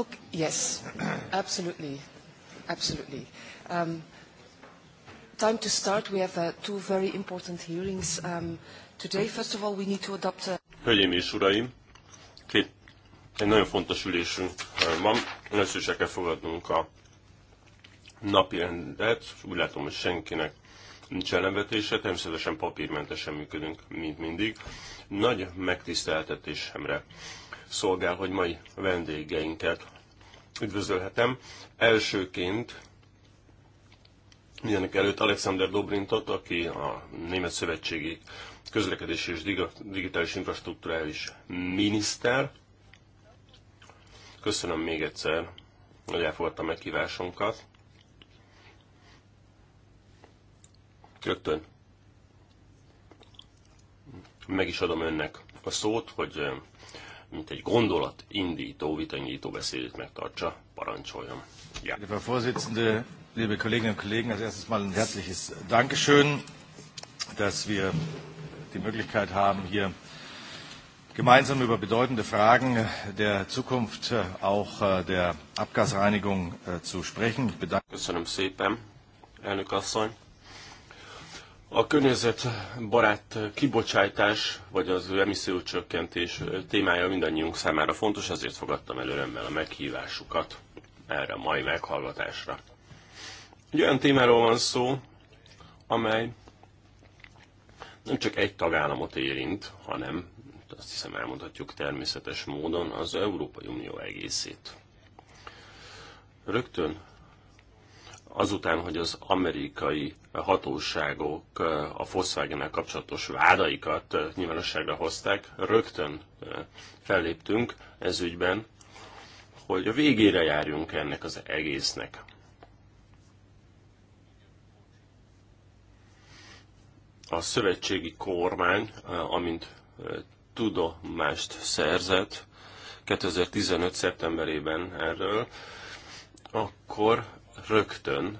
Okay, yes, absolutely, absolutely. Um, time to start. We have uh, two very important hearings um, today. First of all, we need to adopt a... Hölgyeim és uraim, két, egy nagyon fontos ülésünk uh, van. Először is el kell fogadnunk a napi rendet. Úgy látom, hogy senkinek nincs ellenvetése, természetesen papírmentesen működünk, mint mindig. Nagy megtiszteltetésemre szolgál, hogy mai vendégeinket üdvözölhetem. Elsőként mindenek előtt Alexander Dobrintot, aki a Német Szövetségi Közlekedési és Digitális Infrastruktúrális Miniszter. Köszönöm még egyszer, hogy elfogadta meghívásunkat. Rögtön meg is adom önnek a szót, hogy mint egy gondolat indító, vitanyító beszédét megtartsa, parancsoljon. Ja. Lieber Vorsitzende, liebe Kolleginnen und Kollegen, als erstes mal ein herzliches Dankeschön, dass wir die Möglichkeit haben, hier gemeinsam über bedeutende Fragen der Zukunft äh, auch äh, der Abgasreinigung äh, zu sprechen. Ich bedanke mich Köszönöm szépen, elnök asszony. A környezetbarát kibocsátás, vagy az emissziócsökkentés témája mindannyiunk számára fontos, ezért fogadtam el örömmel a meghívásukat erre a mai meghallgatásra. Egy olyan témáról van szó, amely nem csak egy tagállamot érint, hanem azt hiszem elmondhatjuk természetes módon az Európai Unió egészét. Rögtön azután, hogy az amerikai hatóságok a volkswagen kapcsolatos vádaikat nyilvánosságra hozták, rögtön felléptünk ez ügyben, hogy a végére járjunk ennek az egésznek. A szövetségi kormány, amint tudomást szerzett 2015. szeptemberében erről, akkor rögtön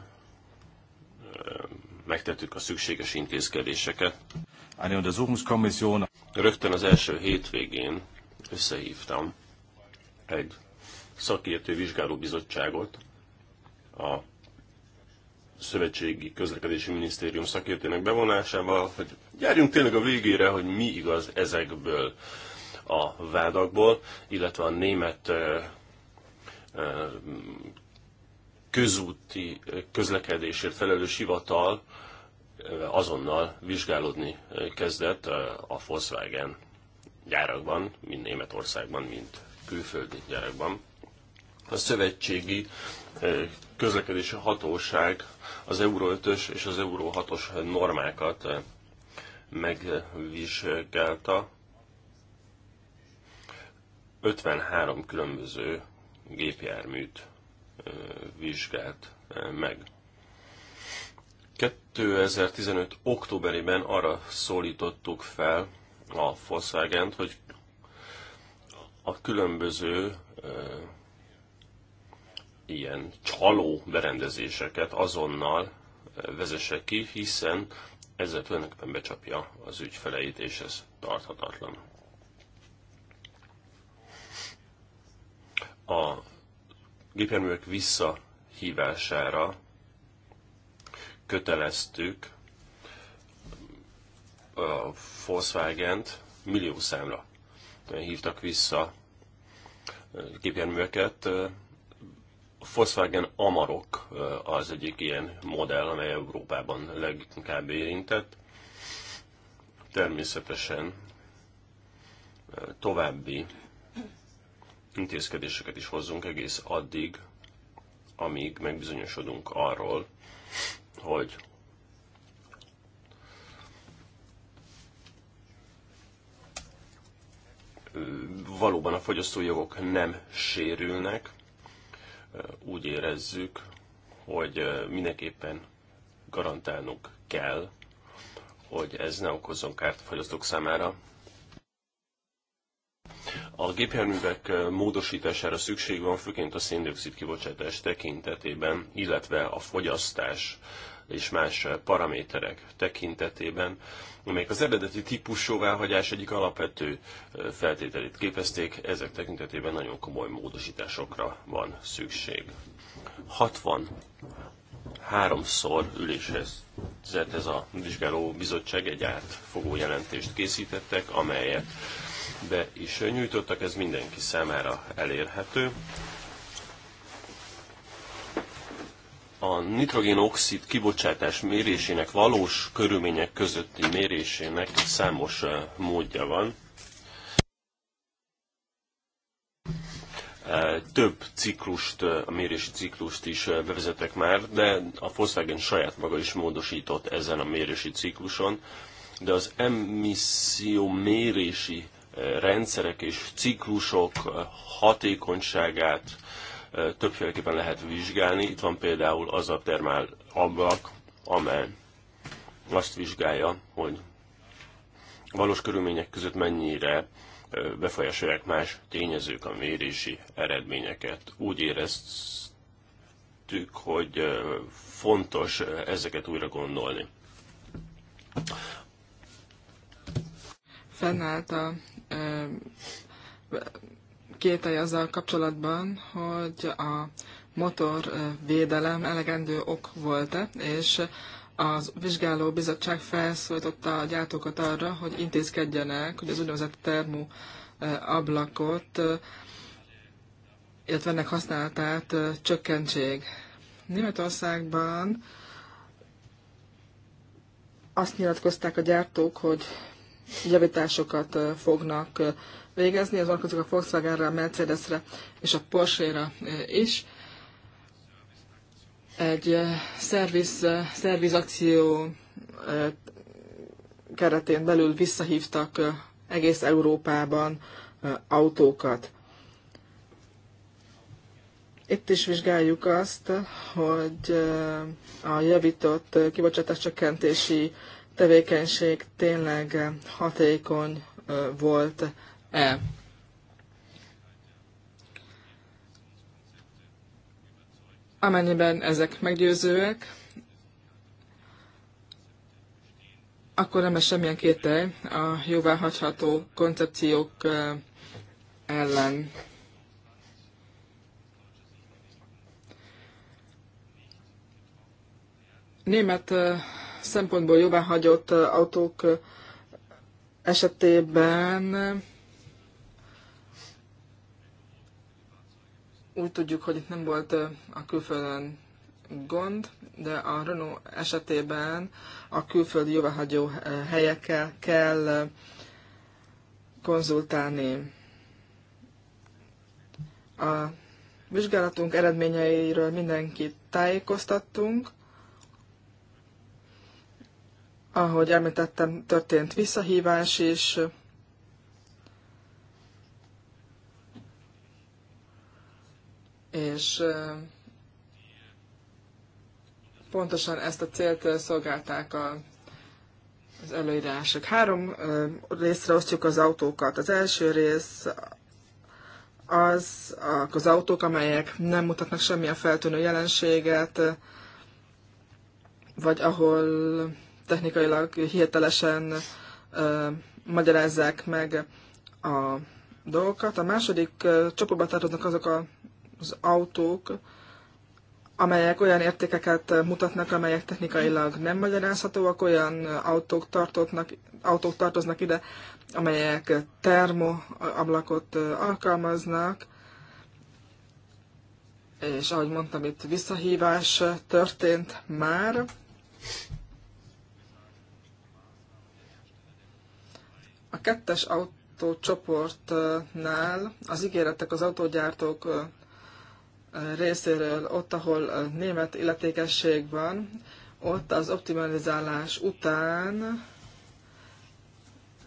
megtettük a szükséges intézkedéseket. Eine Untersuchungskommission. Rögtön az első hétvégén összehívtam egy szakértő vizsgálóbizottságot a Szövetségi Közlekedési Minisztérium szakértőnek bevonásával, hogy gyárjunk tényleg a végére, hogy mi igaz ezekből a vádakból, illetve a német közúti közlekedésért felelős hivatal azonnal vizsgálódni kezdett a Volkswagen gyárakban, mind Németországban, mind külföldi gyárakban. A szövetségi közlekedési hatóság az Euró 5-ös és az Euró 6-os normákat megvizsgálta. 53 különböző gépjárműt vizsgált eh, meg. 2015. októberében arra szólítottuk fel a volkswagen hogy a különböző eh, ilyen csaló berendezéseket azonnal eh, vezesse ki, hiszen ezzel tulajdonképpen becsapja az ügyfeleit, és ez tarthatatlan. A gépjárművek visszahívására köteleztük a Volkswagen-t millió számra hívtak vissza gépjárműveket. A Volkswagen Amarok az egyik ilyen modell, amely Európában leginkább érintett. Természetesen további intézkedéseket is hozzunk egész addig, amíg megbizonyosodunk arról, hogy valóban a fogyasztói jogok nem sérülnek. Úgy érezzük, hogy mindenképpen garantálnunk kell, hogy ez ne okozzon kárt a fogyasztók számára, a gépjárművek módosítására szükség van, főként a széndiokszid kibocsátás tekintetében, illetve a fogyasztás és más paraméterek tekintetében, amelyek az eredeti típus jóváhagyás egyik alapvető feltételét képezték, ezek tekintetében nagyon komoly módosításokra van szükség. 60 háromszor ülésezett ez a vizsgáló bizottság, egy átfogó jelentést készítettek, amelyet be is nyújtottak, ez mindenki számára elérhető. A nitrogénoxid kibocsátás mérésének valós körülmények közötti mérésének számos eh, módja van. Eh, több ciklust, eh, a mérési ciklust is bevezetek már, de a Volkswagen saját maga is módosított ezen a mérési cikluson, de az emisszió mérési rendszerek és ciklusok hatékonyságát többféleképpen lehet vizsgálni. Itt van például az a termál ablak, amely azt vizsgálja, hogy valós körülmények között mennyire befolyásolják más tényezők a mérési eredményeket. Úgy éreztük, hogy fontos ezeket újra gondolni. Fennállt a kételj azzal kapcsolatban, hogy a motor védelem elegendő ok volt-e, és a vizsgáló bizottság felszólította a gyártókat arra, hogy intézkedjenek, hogy az úgynevezett termú ablakot, illetve ennek használatát csökkentség. Németországban azt nyilatkozták a gyártók, hogy javításokat fognak végezni, az vonatkozik a Volkswagenre, a Mercedesre és a Porsche-ra is. Egy szerviz, szervizakció keretén belül visszahívtak egész Európában autókat. Itt is vizsgáljuk azt, hogy a javított csökkentési tevékenység tényleg hatékony volt-e. Amennyiben ezek meggyőzőek, akkor nem lesz semmilyen kétel a jóváhagyható koncepciók ellen. Német szempontból jobban hagyott autók esetében úgy tudjuk, hogy itt nem volt a külföldön gond, de a Renault esetében a külföldi jóváhagyó helyekkel kell konzultálni. A vizsgálatunk eredményeiről mindenkit tájékoztattunk, ahogy említettem, történt visszahívás és És pontosan ezt a célt szolgálták a, az előírások. Három részre osztjuk az autókat. Az első rész az, az autók, amelyek nem mutatnak semmilyen feltűnő jelenséget, vagy ahol technikailag hihetelesen ö, magyarázzák meg a dolgokat. A második csoportba tartoznak azok a, az autók, amelyek olyan értékeket mutatnak, amelyek technikailag nem magyarázhatóak, olyan autók, tartotnak, autók tartoznak ide, amelyek termoablakot alkalmaznak, és ahogy mondtam, itt visszahívás történt már. kettes autócsoportnál az ígéretek az autógyártók részéről, ott, ahol német illetékesség van, ott az optimalizálás után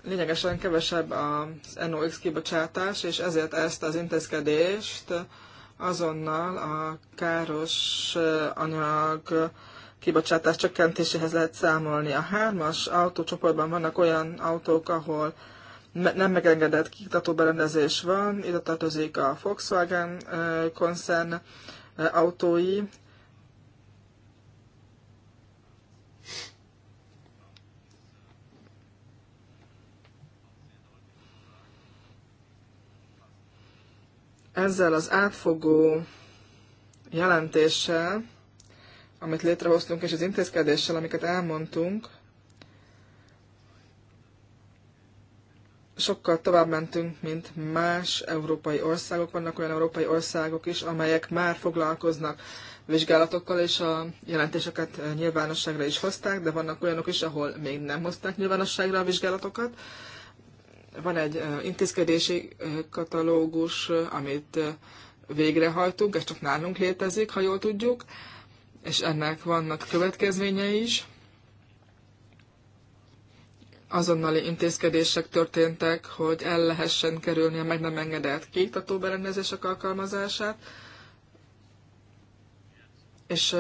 lényegesen kevesebb az NOx kibocsátás, és ezért ezt az intézkedést azonnal a káros anyag kibocsátás csökkentéséhez lehet számolni. A hármas autócsoportban vannak olyan autók, ahol nem megengedett kiktató berendezés van, ide tartozik a Volkswagen koncern autói, Ezzel az átfogó jelentéssel amit létrehoztunk, és az intézkedéssel, amiket elmondtunk, sokkal tovább mentünk, mint más európai országok. Vannak olyan európai országok is, amelyek már foglalkoznak vizsgálatokkal, és a jelentéseket nyilvánosságra is hozták, de vannak olyanok is, ahol még nem hozták nyilvánosságra a vizsgálatokat. Van egy intézkedési katalógus, amit végrehajtunk, ez csak nálunk létezik, ha jól tudjuk, és ennek vannak következményei is. Azonnali intézkedések történtek, hogy el lehessen kerülni a meg nem engedett kiiktató berendezések alkalmazását, és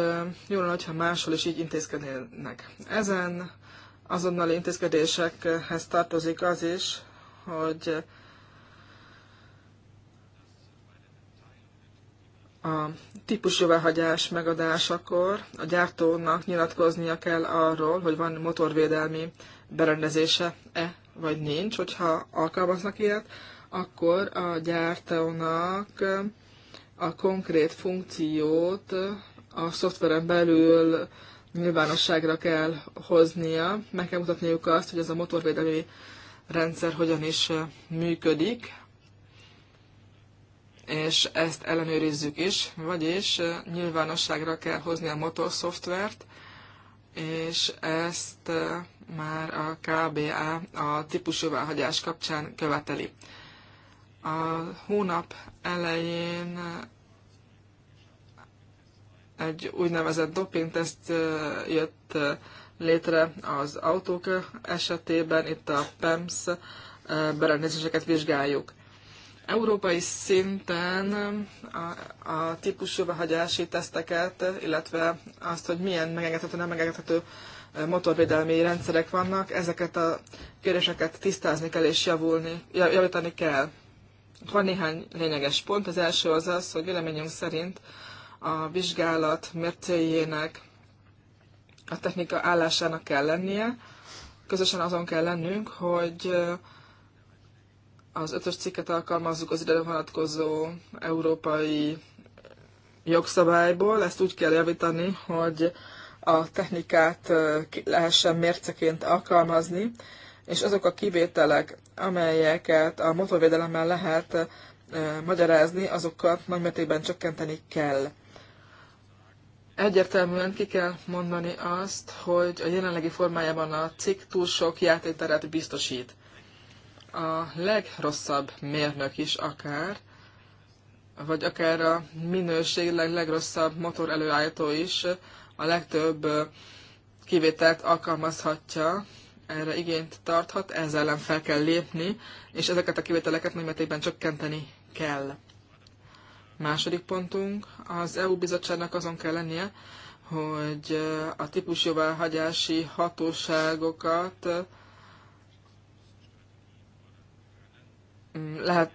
jó lenne, ha máshol is így intézkednének. Ezen azonnali intézkedésekhez tartozik az is, hogy a típusjóváhagyás megadásakor a gyártónak nyilatkoznia kell arról, hogy van motorvédelmi berendezése-e vagy nincs, hogyha alkalmaznak ilyet, akkor a gyártónak a konkrét funkciót a szoftveren belül nyilvánosságra kell hoznia, meg kell mutatniuk azt, hogy ez a motorvédelmi rendszer hogyan is működik, és ezt ellenőrizzük is, vagyis nyilvánosságra kell hozni a motor szoftvert, és ezt már a KBA a típusjóváhagyás kapcsán követeli. A hónap elején egy úgynevezett dopingteszt jött létre az autók esetében, itt a PEMS berendezéseket vizsgáljuk. Európai szinten a, a típusú behagyási teszteket, illetve azt, hogy milyen megengedhető, nem megengedhető motorvédelmi rendszerek vannak, ezeket a kérdéseket tisztázni kell és javulni, javítani kell. Van néhány lényeges pont. Az első az az, hogy véleményünk szerint a vizsgálat mércéjének a technika állásának kell lennie, közösen azon kell lennünk, hogy az ötös cikket alkalmazzuk az ide vonatkozó európai jogszabályból. Ezt úgy kell javítani, hogy a technikát lehessen mérceként alkalmazni, és azok a kivételek, amelyeket a motorvédelemmel lehet magyarázni, azokat nagymértékben csökkenteni kell. Egyértelműen ki kell mondani azt, hogy a jelenlegi formájában a cikk túl sok játéteret biztosít a legrosszabb mérnök is akár, vagy akár a minőségileg legrosszabb motor előállító is a legtöbb kivételt alkalmazhatja, erre igényt tarthat, ezzel ellen fel kell lépni, és ezeket a kivételeket nagymértékben csökkenteni kell. Második pontunk, az EU bizottságnak azon kell lennie, hogy a típusjóváhagyási hatóságokat lehet,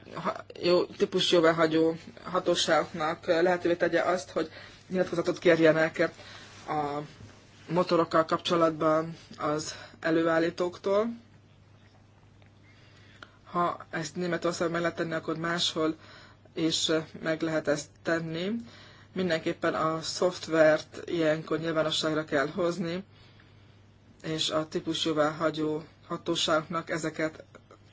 jó típus jóváhagyó hatóságnak lehetővé tegye azt, hogy nyilatkozatot kérjenek a motorokkal kapcsolatban az előállítóktól. Ha ezt Németország meg lehet tenni, akkor máshol is meg lehet ezt tenni. Mindenképpen a szoftvert ilyenkor nyilvánosságra kell hozni, és a típusjóvá hagyó hatóságnak ezeket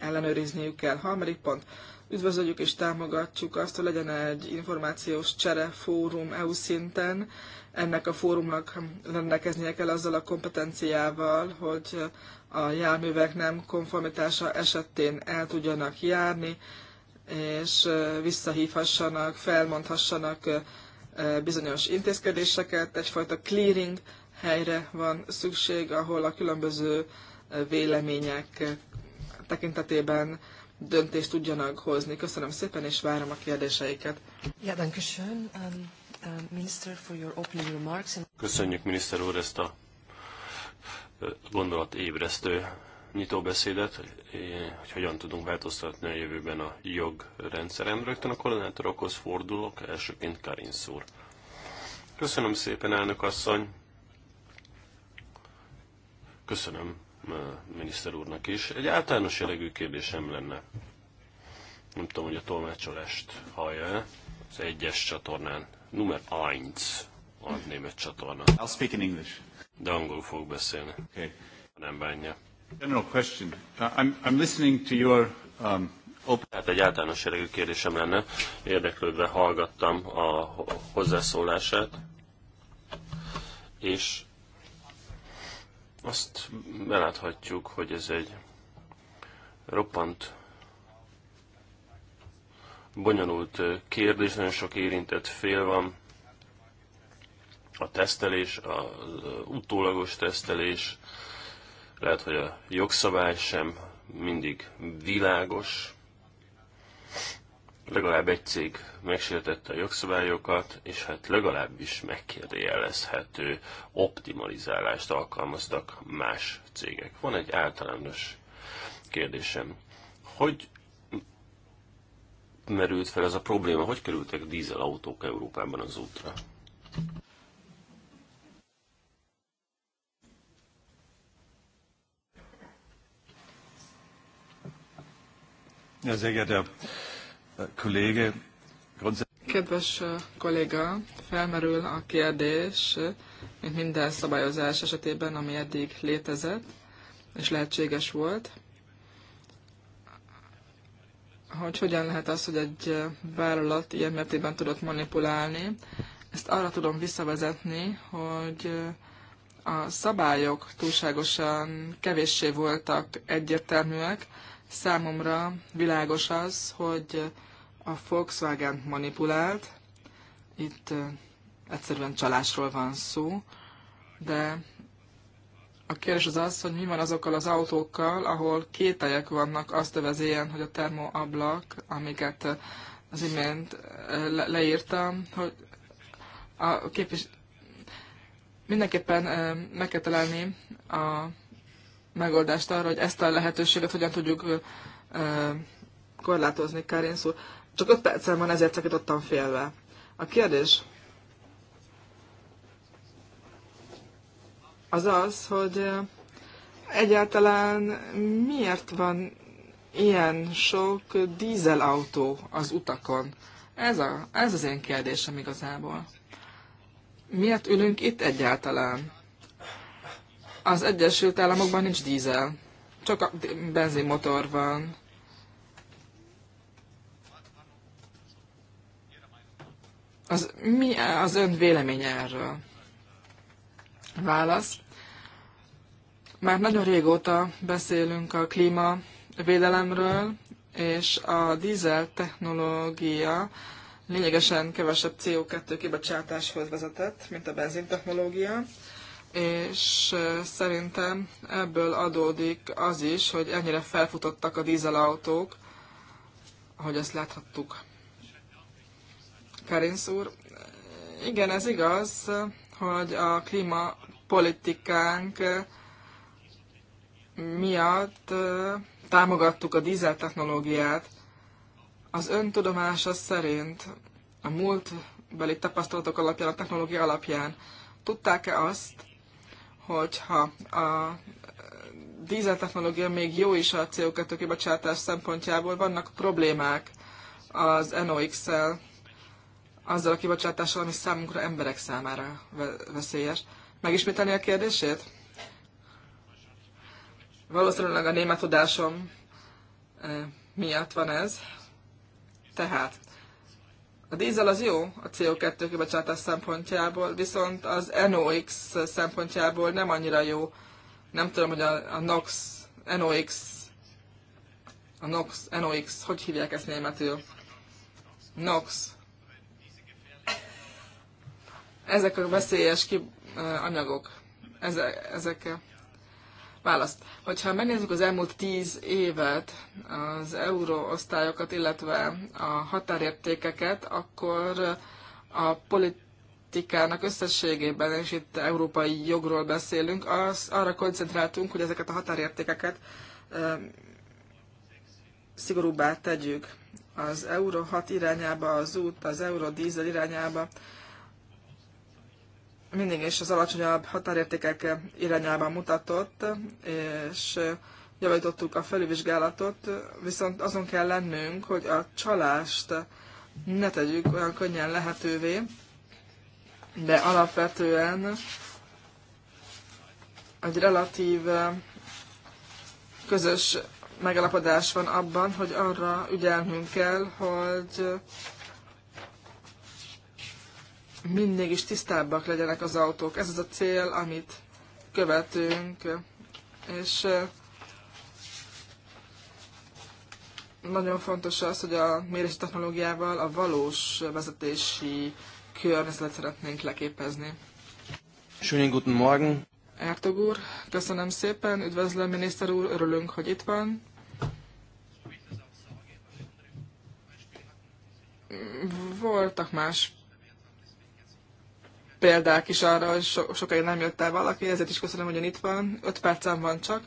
ellenőrizniük kell. Harmadik pont. Üdvözöljük és támogatjuk azt, hogy legyen egy információs csere fórum EU szinten. Ennek a fórumnak rendelkeznie kell azzal a kompetenciával, hogy a járművek nem konformitása esetén el tudjanak járni, és visszahívhassanak, felmondhassanak bizonyos intézkedéseket, egyfajta clearing helyre van szükség, ahol a különböző vélemények tekintetében döntést tudjanak hozni. Köszönöm szépen, és várom a kérdéseiket. Ja, um, uh, Köszönjük, miniszter úr, ezt a nyitó nyitóbeszédet, hogy hogyan tudunk változtatni a jövőben a jogrendszeren. Rögtön a koordinátorokhoz fordulok, elsőként Karin szúr. Köszönöm szépen, elnök asszony! Köszönöm miniszter úrnak is. Egy általános jellegű kérdésem lenne. Nem tudom, hogy a tolmácsolást hallja-e. Az egyes csatornán. Nummer 1 a német csatorna. I'll speak in English. De angolul fog beszélni. Okay. Nem bánja. General question. Uh, I'm, I'm listening to your um, tehát egy általános jellegű kérdésem lenne. Érdeklődve hallgattam a hozzászólását, és azt beláthatjuk, hogy ez egy roppant bonyolult kérdés, nagyon sok érintett fél van. A tesztelés, a utólagos tesztelés, lehet, hogy a jogszabály sem mindig világos, legalább egy cég megsértette a jogszabályokat, és hát legalábbis megkérdőjelezhető optimalizálást alkalmaztak más cégek. Van egy általános kérdésem. Hogy merült fel ez a probléma? Hogy kerültek dízelautók Európában az útra? Ez geehrter Kollege, Kedves kolléga, felmerül a kérdés, mint minden szabályozás esetében, ami eddig létezett és lehetséges volt, hogy hogyan lehet az, hogy egy vállalat ilyen mértékben tudott manipulálni. Ezt arra tudom visszavezetni, hogy a szabályok túlságosan kevéssé voltak egyértelműek. Számomra világos az, hogy a Volkswagen manipulált, itt egyszerűen csalásról van szó, de a kérdés az az, hogy mi van azokkal az autókkal, ahol kételyek vannak azt övezéen, hogy a termoablak, amiket az imént le- leírtam, hogy a képvis... mindenképpen meg kell találni a megoldást arra, hogy ezt a lehetőséget hogyan tudjuk korlátozni, Kárin szó. Csak öt percem van, ezért szakítottam félve. A kérdés az az, hogy egyáltalán miért van ilyen sok dízelautó az utakon? Ez, a, ez az én kérdésem igazából. Miért ülünk itt egyáltalán? Az Egyesült Államokban nincs dízel, csak a benzinmotor van. Az, mi az ön véleménye erről? Válasz. Már nagyon régóta beszélünk a klímavédelemről, és a dízel technológia lényegesen kevesebb CO2 kibocsátáshoz vezetett, mint a technológia, és szerintem ebből adódik az is, hogy ennyire felfutottak a dízelautók, ahogy ezt láthattuk Karinsz úr. Igen, ez igaz, hogy a klímapolitikánk miatt támogattuk a dízel technológiát. Az tudomása szerint a múltbeli tapasztalatok alapján, a technológia alapján tudták-e azt, hogyha a dízel technológia még jó is a CO2 kibocsátás szempontjából, vannak problémák az nox el azzal a kibocsátással, ami számunkra emberek számára veszélyes. Megismételni a kérdését? Valószínűleg a német tudásom eh, miatt van ez. Tehát a dízel az jó a CO2 kibocsátás szempontjából, viszont az NOx szempontjából nem annyira jó. Nem tudom, hogy a, a NOx, NOx, a NOx, NOx, hogy hívják ezt németül? NOx ezek a veszélyes ki, anyagok. Ezek, ezek választ. Hogyha megnézzük az elmúlt tíz évet, az euróosztályokat, illetve a határértékeket, akkor a politikának összességében, és itt európai jogról beszélünk, az, arra koncentráltunk, hogy ezeket a határértékeket e, szigorúbbá tegyük. Az Euró 6 irányába az út, az Euró dízel irányába mindig is az alacsonyabb határértékek irányába mutatott, és javítottuk a felülvizsgálatot, viszont azon kell lennünk, hogy a csalást ne tegyük olyan könnyen lehetővé, de alapvetően egy relatív közös megalapodás van abban, hogy arra ügyelnünk kell, hogy mindig is tisztábbak legyenek az autók. Ez az a cél, amit követünk, és nagyon fontos az, hogy a mérési technológiával a valós vezetési környezetet szeretnénk leképezni. Schönen guten Morgen! Ertog úr, köszönöm szépen, üdvözlöm miniszter úr, örülünk, hogy itt van. Voltak más példák is arra, hogy so, sokáig nem jött el valaki, ezért is köszönöm, hogy itt van, öt percem van csak,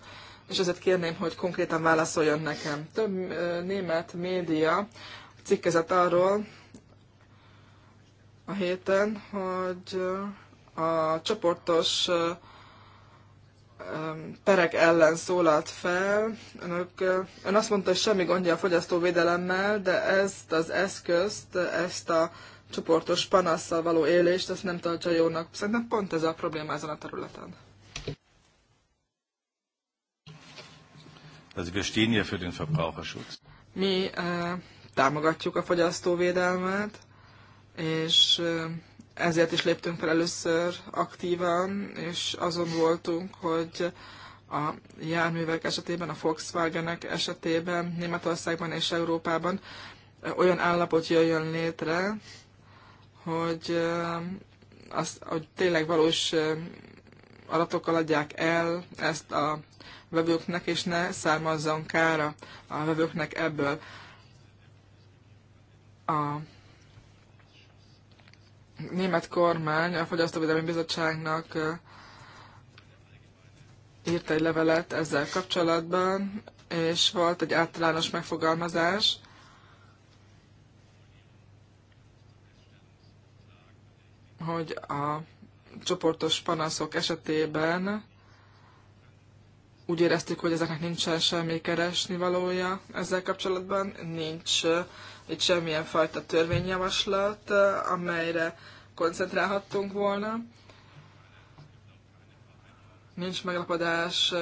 és ezért kérném, hogy konkrétan válaszoljon nekem. Több német média cikkezett arról a héten, hogy a csoportos perek ellen szólalt fel. Önök, ön azt mondta, hogy semmi gondja a fogyasztóvédelemmel, de ezt az eszközt, ezt a csoportos panasszal való élést, azt nem tartja jónak. Szerintem pont ez a probléma ezen a területen. Also Mi eh, támogatjuk a fogyasztóvédelmet, és eh, ezért is léptünk fel először aktívan, és azon voltunk, hogy a járművek esetében, a Volkswagenek esetében, Németországban és Európában eh, olyan állapot jöjjön létre, hogy, eh, az, hogy tényleg valós eh, adatokkal adják el ezt a vevőknek, és ne származzon kára a vevőknek ebből. A német kormány a Fogyasztóvédelmi Bizottságnak eh, írt egy levelet ezzel kapcsolatban, és volt egy általános megfogalmazás, hogy a csoportos panaszok esetében úgy éreztük, hogy ezeknek nincsen semmi keresni valója ezzel kapcsolatban, nincs itt semmilyen fajta törvényjavaslat, amelyre koncentrálhattunk volna. Nincs meglapadás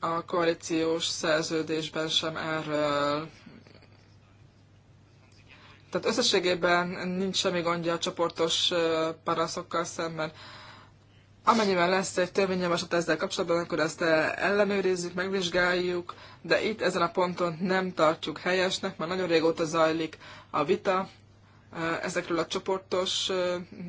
a koalíciós szerződésben sem erről tehát összességében nincs semmi gondja a csoportos paraszokkal szemben. Amennyiben lesz egy törvényjavaslat ezzel kapcsolatban, akkor ezt ellenőrizzük, megvizsgáljuk, de itt ezen a ponton nem tartjuk helyesnek, mert nagyon régóta zajlik a vita ezekről a csoportos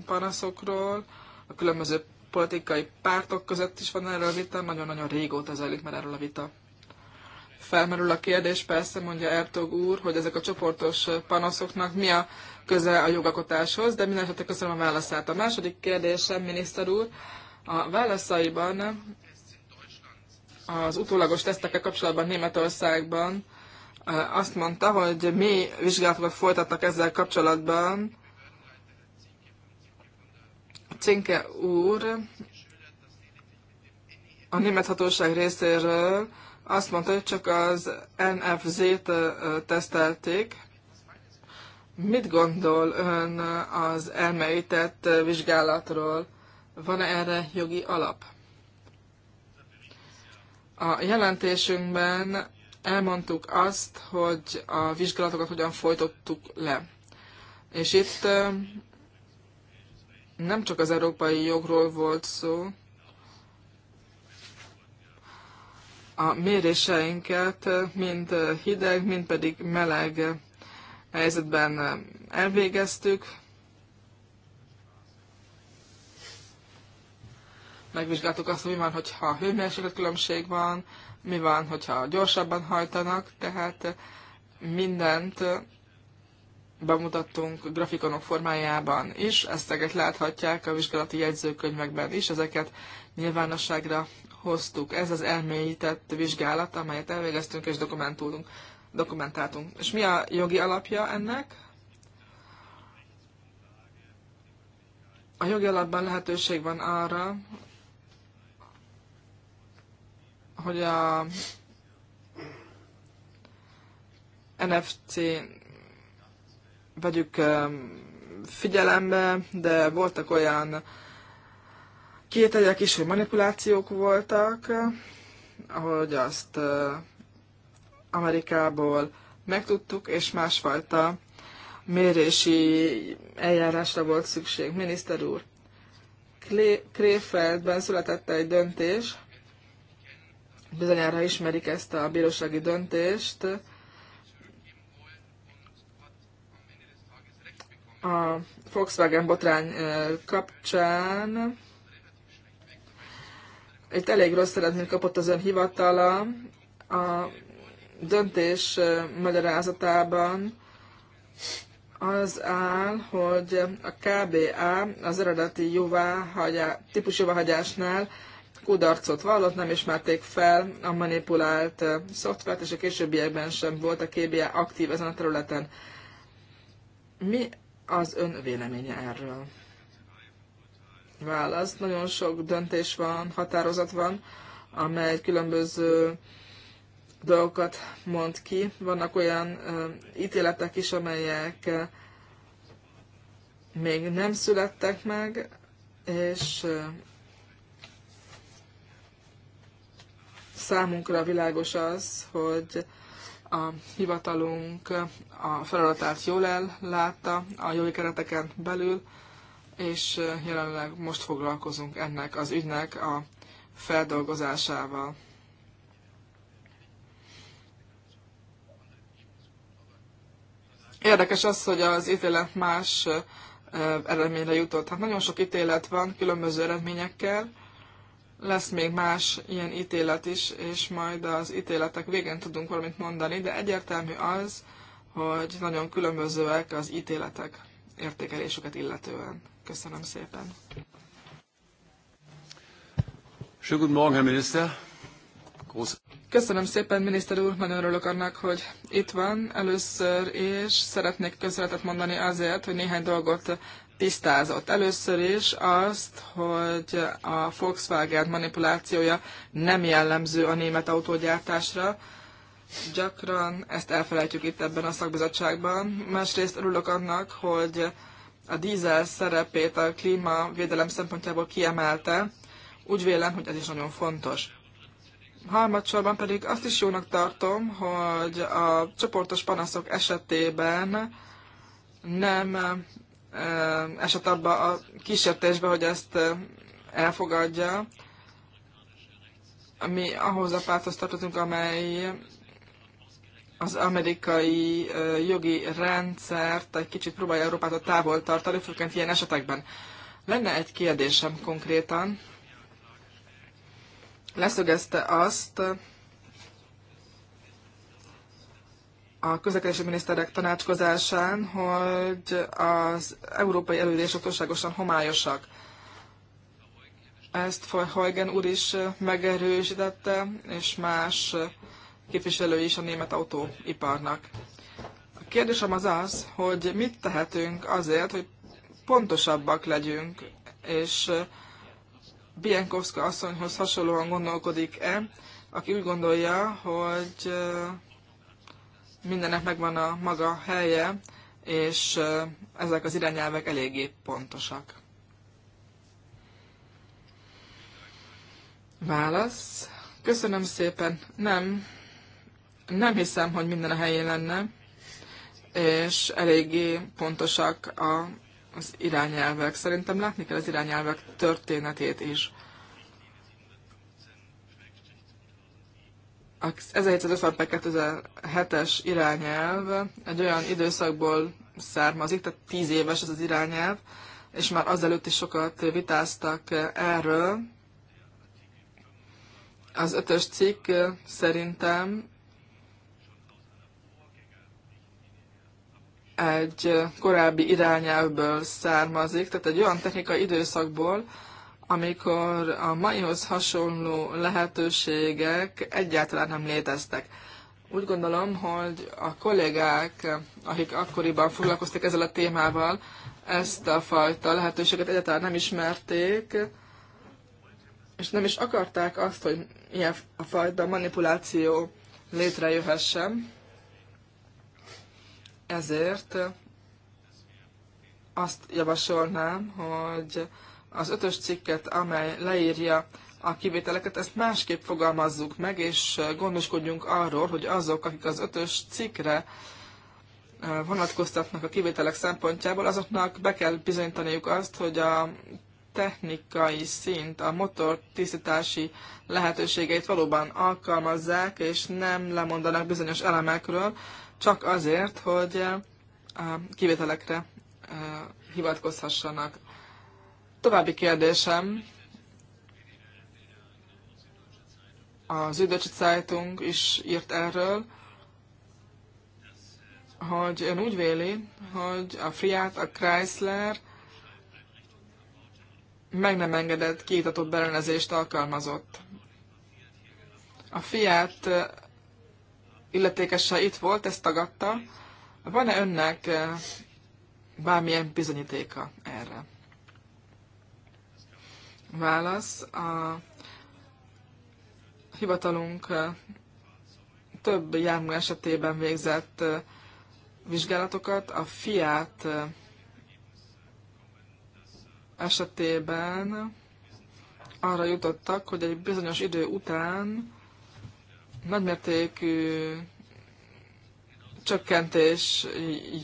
panaszokról, a különböző politikai pártok között is van erről a vita, nagyon-nagyon régóta zajlik már erről a vita. Felmerül a kérdés, persze mondja Ertog úr, hogy ezek a csoportos panaszoknak mi a köze a jogakotáshoz, de minden esetre köszönöm a válaszát. A második kérdésem, miniszter úr, a válaszaiban az utólagos tesztekkel kapcsolatban Németországban azt mondta, hogy mi vizsgálatokat folytattak ezzel kapcsolatban. Cinke úr a német hatóság részéről azt mondta, hogy csak az NFZ-t tesztelték. Mit gondol ön az elmeített vizsgálatról? Van-e erre jogi alap? A jelentésünkben elmondtuk azt, hogy a vizsgálatokat hogyan folytottuk le. És itt nem csak az európai jogról volt szó, a méréseinket mind hideg, mind pedig meleg helyzetben elvégeztük. Megvizsgáltuk azt, hogy mi van, hogyha hőmérséklet különbség van, mi van, hogyha gyorsabban hajtanak, tehát mindent bemutattunk grafikonok formájában is, ezteket láthatják a vizsgálati jegyzőkönyvekben is, ezeket nyilvánosságra hoztuk. Ez az elmélyített vizsgálat, amelyet elvégeztünk és dokumentáltunk. dokumentáltunk. És mi a jogi alapja ennek? A jogi alapban lehetőség van arra, hogy a NFC vegyük figyelembe, de voltak olyan kételjek is, hogy manipulációk voltak, ahogy azt Amerikából megtudtuk, és másfajta mérési eljárásra volt szükség. Miniszter úr, Kréfeldben született egy döntés, bizonyára ismerik ezt a bírósági döntést, a Volkswagen botrány kapcsán itt elég rossz eredményt kapott az ön hivatala. A döntés magyarázatában az áll, hogy a KBA az eredeti jóváhagyá, típus jóváhagyásnál kudarcot vallott, nem ismerték fel a manipulált szoftvert, és a későbbiekben sem volt a KBA aktív ezen a területen. Mi az ön véleménye erről? Válasz. Nagyon sok döntés van, határozat van, amely különböző dolgokat mond ki. Vannak olyan ítéletek is, amelyek még nem születtek meg, és számunkra világos az, hogy a hivatalunk a feladatát jól ellátta a jogi kereteken belül, és jelenleg most foglalkozunk ennek az ügynek a feldolgozásával. Érdekes az, hogy az ítélet más eredményre jutott. Hát nagyon sok ítélet van különböző eredményekkel, lesz még más ilyen ítélet is, és majd az ítéletek végén tudunk valamit mondani, de egyértelmű az, hogy nagyon különbözőek az ítéletek értékelésüket illetően. Köszönöm szépen. Herr Minister. Köszönöm szépen, miniszter úr, nagyon örülök annak, hogy itt van először, és szeretnék köszönetet mondani azért, hogy néhány dolgot tisztázott. Először is azt, hogy a Volkswagen manipulációja nem jellemző a német autógyártásra. Gyakran ezt elfelejtjük itt ebben a szakbizottságban. Másrészt örülök annak, hogy a dízel szerepét a klímavédelem szempontjából kiemelte. Úgy vélem, hogy ez is nagyon fontos. Harmadsorban pedig azt is jónak tartom, hogy a csoportos panaszok esetében nem esett abba a kísértésbe, hogy ezt elfogadja. ami ahhoz a párthoz tartozunk, amely az amerikai jogi rendszert egy kicsit próbálja a távol tartani, főként ilyen esetekben. Lenne egy kérdésem konkrétan. Leszögezte azt, a közlekedési miniszterek tanácskozásán, hogy az európai előírások túlságosan homályosak. Ezt Heugen úr is megerősítette, és más képviselő is a német autóiparnak. A kérdésem az az, hogy mit tehetünk azért, hogy pontosabbak legyünk, és Bienkowska asszonyhoz hasonlóan gondolkodik-e, aki úgy gondolja, hogy mindennek megvan a maga helye, és ezek az irányelvek eléggé pontosak. Válasz. Köszönöm szépen. Nem, nem hiszem, hogy minden a helyén lenne, és eléggé pontosak a, az irányelvek. Szerintem látni kell az irányelvek történetét is. a 1752-2007-es irányelv egy olyan időszakból származik, tehát 10 éves ez az irányelv, és már azelőtt is sokat vitáztak erről. Az ötös cikk szerintem egy korábbi irányelvből származik, tehát egy olyan technikai időszakból, amikor a maihoz hasonló lehetőségek egyáltalán nem léteztek. Úgy gondolom, hogy a kollégák, akik akkoriban foglalkoztak ezzel a témával, ezt a fajta lehetőséget egyáltalán nem ismerték, és nem is akarták azt, hogy ilyen a fajta manipuláció létrejöhessen. Ezért azt javasolnám, hogy az ötös cikket, amely leírja a kivételeket, ezt másképp fogalmazzuk meg, és gondoskodjunk arról, hogy azok, akik az ötös cikkre vonatkoztatnak a kivételek szempontjából, azoknak be kell bizonyítaniuk azt, hogy a technikai szint, a motor tisztítási lehetőségeit valóban alkalmazzák, és nem lemondanak bizonyos elemekről, csak azért, hogy a kivételekre hivatkozhassanak. További kérdésem. Az Üdöcsi Zeitung is írt erről, hogy ön úgy véli, hogy a Fiat, a Chrysler meg nem engedett kiítatott berendezést alkalmazott. A Fiat eh, illetékesen itt volt, ezt tagadta. Van-e önnek eh, bármilyen bizonyítéka erre? válasz. A hivatalunk több jármű esetében végzett vizsgálatokat. A fiát esetében arra jutottak, hogy egy bizonyos idő után nagymértékű csökkentés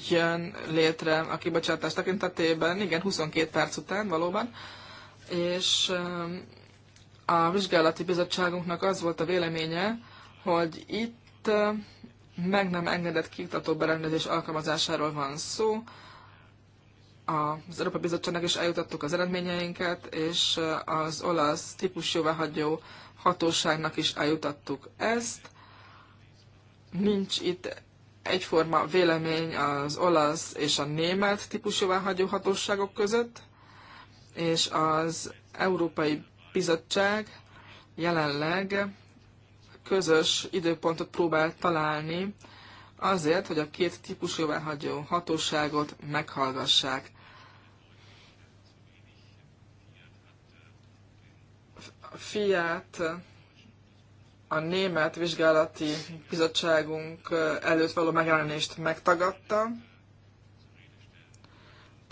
jön létre a kibocsátás tekintetében, igen, 22 perc után valóban, és um, a vizsgálati bizottságunknak az volt a véleménye, hogy itt um, meg nem engedett kiktató berendezés alkalmazásáról van szó. Az Európai Bizottságnak is eljutottuk az eredményeinket, és uh, az olasz típus jóváhagyó hatóságnak is eljutattuk ezt. Nincs itt egyforma vélemény az olasz és a német típus jóváhagyó hatóságok között és az Európai Bizottság jelenleg közös időpontot próbál találni azért, hogy a két típus jóváhagyó hatóságot meghallgassák. Fiat a német vizsgálati bizottságunk előtt való megjelenést megtagadta,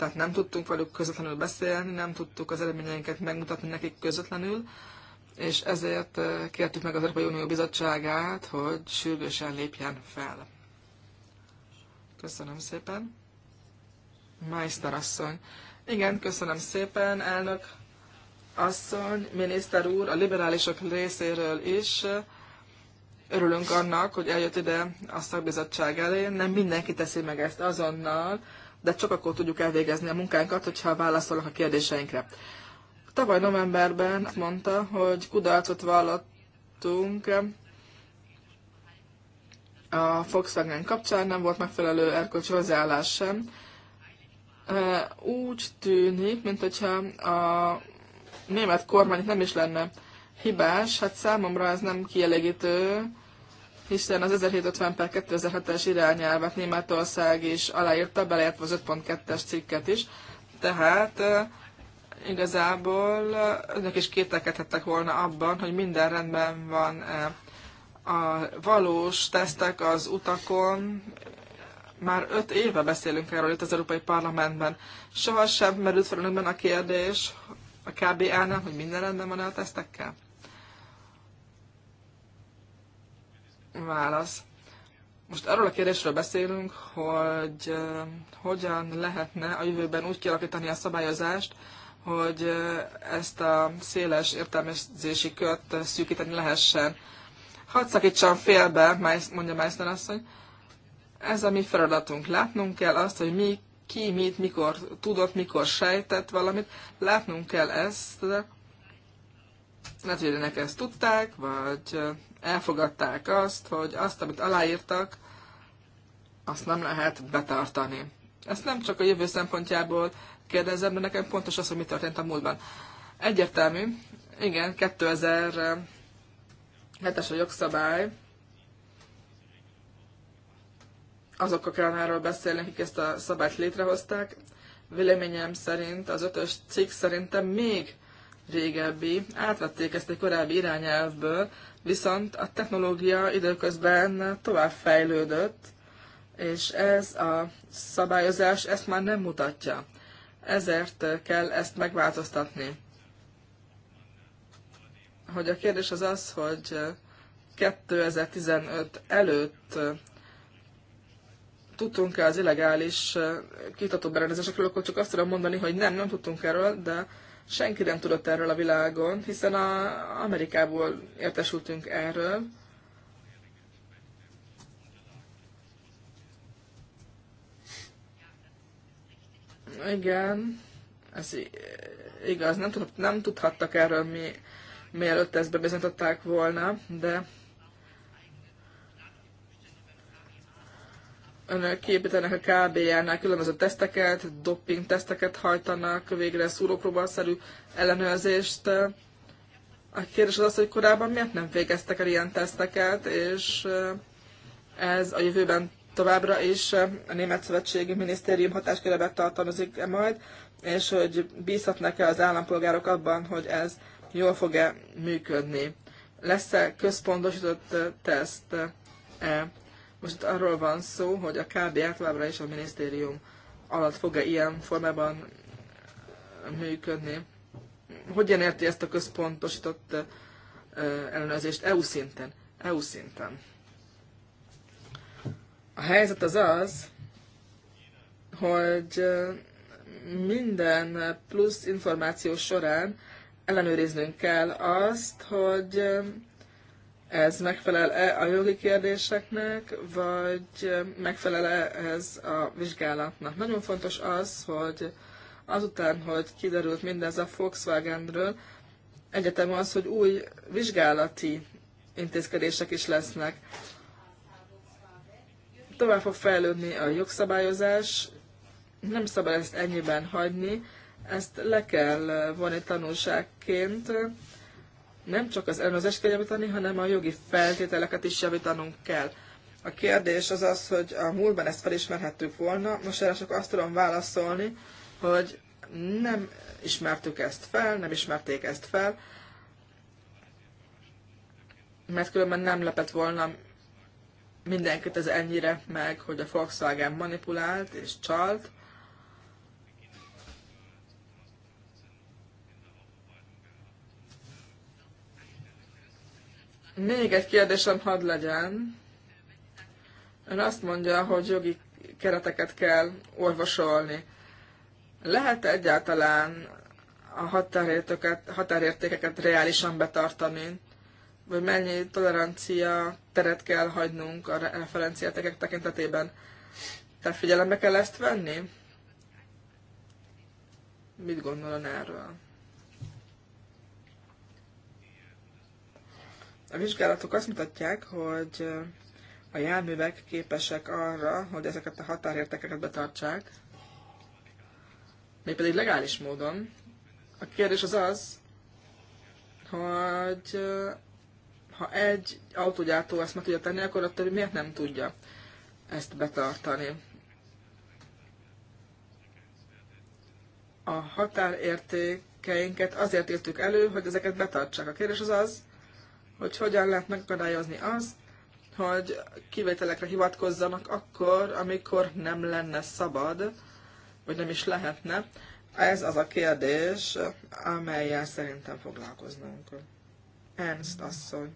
tehát nem tudtunk velük közvetlenül beszélni, nem tudtuk az eredményeinket megmutatni nekik közvetlenül, és ezért kértük meg az Európai Unió Bizottságát, hogy sürgősen lépjen fel. Köszönöm szépen. Meister asszony. Igen, köszönöm szépen, elnök asszony, miniszter úr, a liberálisok részéről is. Örülünk annak, hogy eljött ide a szakbizottság elé. Nem mindenki teszi meg ezt azonnal, de csak akkor tudjuk elvégezni a munkánkat, hogyha válaszolok a kérdéseinkre. Tavaly novemberben azt mondta, hogy kudarcot vallottunk a Volkswagen kapcsán, nem volt megfelelő erkölcsi hozzáállás sem. Úgy tűnik, mint hogyha a német kormány nem is lenne hibás, hát számomra ez nem kielégítő, hiszen az 1750 per 2007-es irányelvet Németország is aláírta, beleértve az 5.2-es cikket is, tehát igazából önök is kételkedhettek volna abban, hogy minden rendben van -e. a valós tesztek az utakon, már öt éve beszélünk erről itt az Európai Parlamentben. Sohasem merült fel önökben a kérdés a KBA-nál, hogy minden rendben van-e a tesztekkel? válasz. Most arról a kérdésről beszélünk, hogy hogyan lehetne a jövőben úgy kialakítani a szabályozást, hogy ezt a széles értelmezési kört szűkíteni lehessen. Hadd szakítsam félbe, mondja Meissner asszony, ez a mi feladatunk. Látnunk kell azt, hogy mi, ki, mit, mikor tudott, mikor sejtett valamit. Látnunk kell ezt, lehet, hogy ennek ezt tudták, vagy elfogadták azt, hogy azt, amit aláírtak, azt nem lehet betartani. Ezt nem csak a jövő szempontjából kérdezem, de nekem pontos az, hogy mi történt a múltban. Egyértelmű, igen, 2007-es a jogszabály, azokkal kellene erről beszélni, akik ezt a szabályt létrehozták. Véleményem szerint, az ötös cikk szerintem még régebbi, átvették ezt egy korábbi irányelvből, viszont a technológia időközben tovább fejlődött, és ez a szabályozás ezt már nem mutatja. Ezért kell ezt megváltoztatni. Hogy a kérdés az az, hogy 2015 előtt tudtunk-e az illegális kitató berendezésekről, akkor csak azt tudom mondani, hogy nem, nem tudtunk erről, de senki nem tudott erről a világon, hiszen a Amerikából értesültünk erről. Igen, ez igaz, nem, tud, nem tudhattak erről mi, mielőtt ezt bebizonyították volna, de önök a KBL-nál különböző teszteket, dopping teszteket hajtanak, végre szúrópróbalszerű ellenőrzést. A kérdés az az, hogy korábban miért nem végeztek el ilyen teszteket, és eh, ez a jövőben továbbra is eh, a Német Szövetségi Minisztérium hatáskörébe tartozik -e majd, és hogy bízhatnak-e az állampolgárok abban, hogy ez jól fog-e működni. Lesz-e központosított eh, teszt? -e? Most arról van szó, hogy a KB továbbra is a minisztérium alatt fog-e ilyen formában működni. Hogyan érti ezt a központosított ellenőrzést EU szinten? EU szinten. A helyzet az az, hogy minden plusz információ során ellenőriznünk kell azt, hogy ez megfelel-e a jogi kérdéseknek, vagy megfelel-e ez a vizsgálatnak. Nagyon fontos az, hogy azután, hogy kiderült mindez a Volkswagenről, egyetem az, hogy új vizsgálati intézkedések is lesznek. Tovább fog fejlődni a jogszabályozás, nem szabad ezt ennyiben hagyni, ezt le kell vonni tanulságként, nem csak az ellenőrzést kell javítani, hanem a jogi feltételeket is javítanunk kell. A kérdés az az, hogy a múltban ezt felismerhettük volna, most erre csak azt tudom válaszolni, hogy nem ismertük ezt fel, nem ismerték ezt fel, mert különben nem lepett volna mindenkit ez ennyire meg, hogy a Volkswagen manipulált és csalt, Még egy kérdésem hadd legyen. Ön azt mondja, hogy jogi kereteket kell orvosolni. lehet -e egyáltalán a határértékeket, reálisan betartani? Vagy mennyi tolerancia teret kell hagynunk a referenciátekek tekintetében? Tehát figyelembe kell ezt venni? Mit gondolom erről? A vizsgálatok azt mutatják, hogy a járművek képesek arra, hogy ezeket a határértékeket betartsák, mégpedig legális módon. A kérdés az az, hogy ha egy autógyártó ezt meg tudja tenni, akkor a többi miért nem tudja ezt betartani? A határértékeinket azért írtuk elő, hogy ezeket betartsák. A kérdés az az, hogy hogyan lehet megakadályozni azt, hogy kivételekre hivatkozzanak akkor, amikor nem lenne szabad, vagy nem is lehetne. Ez az a kérdés, amelyel szerintem foglalkoznunk. Ernst asszony.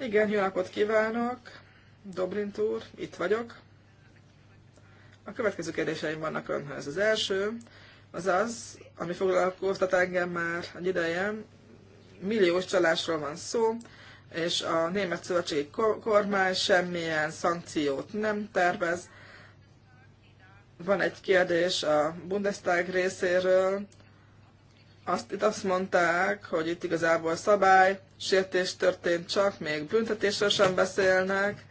Igen, jó napot kívánok! Dobrint úr, itt vagyok. A következő kérdéseim vannak önhöz. Az első, az az, ami foglalkoztat engem már egy ideje, milliós csalásról van szó, és a német szövetségi kormány semmilyen szankciót nem tervez. Van egy kérdés a Bundestag részéről. Azt, itt azt mondták, hogy itt igazából szabály, sértés történt csak, még büntetésről sem beszélnek.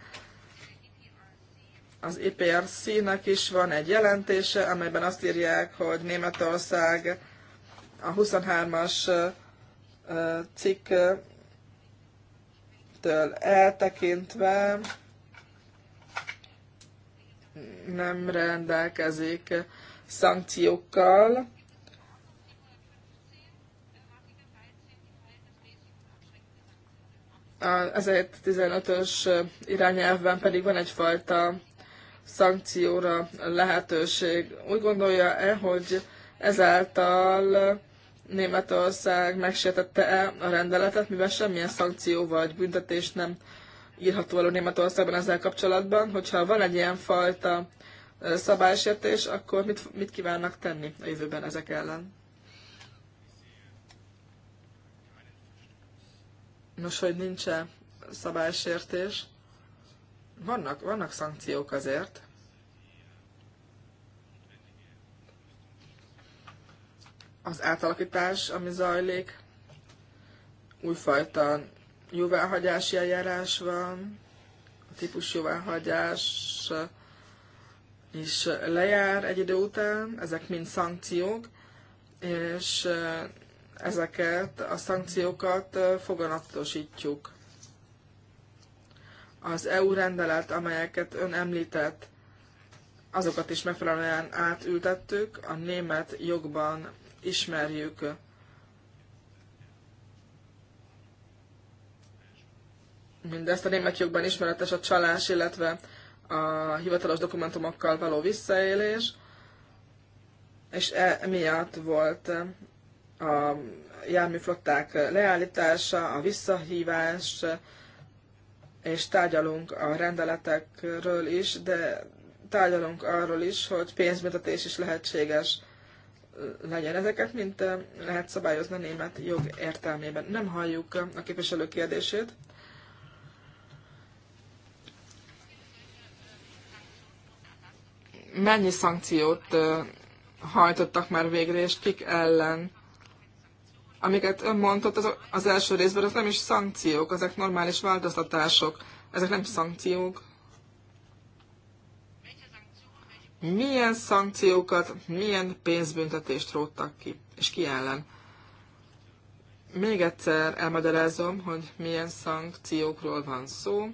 Az IPRC-nek is van egy jelentése, amelyben azt írják, hogy Németország a 23-as cikktől eltekintve nem rendelkezik szankciókkal. A 1715-ös irányelvben pedig van egyfajta szankcióra lehetőség. Úgy gondolja-e, hogy ezáltal Németország megsértette-e a rendeletet, mivel semmilyen szankció vagy büntetés nem írható elő Németországban ezzel kapcsolatban, hogyha van egy ilyen fajta szabálysértés, akkor mit, mit kívánnak tenni a jövőben ezek ellen? Nos, hogy nincs -e szabálysértés? Vannak, vannak szankciók azért. az átalakítás, ami zajlik, újfajta jóváhagyási eljárás van, a típus jóváhagyás is lejár egy idő után, ezek mind szankciók, és eh, ezeket a szankciókat eh, foganatosítjuk. Az EU rendelet, amelyeket ön említett, azokat is megfelelően átültettük, a német jogban ismerjük. Mindezt a német jogban ismeretes a csalás, illetve a hivatalos dokumentumokkal való visszaélés, és emiatt volt a járműflották leállítása, a visszahívás, és tárgyalunk a rendeletekről is, de tárgyalunk arról is, hogy pénzmutatás is lehetséges legyen. Ezeket mint lehet szabályozni a német jog értelmében. Nem halljuk a képviselő kérdését. Mennyi szankciót hajtottak már végre, és kik ellen? Amiket ön mondott az, az első részben, az nem is szankciók, ezek normális változtatások. Ezek nem szankciók. milyen szankciókat, milyen pénzbüntetést róttak ki, és ki ellen. Még egyszer elmagyarázom, hogy milyen szankciókról van szó.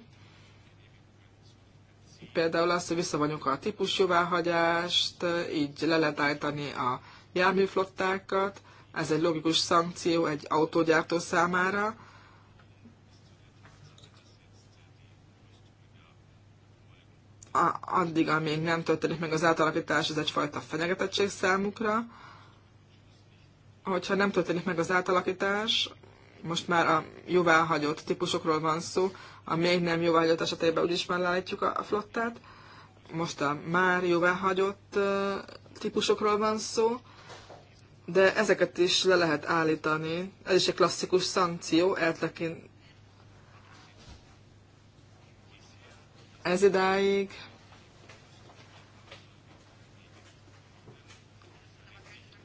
Például azt, hogy visszavonjuk a típusjóváhagyást, így le lehet állítani a járműflottákat, ez egy logikus szankció egy autógyártó számára, addig, amíg nem történik meg az átalakítás, ez egyfajta fenyegetettség számukra. Hogyha nem történik meg az átalakítás, most már a jóváhagyott típusokról van szó, a még nem jóváhagyott esetében úgyis már leállítjuk a flottát, most a már jóváhagyott típusokról van szó, de ezeket is le lehet állítani. Ez is egy klasszikus szankció, eltekint, ez idáig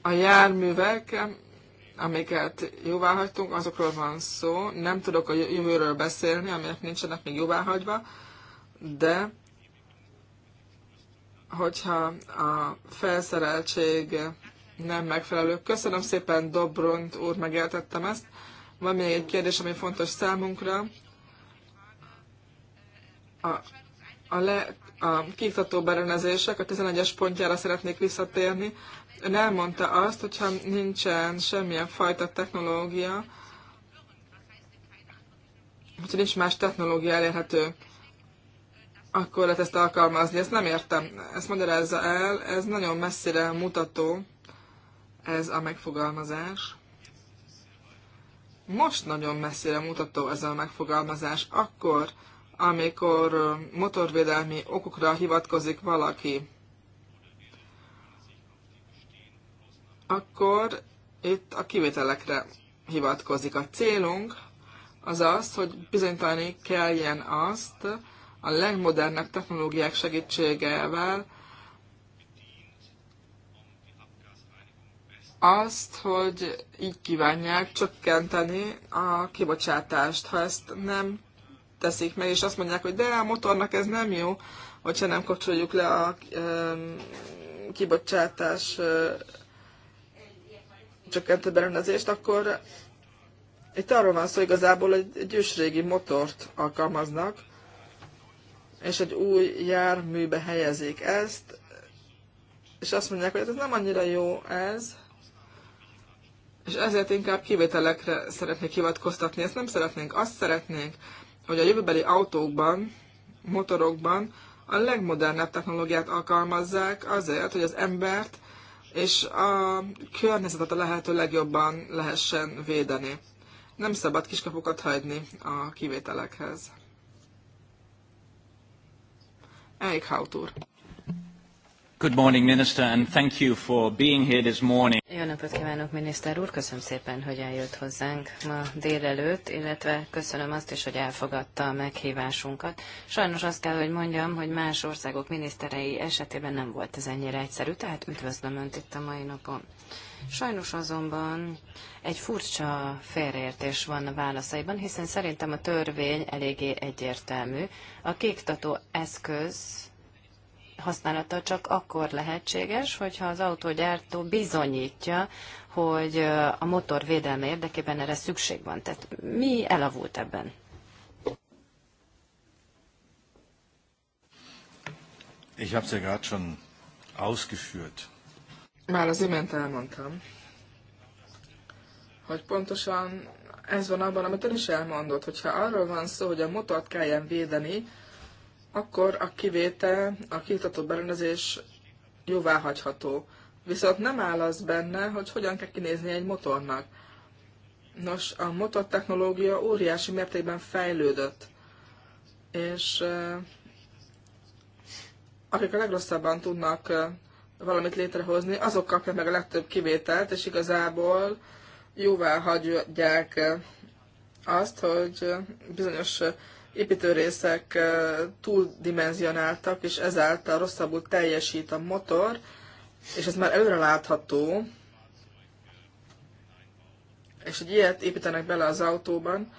a járművek, amiket jóvá hagytunk, azokról van szó. Nem tudok a jövőről beszélni, amelyek nincsenek még jóvá hagyva, de hogyha a felszereltség nem megfelelő. Köszönöm szépen, Dobront úr, megértettem ezt. Van még egy kérdés, ami fontos számunkra. A a, le, a kiktató berendezések, a 11-es pontjára szeretnék visszatérni. Ön elmondta azt, hogyha nincsen semmilyen fajta technológia, hogyha nincs más technológia elérhető, akkor lehet ezt alkalmazni. Ezt nem értem. Ezt magyarázza el, ez nagyon messzire mutató, ez a megfogalmazás. Most nagyon messzire mutató ez a megfogalmazás. Akkor, amikor motorvédelmi okokra hivatkozik valaki, akkor itt a kivételekre hivatkozik. A célunk az az, hogy bizonyítani kelljen azt a legmodernebb technológiák segítségével, azt, hogy így kívánják csökkenteni a kibocsátást. Ha ezt nem teszik meg, és azt mondják, hogy de a motornak ez nem jó, hogyha nem kapcsoljuk le a kibocsátás csökkentő berendezést, akkor itt arról van szó igazából, hogy egy ősrégi motort alkalmaznak, és egy új járműbe helyezik ezt, és azt mondják, hogy hát ez nem annyira jó ez, és ezért inkább kivételekre szeretnék hivatkoztatni. Ezt nem szeretnénk, azt szeretnénk, hogy a jövőbeli autókban, motorokban a legmodernebb technológiát alkalmazzák azért, hogy az embert és a környezetet a lehető legjobban lehessen védeni. Nem szabad kiskapukat hagyni a kivételekhez. Eik Hautur. Good morning, Minister, and thank you for being here this morning. Jó napot kívánok, miniszter úr! Köszönöm szépen, hogy eljött hozzánk ma délelőtt, illetve köszönöm azt is, hogy elfogadta a meghívásunkat. Sajnos azt kell, hogy mondjam, hogy más országok miniszterei esetében nem volt ez ennyire egyszerű, tehát üdvözlöm Önt itt a mai napon. Sajnos azonban egy furcsa félreértés van a válaszaiban, hiszen szerintem a törvény eléggé egyértelmű. A kiktató eszköz használata csak akkor lehetséges, hogyha az autógyártó bizonyítja, hogy a motor védelme érdekében erre szükség van. Tehát mi elavult ebben? Ich habe es ja gerade schon ausgeführt. Már az imént elmondtam, hogy pontosan ez van abban, amit ön is elmondott, hogyha arról van szó, hogy a motort kelljen védeni, akkor a kivétel, a kiltató berendezés jóváhagyható. Viszont nem áll az benne, hogy hogyan kell kinézni egy motornak. Nos, a motortechnológia óriási mértékben fejlődött, és eh, akik a legrosszabban tudnak eh, valamit létrehozni, azok kapják meg a legtöbb kivételt, és igazából jóvá hagyják eh, azt, hogy bizonyos építőrészek túldimenzionáltak, és ezáltal rosszabbul teljesít a motor, és ez már előre látható, és hogy ilyet építenek bele az autóban,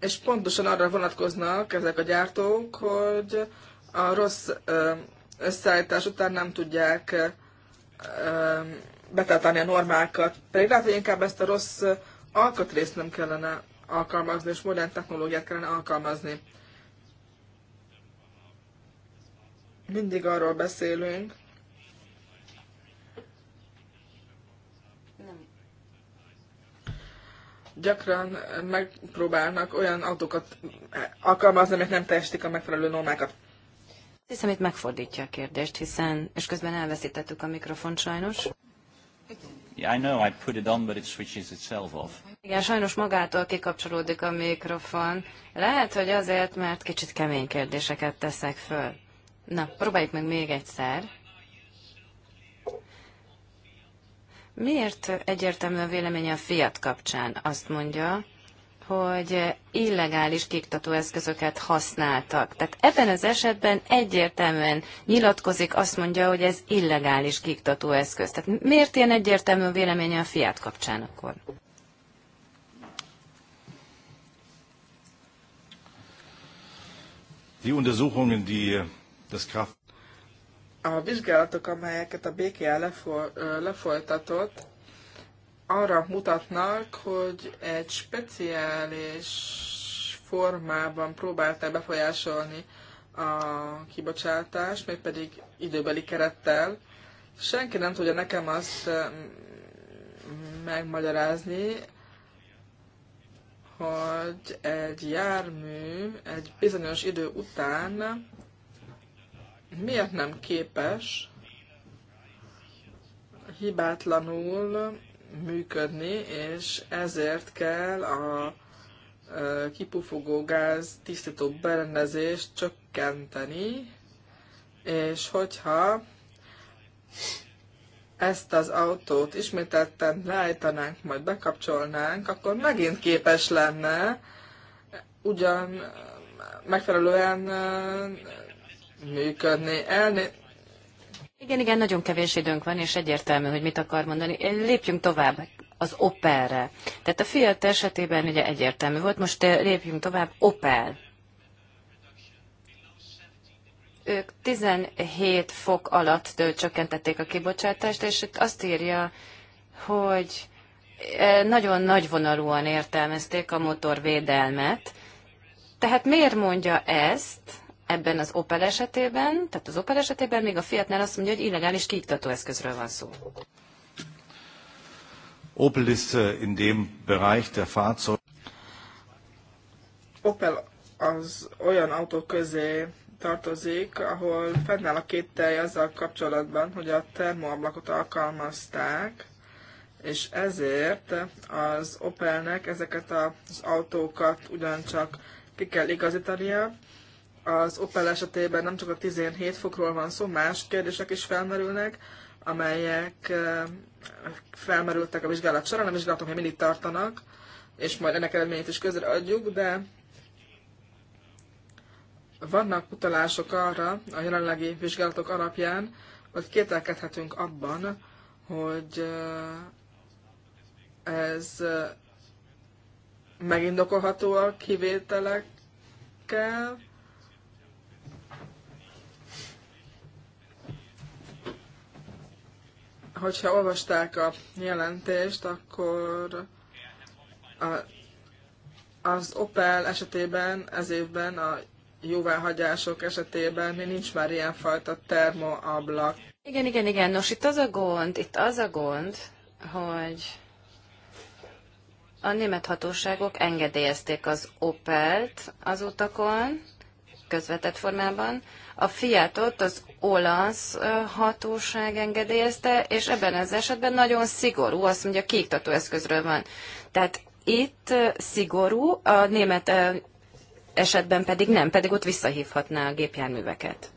és pontosan arra vonatkoznak ezek a gyártók, hogy a rossz összeállítás után nem tudják betartani a normákat. Pedig lehet, hogy inkább ezt a rossz alkatrészt nem kellene alkalmazni, és modern technológiát kellene alkalmazni. Mindig arról beszélünk, gyakran megpróbálnak olyan autókat alkalmazni, amelyek nem teljesítik a megfelelő normákat. Hiszem, itt megfordítja a kérdést, hiszen, és közben elveszítettük a mikrofon sajnos. Yeah, I know I put it on, but it switches itself off. Igen, sajnos magától kikapcsolódik a mikrofon. Lehet, hogy azért, mert kicsit kemény kérdéseket teszek föl. Na, próbáljuk meg még egyszer. Miért egyértelmű a véleménye a Fiat kapcsán? Azt mondja, hogy illegális kiktatóeszközöket használtak. Tehát ebben az esetben egyértelműen nyilatkozik, azt mondja, hogy ez illegális kiktatóeszköz. Tehát miért ilyen egyértelmű a véleménye a Fiat kapcsán akkor? Die Untersuchungen, die das Kraft... A vizsgálatok, amelyeket a BKA lefolytatott, arra mutatnak, hogy egy speciális formában próbálták befolyásolni a kibocsátást, mégpedig időbeli kerettel. Senki nem tudja nekem azt megmagyarázni, hogy egy jármű egy bizonyos idő után miért nem képes hibátlanul működni, és ezért kell a kipufogó gáz tisztító berendezést csökkenteni, és hogyha ezt az autót ismételten leállítanánk, majd bekapcsolnánk, akkor megint képes lenne ugyan megfelelően működni. Elné- igen, igen, nagyon kevés időnk van, és egyértelmű, hogy mit akar mondani. Lépjünk tovább az Opelre. Tehát a Fiat esetében ugye egyértelmű volt, most lépjünk tovább Opel ők 17 fok alatt csökkentették a kibocsátást, és itt azt írja, hogy e, nagyon nagyvonalúan értelmezték a motorvédelmet. Tehát miért mondja ezt ebben az Opel esetében, tehát az Opel esetében még a Fiatnál azt mondja, hogy illegális eszközről van szó. Opel ist äh, in dem Bereich der Fahrzeug. Opel az olyan autók közé tartozik, ahol fennáll a két tej azzal kapcsolatban, hogy a termoablakot alkalmazták, és ezért az Opelnek ezeket az autókat ugyancsak ki kell igazítania. Az Opel esetében nem csak a 17 fokról van szó, más kérdések is felmerülnek, amelyek eh, felmerültek a vizsgálat során, a vizsgálatok még mindig tartanak, és majd ennek eredményét is Adjuk, de vannak utalások arra, a jelenlegi vizsgálatok alapján, hogy kételkedhetünk abban, hogy eh, ez eh, megindokolható a kivételekkel, hogyha olvasták a jelentést, akkor a, az Opel esetében ez évben a jóváhagyások esetében nincs már fajta termoablak. Igen, igen, igen. Nos, itt az a gond, itt az a gond, hogy a német hatóságok engedélyezték az Opelt az utakon, közvetett formában. A Fiatot az olasz hatóság engedélyezte, és ebben az esetben nagyon szigorú, azt mondja, kiiktató eszközről van. Tehát itt szigorú, a német esetben pedig nem, pedig ott visszahívhatná a gépjárműveket.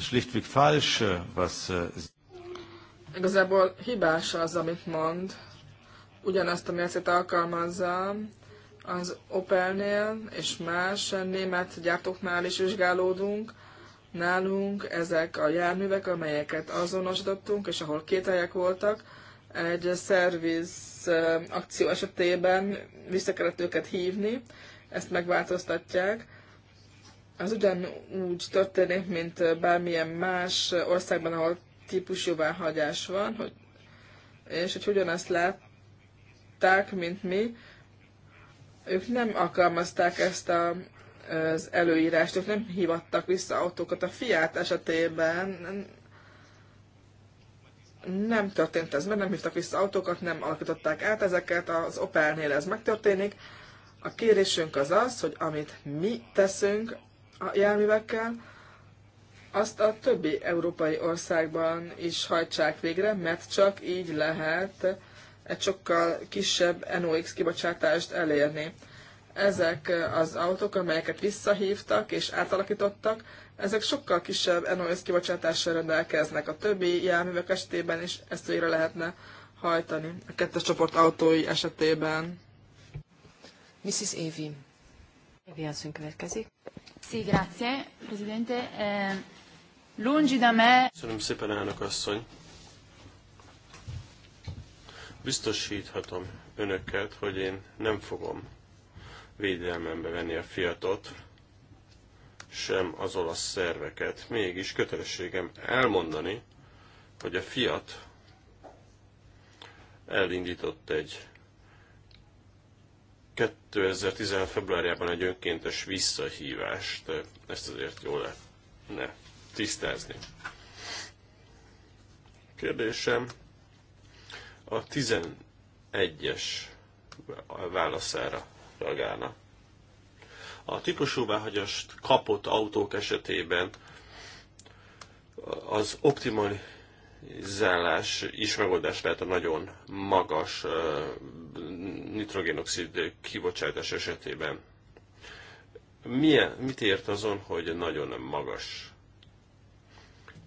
Schlichtweg äh, Igazából hibás az, amit mond. Ugyanazt a mércét alkalmazza az Opelnél és más német gyártóknál is vizsgálódunk. Nálunk ezek a járművek, amelyeket azonosítottunk, és ahol két helyek voltak, egy szerviz akció esetében vissza kellett őket hívni, ezt megváltoztatják. Az ugyanúgy történik, mint bármilyen más országban, ahol típusjóváhagyás van, hogy, és hogy ugyanazt látták, mint mi, ők nem alkalmazták ezt a, az előírást, ők nem hívattak vissza autókat. A fiát esetében nem történt ez, mert nem hívtak vissza autókat, nem alakították át ezeket, az Opelnél ez megtörténik, a kérésünk az az, hogy amit mi teszünk a járművekkel, azt a többi európai országban is hajtsák végre, mert csak így lehet egy sokkal kisebb NOx kibocsátást elérni. Ezek az autók, amelyeket visszahívtak és átalakítottak, ezek sokkal kisebb NOx kibocsátással rendelkeznek. A többi járművek esetében is ezt végre lehetne hajtani. A kettes csoport autói esetében Mrs. Evi. Evi asszony következik. Sí, grazie, Presidente. Ehm, lungi da me... Köszönöm szépen, elnök asszony. Biztosíthatom önöket, hogy én nem fogom védelmembe venni a fiatot, sem az olasz szerveket. Mégis kötelességem elmondani, hogy a fiat elindított egy 2016. februárjában egy önkéntes visszahívást, ezt azért jól Ne. tisztázni. Kérdésem a 11-es válaszára reagálna. A típusúváhagyást kapott autók esetében az optimális zálás is megoldás lehet a nagyon magas nitrogénoxid kibocsátás esetében. Milyen, mit ért azon, hogy nagyon magas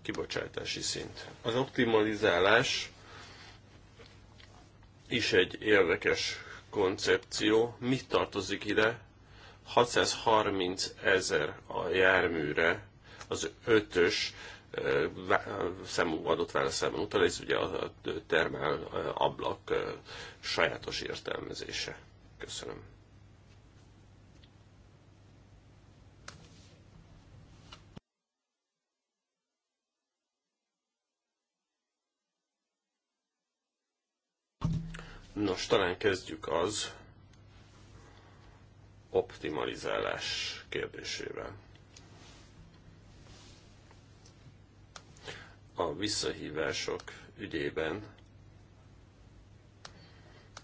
kibocsátási szint? Az optimalizálás is egy érdekes koncepció. Mit tartozik ide? 630 ezer a járműre az ötös szemú adott válaszában utal, ez ugye a termál ablak sajátos értelmezése. Köszönöm. Nos, talán kezdjük az optimalizálás kérdésével. a visszahívások ügyében.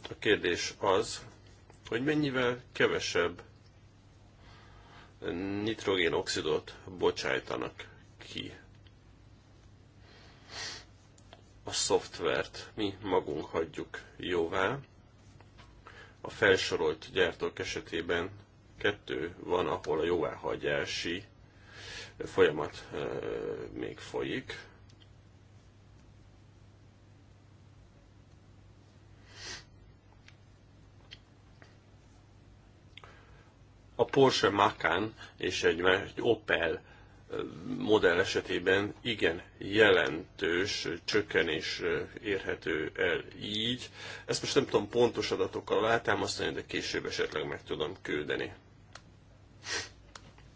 A kérdés az, hogy mennyivel kevesebb nitrogénoxidot bocsájtanak ki. A szoftvert mi magunk hagyjuk jóvá. A felsorolt gyártók esetében kettő van, ahol a jóváhagyási folyamat eh, még folyik. a Porsche Macan és egy, egy Opel modell esetében igen jelentős csökkenés érhető el így. Ezt most nem tudom pontos adatokkal látámasztani, de később esetleg meg tudom küldeni.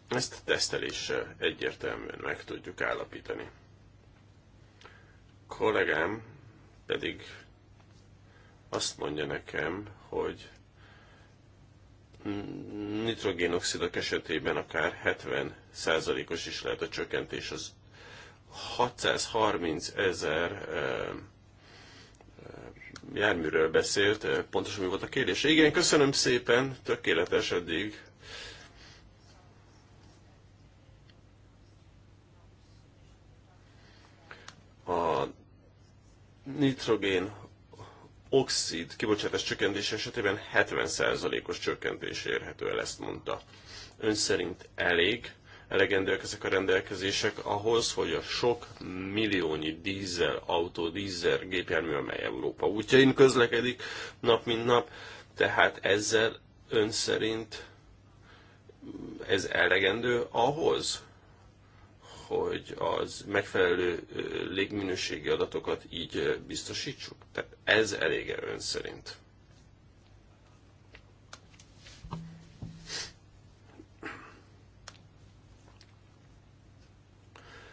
Ezt teszteléssel egyértelműen meg tudjuk állapítani. Kollégám pedig azt mondja nekem, hogy nitrogénoxidok esetében akár 70%-os is lehet a csökkentés. Az 630 ezer járműről beszélt, pontosan mi volt a kérdés. Igen, köszönöm szépen, tökéletes eddig. A nitrogén oxid kibocsátás csökkentés esetében 70%-os csökkentés érhető el, ezt mondta. Ön szerint elég, elegendőek ezek a rendelkezések ahhoz, hogy a sok milliónyi dízel autó, dízel gépjármű, amely Európa útjain közlekedik nap mint nap, tehát ezzel ön szerint ez elegendő ahhoz, hogy az megfelelő légminőségi adatokat így biztosítsuk? Tehát ez elég -e ön szerint?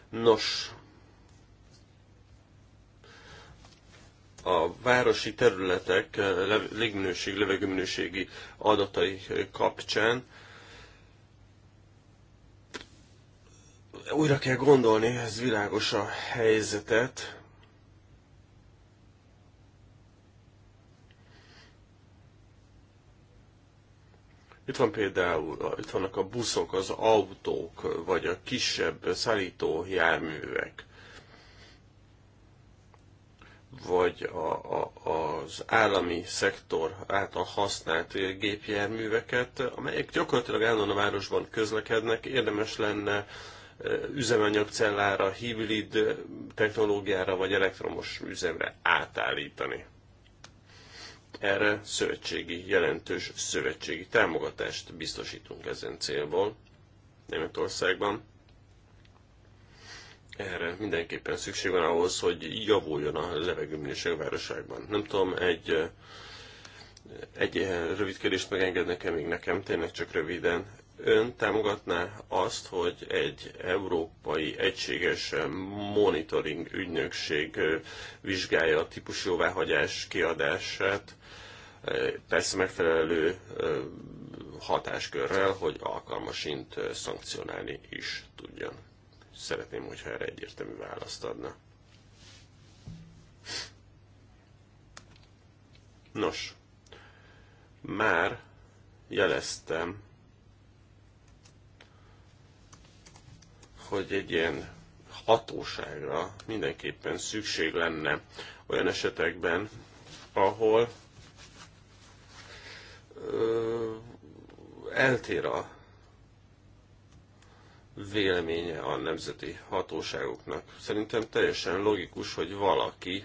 Nos, a városi területek légminőség, levegőminőségi adatai kapcsán újra kell gondolni, ez világos a helyzetet. Itt van például, itt vannak a buszok, az autók, vagy a kisebb szállító járművek, vagy a, a, az állami szektor által használt gépjárműveket, amelyek gyakorlatilag állandóan a városban közlekednek, érdemes lenne üzemanyagcellára, hibrid technológiára vagy elektromos üzemre átállítani. Erre szövetségi, jelentős szövetségi támogatást biztosítunk ezen célból Németországban. Erre mindenképpen szükség van ahhoz, hogy javuljon a levegőminőség a városágban. Nem tudom, egy egy rövid kérdést megenged nekem még nekem, tényleg csak röviden ön támogatná azt, hogy egy európai egységes monitoring ügynökség vizsgálja a típus jóváhagyás kiadását, persze megfelelő hatáskörrel, hogy alkalmasint szankcionálni is tudjon. Szeretném, hogyha erre egyértelmű választ adna. Nos, már jeleztem hogy egy ilyen hatóságra mindenképpen szükség lenne olyan esetekben, ahol ö, eltér a véleménye a nemzeti hatóságoknak. Szerintem teljesen logikus, hogy valaki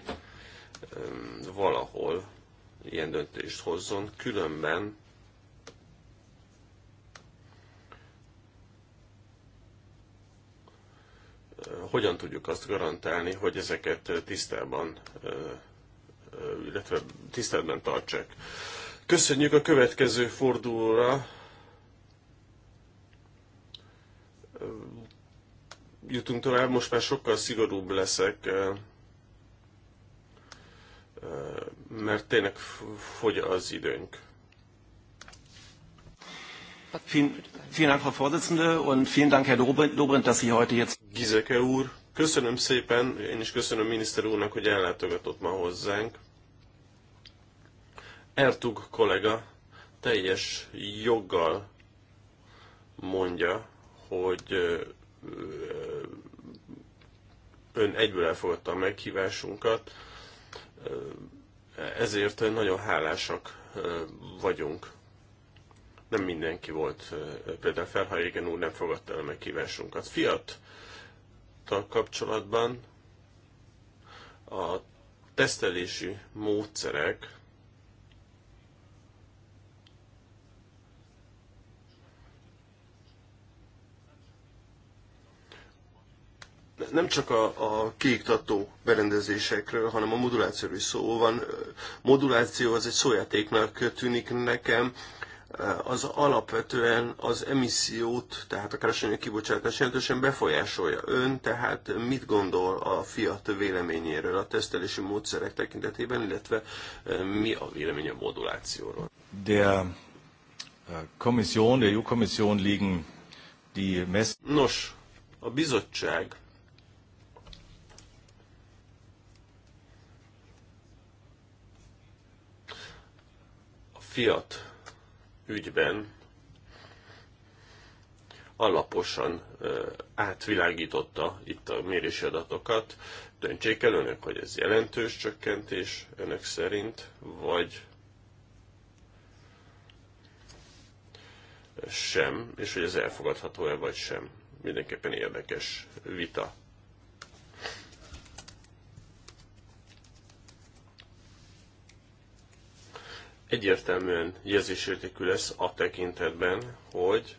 ö, valahol ilyen döntést hozzon, különben hogyan tudjuk azt garantálni, hogy ezeket tisztában, illetve tiszteletben tartsák. Köszönjük a következő fordulóra. Jutunk tovább, most már sokkal szigorúbb leszek, mert tényleg fogy az időnk. Gizeke úr, köszönöm szépen, én is köszönöm miniszter úrnak, hogy ellátogatott ma hozzánk. Ertug kollega teljes joggal mondja, hogy ön egyből elfogadta a meghívásunkat, ezért nagyon hálásak vagyunk nem mindenki volt, például Ferhaégen úr nem fogadta el meghívásunkat. fiat kapcsolatban a tesztelési módszerek nem csak a, a kiiktató berendezésekről, hanem a modulációról is szó van. Moduláció az egy szójátéknak tűnik nekem, az alapvetően az emissziót, tehát a keresendő kibocsátás jelentősen befolyásolja ön, tehát mit gondol a fiat véleményéről a tesztelési módszerek tekintetében, illetve eh, mi a vélemény a modulációról? Der eh, Kommission, der EU-Kommission liegen die Mess Nos, a bizottság a Fiat ügyben alaposan átvilágította itt a mérési adatokat. Döntsék el önök, hogy ez jelentős csökkentés önök szerint, vagy sem, és hogy ez elfogadható-e vagy sem. Mindenképpen érdekes vita egyértelműen jelzésértékű lesz a tekintetben, hogy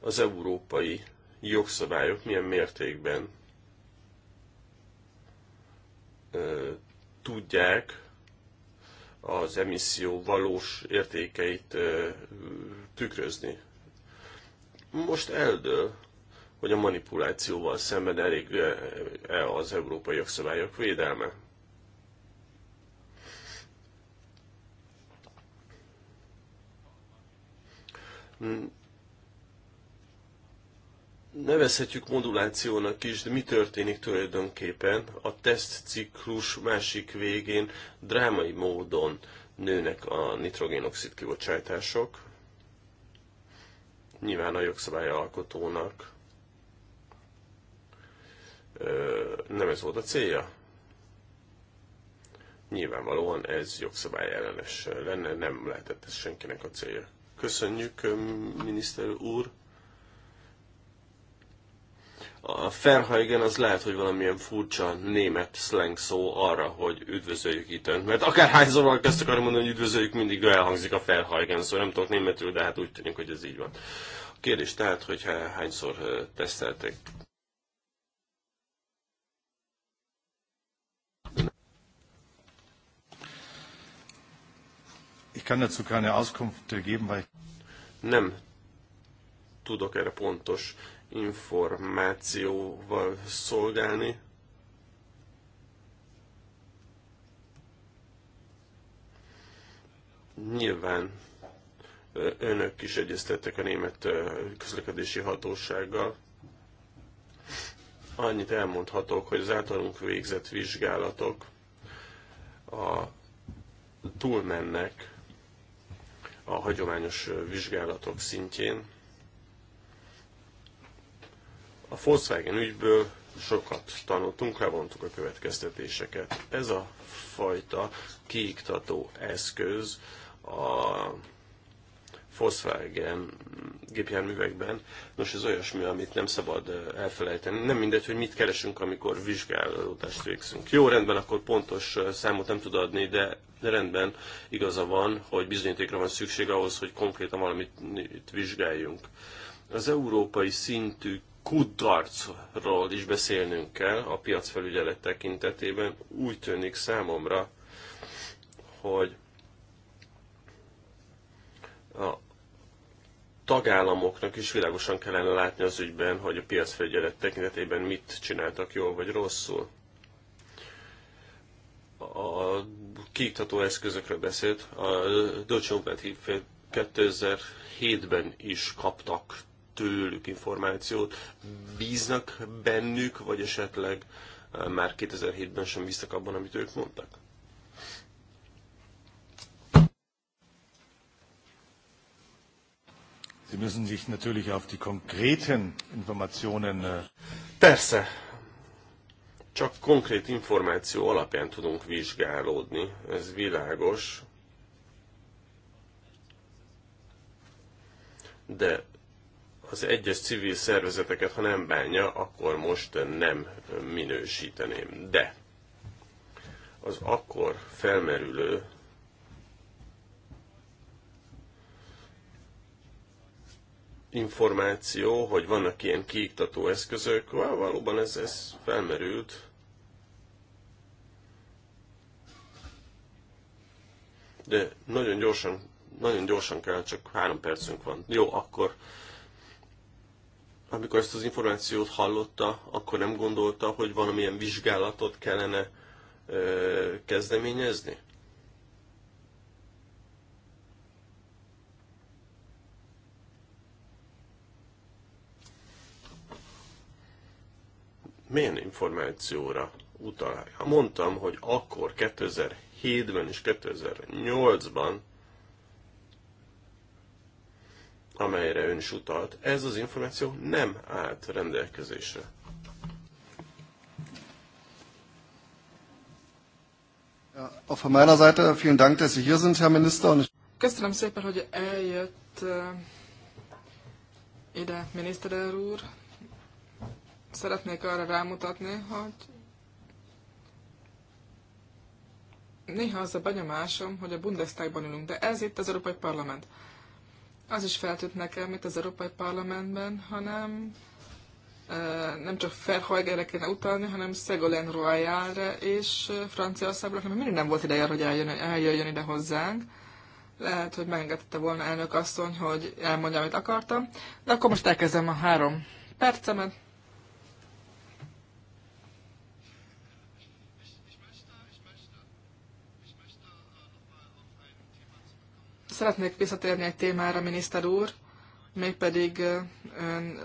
az európai jogszabályok milyen mértékben ö, tudják az emisszió valós értékeit ö, tükrözni. Most eldől, hogy a manipulációval szemben elég -e az európai jogszabályok védelme. Hmm. nevezhetjük modulációnak is, de mi történik tulajdonképpen? A tesztciklus másik végén drámai módon nőnek a nitrogénoxid kibocsátások. Nyilván a alkotónak nem ez volt a célja. Nyilvánvalóan ez jogszabály ellenes lenne, nem lehetett ez senkinek a célja. Köszönjük, miniszter úr. A Ferhajgen az lehet, hogy valamilyen furcsa német slang szó arra, hogy üdvözöljük itt önt. Mert akárhányszor ezt akarom mondani, hogy üdvözöljük, mindig elhangzik a Ferhajgen szó. Nem tudok németül, de hát úgy tűnik, hogy ez így van. A kérdés tehát, hogy hányszor tesztelték. Ich kann dazu keine Auskunft geben, weil nem tudok erre pontos információval szolgálni. Nyilván önök is egyeztettek a német közlekedési hatósággal. Annyit elmondhatok, hogy az általunk végzett vizsgálatok a túlmennek a hagyományos vizsgálatok szintjén. A Volkswagen ügyből sokat tanultunk, levontuk a következtetéseket. Ez a fajta kiiktató eszköz a Volkswagen gépjárművekben. Nos, ez olyasmi, amit nem szabad elfelejteni. Nem mindegy, hogy mit keresünk, amikor vizsgálódást végzünk. Jó, rendben, akkor pontos számot nem tud adni, de, de rendben igaza van, hogy bizonyítékra van szükség ahhoz, hogy konkrétan valamit itt vizsgáljunk. Az európai szintű kudarcról is beszélnünk kell a piacfelügyelet tekintetében. Úgy tűnik számomra, hogy a tagállamoknak is világosan kellene látni az ügyben, hogy a piacfegyelet tekintetében mit csináltak jól vagy rosszul. A kiiktató eszközökről beszélt, a Deutsche Umwelt 2007-ben is kaptak tőlük információt. Bíznak bennük, vagy esetleg eh, már 2007-ben sem bíztak abban, amit ők mondtak? Sie müssen sich natürlich auf die konkreten Informationen. Äh, Persze. Csak konkrét információ alapján tudunk vizsgálódni, ez világos. De az egyes civil szervezeteket, ha nem bánja, akkor most nem minősíteném. De az akkor felmerülő információ, hogy vannak ilyen kiiktató eszközök, valóban ez, ez felmerült. De nagyon gyorsan, nagyon gyorsan kell, csak három percünk van. Jó, akkor amikor ezt az információt hallotta, akkor nem gondolta, hogy valamilyen vizsgálatot kellene ö, kezdeményezni? milyen információra utal? Mondtam, hogy akkor 2007-ben és 2008-ban, amelyre ön is utalt, ez az információ nem állt rendelkezésre. meiner Seite vielen Dank, dass Sie hier sind, Herr Minister. Köszönöm szépen, hogy eljött eh, ide, miniszter úr szeretnék arra rámutatni, hogy néha az a benyomásom, hogy a Bundestagban ülünk, de ez itt az Európai Parlament. Az is feltűnt nekem itt az Európai Parlamentben, hanem nem csak Ferhajgerre kéne utalni, hanem Szegolén Royalre és Franciaországra, mert mindig nem volt ideje, hogy eljön, eljöjjön ide hozzánk. Lehet, hogy megengedte volna elnök asszony, hogy elmondja, amit akartam. De akkor most elkezdem a három percemet. Szeretnék visszatérni egy témára, miniszter úr, mégpedig ön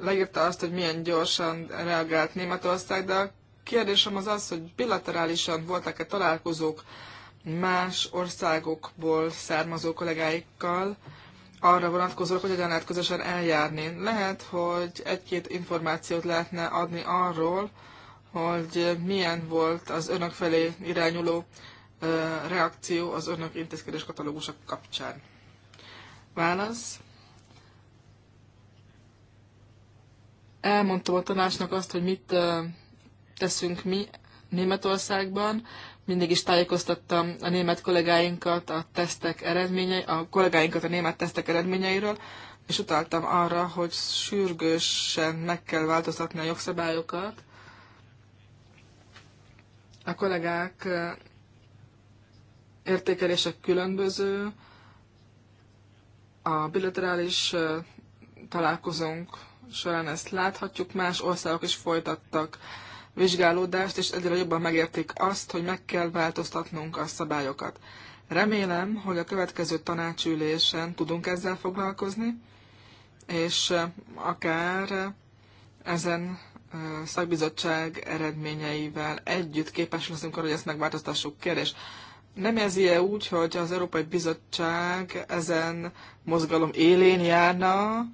leírta azt, hogy milyen gyorsan reagált Németország, de a kérdésem az az, hogy bilaterálisan voltak-e találkozók más országokból származó kollégáikkal, arra vonatkozók, hogy hogyan lehet közösen eljárni. Lehet, hogy egy-két információt lehetne adni arról, hogy milyen volt az önök felé irányuló reakció az önök intézkedés katalógusok kapcsán? Válasz. Elmondtam a tanácsnak azt, hogy mit teszünk mi Németországban. Mindig is tájékoztattam a német kollégáinkat a tesztek eredményei, a kollégáinkat a német tesztek eredményeiről, és utaltam arra, hogy sürgősen meg kell változtatni a jogszabályokat. A kollégák értékelések különböző, a bilaterális találkozónk során ezt láthatjuk, más országok is folytattak vizsgálódást, és egyre jobban megértik azt, hogy meg kell változtatnunk a szabályokat. Remélem, hogy a következő tanácsülésen tudunk ezzel foglalkozni, és akár ezen szakbizottság eredményeivel együtt képes leszünk arra, hogy ezt megváltoztassuk. Kérdés, nem ez ilyen úgy, hogy az Európai Bizottság ezen mozgalom élén járna,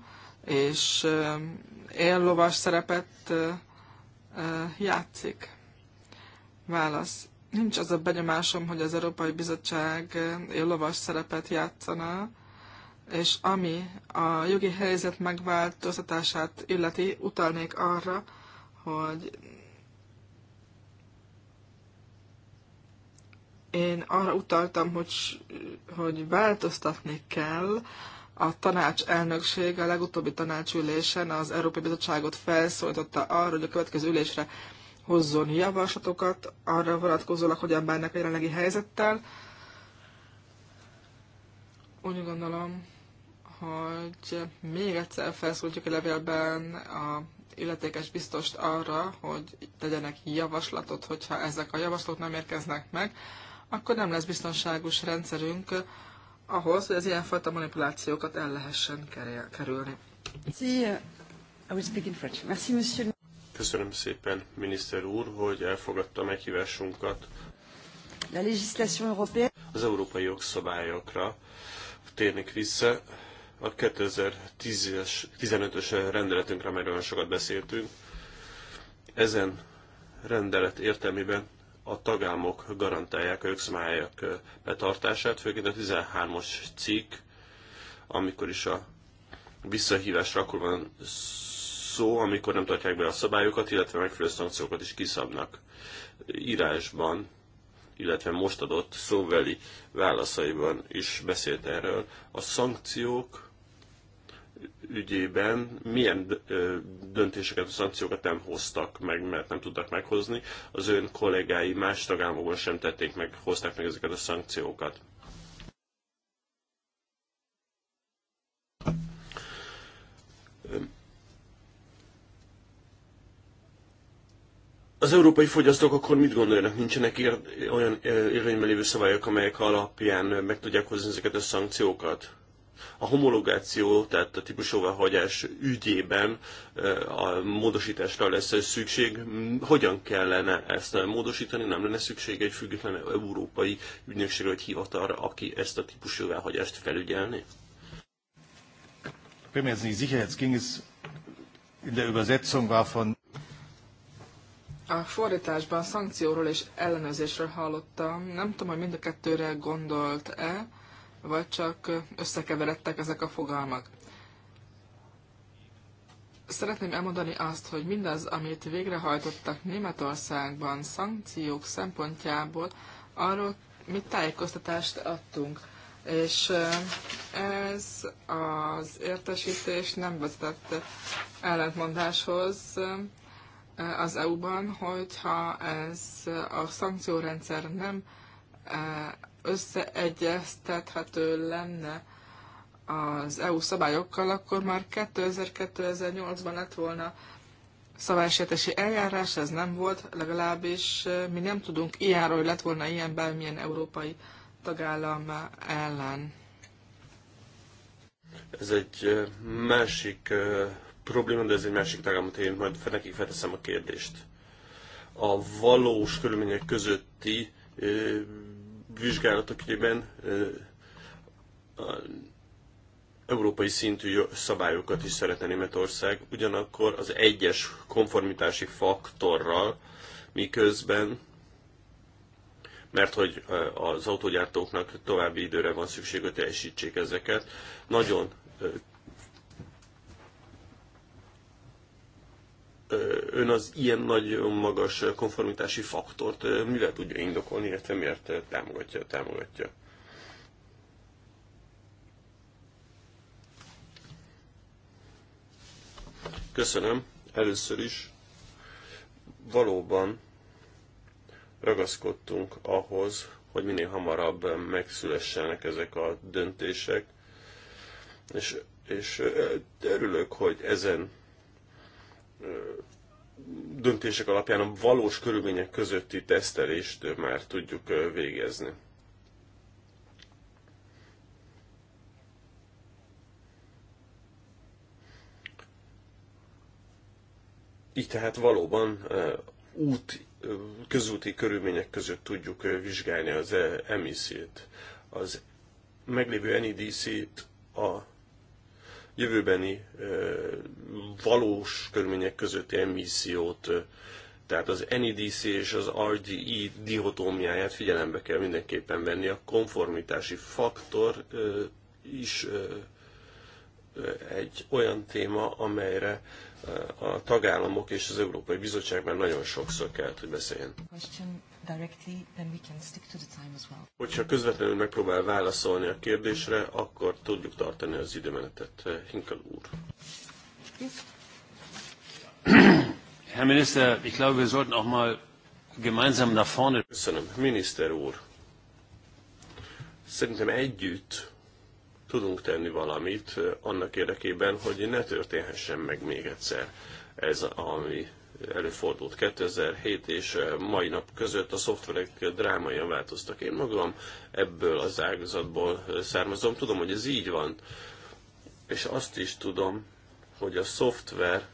és um, éllovas szerepet uh, uh, játszik? Válasz. Nincs az a benyomásom, hogy az Európai Bizottság uh, éllovas szerepet játszana, és ami a jogi helyzet megváltoztatását illeti, utalnék arra, hogy Én arra utaltam, hogy, hogy változtatni kell a tanács elnöksége a legutóbbi tanácsülésen az Európai Bizottságot felszólította arra, hogy a következő ülésre hozzon javaslatokat arra vonatkozólag, hogyan bánnak a jelenlegi helyzettel. Úgy gondolom, hogy még egyszer felszólítjuk a levélben a illetékes biztost arra, hogy tegyenek javaslatot, hogyha ezek a javaslatok nem érkeznek meg, akkor nem lesz biztonságos rendszerünk ahhoz, hogy az ilyenfajta manipulációkat el lehessen kerülni. Köszönöm szépen, miniszter úr, hogy elfogadta meghívásunkat. Az európai jogszabályokra térnék vissza. A 2015-ös rendeletünkre, amelyről sokat beszéltünk, ezen rendelet értelmében a tagállamok garantálják a jogszabályok betartását, főként a 13 os cikk, amikor is a visszahívásra akkor van szó, amikor nem tartják be a szabályokat, illetve megfelelő szankciókat is kiszabnak írásban, illetve most adott szóveli válaszaiban is beszélt erről. A szankciók ügyében milyen döntéseket, szankciókat nem hoztak meg, mert nem tudtak meghozni. Az ön kollégái más tagállamokban sem tették meg, hozták meg ezeket a szankciókat. Az európai fogyasztók akkor mit gondolnak? Nincsenek ér, olyan érvényben lévő szabályok, amelyek alapján meg tudják hozni ezeket a szankciókat? a homologáció, tehát a típusóváhagyás ügyében eh, a módosításra lesz szükség. Hogyan kellene ezt módosítani? Nem lenne szükség egy független európai ügynökségre vagy hivatalra, aki ezt a típusjóváhagyást felügyelni? a fordításban szankcióról és ellenőrzésről hallottam. Nem tudom, hogy mind a kettőre gondolt-e vagy csak összekeveredtek ezek a fogalmak. Szeretném elmondani azt, hogy mindaz, amit végrehajtottak Németországban szankciók szempontjából, arról mi tájékoztatást adtunk. És ez az értesítés nem vezetett ellentmondáshoz az EU-ban, hogyha ez a szankciórendszer nem összeegyeztethető lenne az EU szabályokkal, akkor már 2000-2008-ban lett volna szabálysértési eljárás, ez nem volt, legalábbis eh, mi nem tudunk ilyenről, hogy lett volna ilyen bármilyen európai tagállam eh, ellen. Ez egy eh, másik probléma, de ez egy másik tagállamot én majd nekik felteszem a kérdést. A valós körülmények közötti vizsgálatok ügyében európai szintű szabályokat is szeretne Németország, ugyanakkor az egyes konformitási faktorral, miközben, mert hogy az autógyártóknak további időre van szükség, hogy teljesítsék ezeket, nagyon ön az ilyen nagy magas konformitási faktort mivel tudja indokolni, illetve miért támogatja, támogatja? Köszönöm. Először is valóban ragaszkodtunk ahhoz, hogy minél hamarabb megszülessenek ezek a döntések, és, és örülök, hogy ezen döntések alapján a valós körülmények közötti tesztelést már tudjuk végezni. Így tehát valóban út, közúti körülmények között tudjuk vizsgálni az emisziót. Az meglévő NEDC-t a jövőbeni valós körülmények közötti emissziót, tehát az NEDC és az RDE dihotómiáját figyelembe kell mindenképpen venni. A konformitási faktor is egy olyan téma, amelyre a tagállamok és az Európai Bizottság már nagyon sokszor kellett, hogy beszéljen. Hogyha közvetlenül megpróbál válaszolni a kérdésre, akkor tudjuk tartani az időmenetet. Hinkel úr. Herr Minister, ich glaube, wir sollten auch mal gemeinsam nach vorne. Köszönöm, miniszter úr. Szerintem együtt tudunk tenni valamit eh, annak érdekében, hogy ne történhessen meg még egyszer ez, ami előfordult 2007 és eh, mai nap között a szoftverek drámaian változtak. Én magam ebből az ágazatból eh, származom, tudom, hogy ez így van, és azt is tudom, hogy a szoftver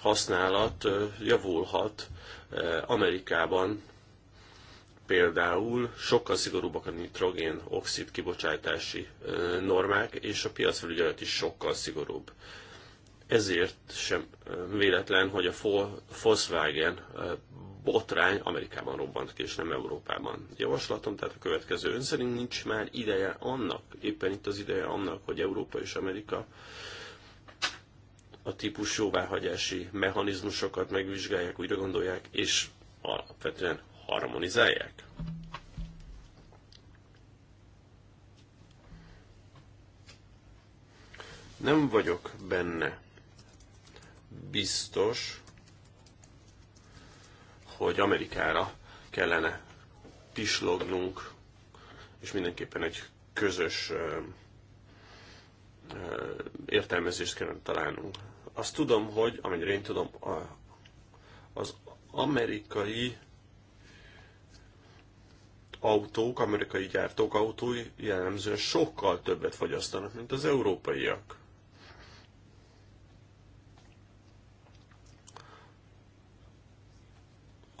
használat eh, javulhat Amerikában, például sokkal szigorúbbak a nitrogén oxid kibocsátási normák, és a piacfelügyelet is sokkal szigorúbb. Ezért sem véletlen, hogy a Volkswagen botrány Amerikában robbant ki, és nem Európában. Javaslatom tehát a következő. Ön szerint nincs már ideje annak, éppen itt az ideje annak, hogy Európa és Amerika a típus jóváhagyási mechanizmusokat megvizsgálják, újra gondolják, és alapvetően harmonizálják? Nem vagyok benne biztos, hogy Amerikára kellene pislognunk, és mindenképpen egy közös értelmezést kellene találnunk. Azt tudom, hogy, amennyire én tudom, az amerikai autók, amerikai gyártók autói jellemzően sokkal többet fogyasztanak, mint az európaiak.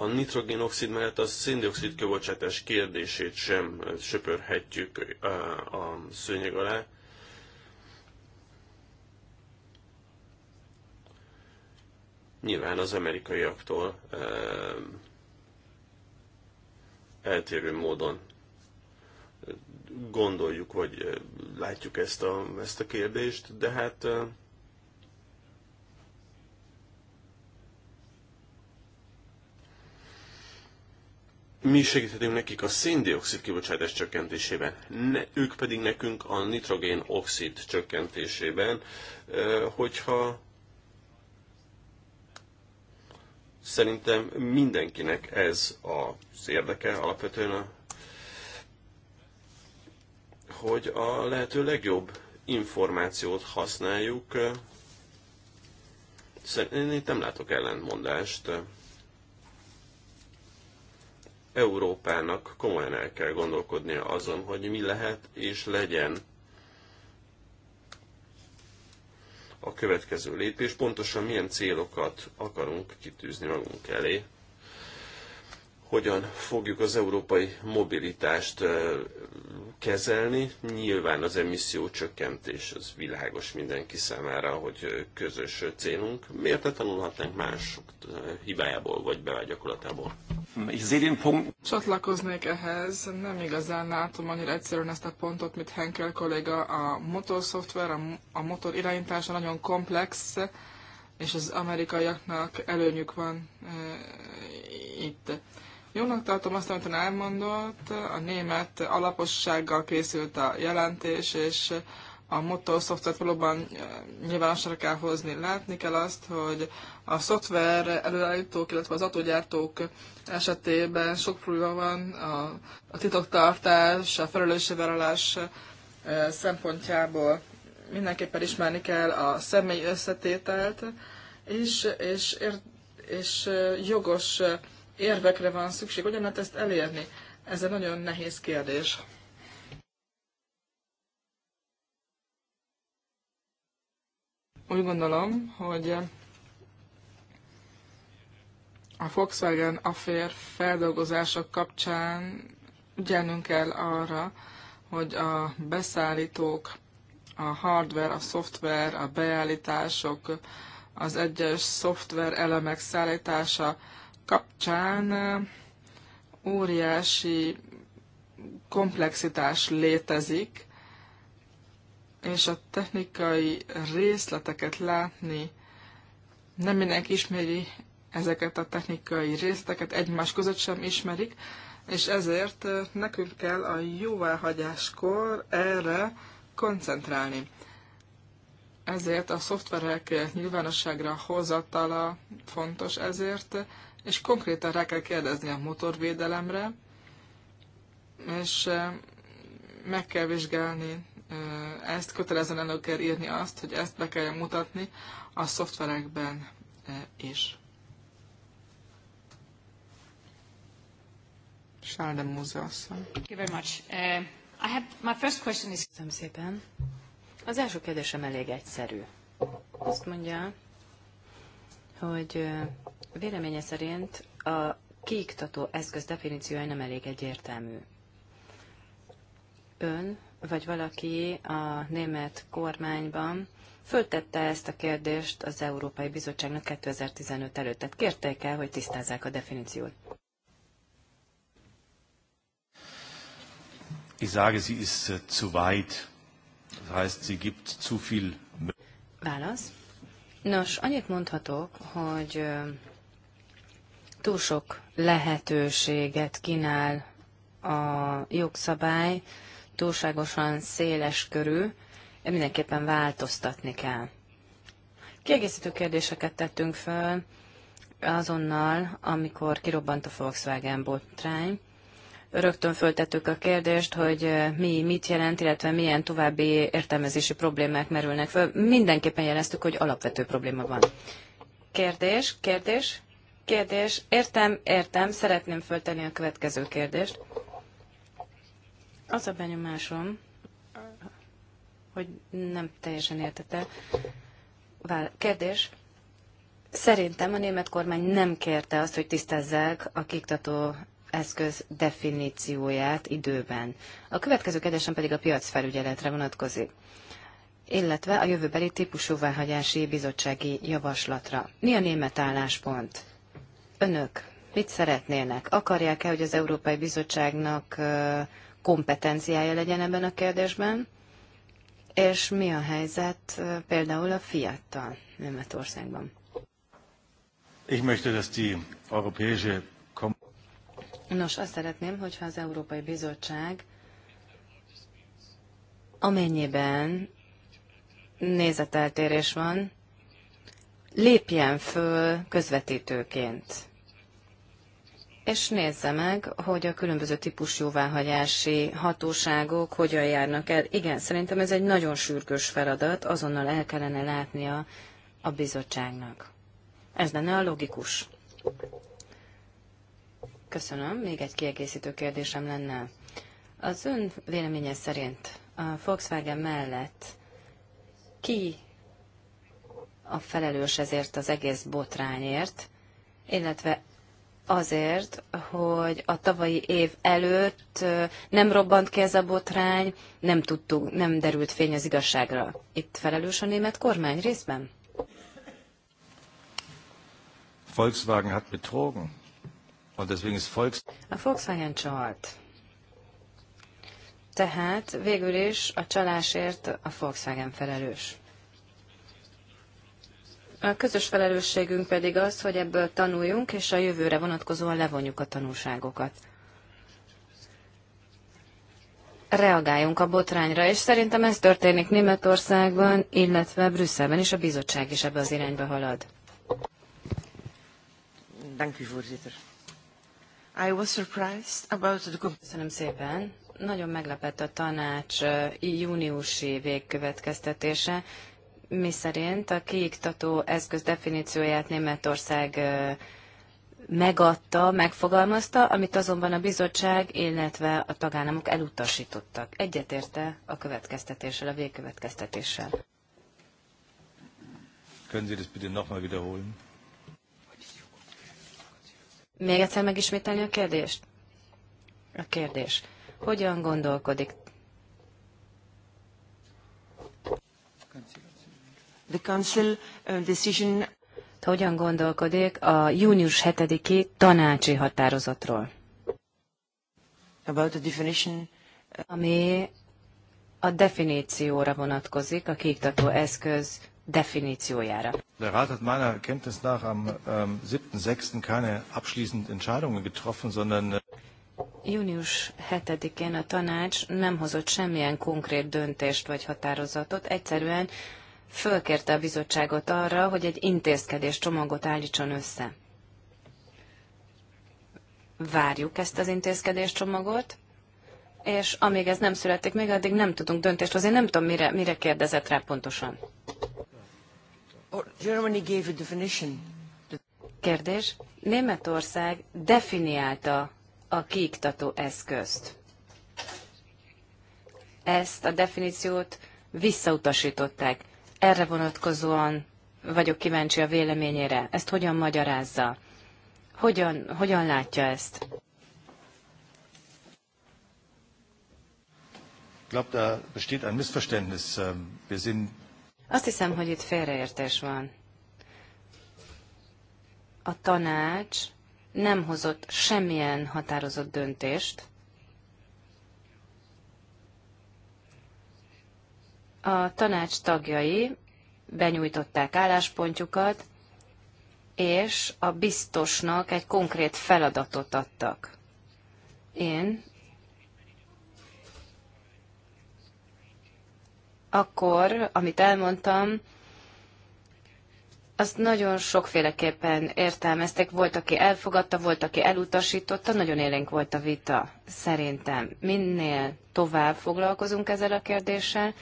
a nitrogénoxid mellett a széndiokszid kibocsátás kérdését sem söpörhetjük a szőnyeg alá. Nyilván az amerikaiaktól eltérő módon gondoljuk, vagy látjuk ezt a, ezt a kérdést, de hát mi segíthetünk nekik a széndiokszid kibocsátás csökkentésében, ne, ők pedig nekünk a nitrogén oxid csökkentésében, hogyha szerintem mindenkinek ez az érdeke alapvetően, a, hogy a lehető legjobb információt használjuk. Szerintem nem látok ellentmondást. Európának komolyan el kell gondolkodnia azon, hogy mi lehet és legyen a következő lépés, pontosan milyen célokat akarunk kitűzni magunk elé hogyan fogjuk az európai mobilitást kezelni. Nyilván az emisszió csökkentés az világos mindenki számára, hogy közös célunk. Miért ne tanulhatnánk mások hibájából vagy bevágyakulatából? Csatlakoznék ehhez, nem igazán látom annyira egyszerűen ezt a pontot, mint Henkel kolléga. A motorszoftver, a motor irányítása nagyon komplex, és az amerikaiaknak előnyük van e, itt. Jónak tartom azt, amit ön elmondott, a német alapossággal készült a jelentés, és a motor szoftvert valóban nyilvánosra kell hozni. Látni kell azt, hogy a szoftver előállítók, illetve az autógyártók esetében sok probléma van a, a titoktartás, a felelősségvállalás szempontjából mindenképpen ismerni kell a személy összetételt, és, és, és jogos érvekre van szükség. Hogyan lehet ezt elérni? Ez egy nagyon nehéz kérdés. Úgy gondolom, hogy a Volkswagen affér feldolgozások kapcsán ügyelnünk kell arra, hogy a beszállítók, a hardware, a szoftver, a beállítások, az egyes szoftver elemek szállítása, kapcsán óriási komplexitás létezik, és a technikai részleteket látni nem mindenki ismeri ezeket a technikai részleteket, egymás között sem ismerik, és ezért nekünk kell a jóváhagyáskor erre koncentrálni. Ezért a szoftverek nyilvánosságra hozatala fontos, ezért és konkrétan rá kell kérdezni a motorvédelemre, és meg kell vizsgálni ezt, kötelezően elő kell írni azt, hogy ezt be kell mutatni a szoftverekben is. Sáldem Múze Thank you very much. Uh, I have, my first question is... Köszönöm szépen. Az első kérdésem elég egyszerű. Azt mondja, hogy véleménye szerint a kiiktató eszköz definíciója nem elég egyértelmű. Ön vagy valaki a német kormányban föltette ezt a kérdést az Európai Bizottságnak 2015 előtt, tehát kérték el, hogy tisztázzák a definíciót. Ich sage, sie ist äh, zu weit. Das heißt, sie gibt zu viel. Válasz. Nos, annyit mondhatok, hogy túl sok lehetőséget kínál a jogszabály, túlságosan széles körű, mindenképpen változtatni kell. Kiegészítő kérdéseket tettünk föl azonnal, amikor kirobbant a Volkswagen botrány rögtön föltettük a kérdést, hogy mi mit jelent, illetve milyen további értelmezési problémák merülnek föl. Mindenképpen jeleztük, hogy alapvető probléma van. Kérdés, kérdés, kérdés. Értem, értem, szeretném föltenni a következő kérdést. Az a benyomásom, hogy nem teljesen értette. kérdés. Szerintem a német kormány nem kérte azt, hogy tisztázzák a kiktató eszköz definícióját időben. A következő kérdésem pedig a piacfelügyeletre vonatkozik illetve a jövőbeli típusúváhagyási bizottsági javaslatra. Mi a német álláspont? Önök mit szeretnének? Akarják-e, hogy az Európai Bizottságnak kompetenciája legyen ebben a kérdésben? És mi a helyzet például a fiattal Németországban? Ich möchte, dass die europäische Nos, azt szeretném, hogyha az Európai Bizottság amennyiben nézeteltérés van, lépjen föl közvetítőként. És nézze meg, hogy a különböző típus jóváhagyási hatóságok hogyan járnak el. Igen, szerintem ez egy nagyon sürgős feladat, azonnal el kellene látnia a bizottságnak. Ez lenne a logikus. Köszönöm. Még egy kiegészítő kérdésem lenne. Az ön véleménye szerint a Volkswagen mellett ki a felelős ezért az egész botrányért, illetve azért, hogy a tavalyi év előtt nem robbant ki ez a botrány, nem tudtuk, nem derült fény az igazságra. Itt felelős a német kormány részben? Volkswagen hat betrogen. Und deswegen ist Volks a Volkswagen csalt. Tehát végül is a csalásért a Volkswagen felelős. A közös felelősségünk pedig az, hogy ebből tanuljunk, és a jövőre vonatkozóan levonjuk a tanulságokat. Reagáljunk a botrányra, és szerintem ez történik Németországban, illetve Brüsszelben is, a bizottság is ebbe az irányba halad. Dank I was surprised about the... Köszönöm szépen. Nagyon meglepett a tanács júniusi végkövetkeztetése, miszerint a kiiktató eszköz definícióját Németország megadta, megfogalmazta, amit azonban a bizottság, illetve a tagállamok elutasítottak. Egyetérte a következtetéssel, a végkövetkeztetéssel. Können Sie das bitte nochmal wiederholen? Még egyszer megismételni a kérdést? A kérdés. Hogyan gondolkodik? The Council uh, decision... Hogyan gondolkodik a június 7-i tanácsi határozatról? About the definition... Uh- Ami a definícióra vonatkozik, a kiiktató eszköz definíciójára. Der Rat hat meiner Kenntnis nach am ähm, 7.6. keine abschließend Entscheidungen getroffen, sondern äh, Június 7-én a tanács nem hozott semmilyen konkrét döntést vagy határozatot, egyszerűen fölkérte a bizottságot arra, hogy egy intézkedés csomagot állítson össze. Várjuk ezt az intézkedés csomagot, és amíg ez nem születik, még addig nem tudunk döntést hozni, nem tudom, mire, mire kérdezett rá pontosan. Kérdés. Németország definiálta a kiiktató eszközt. Ezt a definíciót visszautasították. Erre vonatkozóan vagyok kíváncsi a véleményére. Ezt hogyan magyarázza? Hogyan, hogyan látja ezt? Ich glaube, da besteht ein Missverständnis. Ähm, wir sind azt hiszem, hogy itt félreértés van. A tanács nem hozott semmilyen határozott döntést. A tanács tagjai benyújtották álláspontjukat, és a biztosnak egy konkrét feladatot adtak. Én akkor, amit elmondtam, azt nagyon sokféleképpen értelmeztek. Volt, aki elfogadta, volt, aki elutasította, nagyon élénk volt a vita, szerintem. Minél tovább foglalkozunk ezzel a kérdéssel,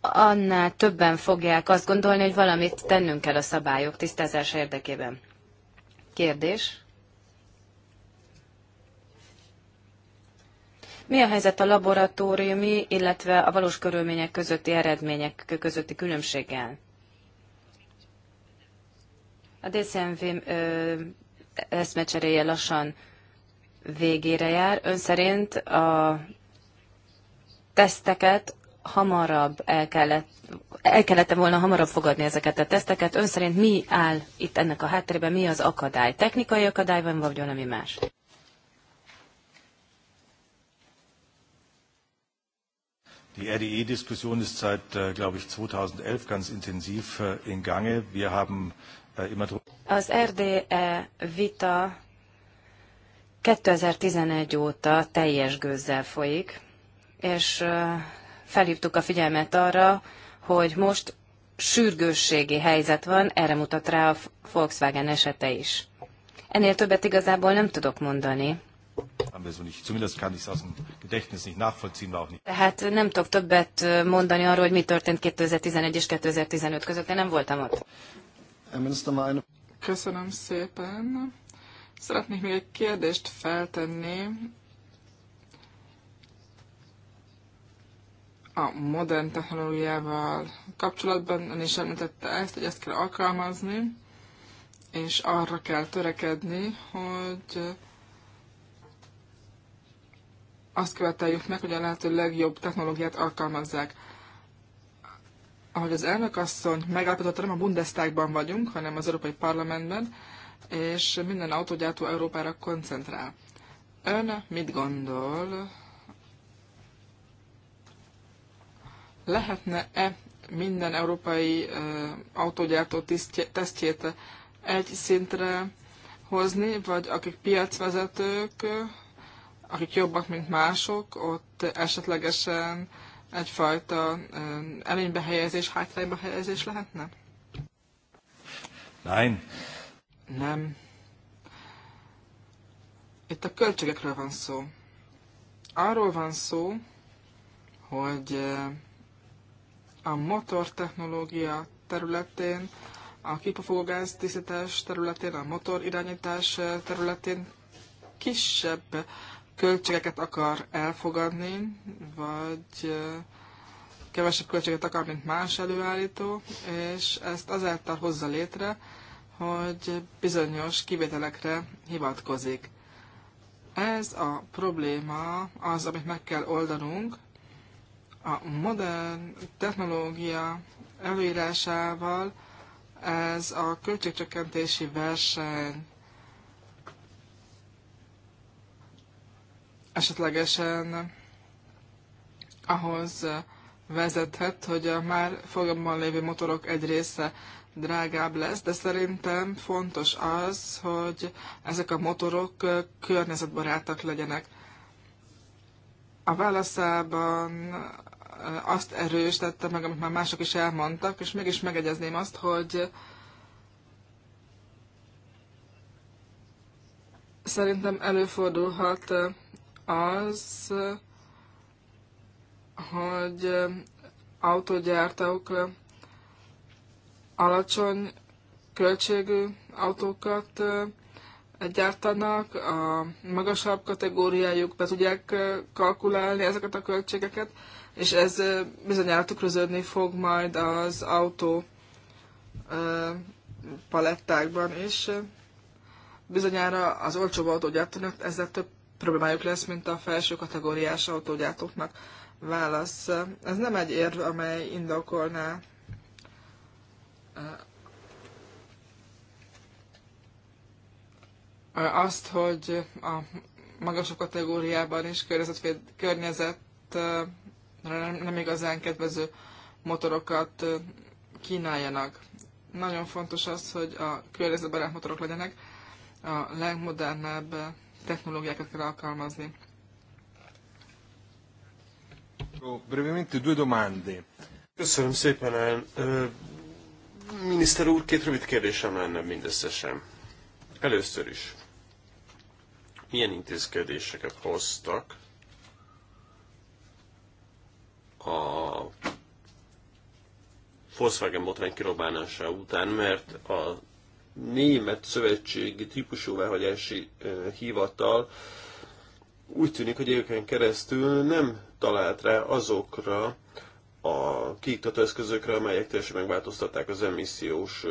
annál többen fogják azt gondolni, hogy valamit tennünk kell a szabályok tisztázása érdekében. Kérdés? Mi a helyzet a laboratóriumi, illetve a valós körülmények közötti eredmények közötti különbséggel? A DCMV eszmecseréje lassan végére jár. Ön szerint a teszteket hamarabb el kellett, el kellett volna hamarabb fogadni ezeket a teszteket. Ön szerint mi áll itt ennek a hátterében, mi az akadály? Technikai akadály van, vagy valami más? Die RDE-Diskussion ist seit, äh, glaube ich, 2011 ganz intensiv äh, in Gange. Wir haben äh, immer Az RDE vita 2011 óta teljes gőzzel folyik, és felhívtuk a figyelmet arra, hogy most sürgősségi helyzet van, erre mutat rá a Volkswagen esete is. Ennél többet igazából nem tudok mondani. Tehát nem tudok többet mondani arról, hogy mi történt 2011 és 2015 között, én nem voltam ott. Köszönöm szépen. Szeretnék még egy kérdést feltenni. a modern technológiával kapcsolatban, ön is említette ezt, hogy ezt kell alkalmazni, és arra kell törekedni, hogy azt követeljük meg, hogy a lehető legjobb technológiát alkalmazzák. Ahogy az elnök asszony megállapította, nem a Bundestagban vagyunk, hanem az Európai Parlamentben, és minden autógyártó Európára koncentrál. Ön mit gondol? Lehetne-e minden európai ö, autógyártó tisztje, tesztjét egy szintre hozni, vagy akik piacvezetők, akik jobbak, mint mások, ott esetlegesen egyfajta um, előnybe helyezés, hátrányba helyezés lehetne? Nein. Nem. Itt a költségekről van szó. Arról van szó, hogy uh, a motortechnológia területén, a kipufogógáz tisztítás területén, a motorirányítás uh, területén kisebb költségeket akar elfogadni, vagy kevesebb költséget akar, mint más előállító, és ezt azáltal hozza létre, hogy bizonyos kivételekre hivatkozik. Ez a probléma az, amit meg kell oldanunk. A modern technológia előírásával ez a költségcsökkentési verseny esetlegesen ahhoz eh, vezethet, hogy a már fogamban lévő motorok egy része drágább lesz, de szerintem fontos az, hogy ezek a motorok eh, környezetbarátak legyenek. A válaszában eh, azt erősítette meg, amit már mások is elmondtak, és mégis megegyezném azt, hogy szerintem előfordulhat az, hogy autógyártók alacsony költségű autókat gyártanak, a magasabb kategóriájuk be tudják kalkulálni ezeket a költségeket, és ez bizonyára tükröződni fog majd az autó palettákban is. Bizonyára az olcsóbb autógyártónak ezzel több problémájuk lesz, mint a felső kategóriás autógyártóknak. Válasz. Ez nem egy érv, amely indokolná eh, azt, hogy a magasabb kategóriában is környezet eh, nem, nem igazán kedvező motorokat eh, kínáljanak. Nagyon fontos az, hogy a környezetbarát motorok legyenek, a legmodernebb technológiákat kell alkalmazni. due domande. Köszönöm szépen, el. miniszter úr, két rövid kérdésem lenne mindösszesen. Először is, milyen intézkedéseket hoztak a Volkswagen botrány kirobbánása után, mert a német szövetségi típusúváhagyási hivatal úgy tűnik, hogy éveken keresztül nem talált rá azokra a kiiktató eszközökre, amelyek teljesen megváltoztatták az emissziós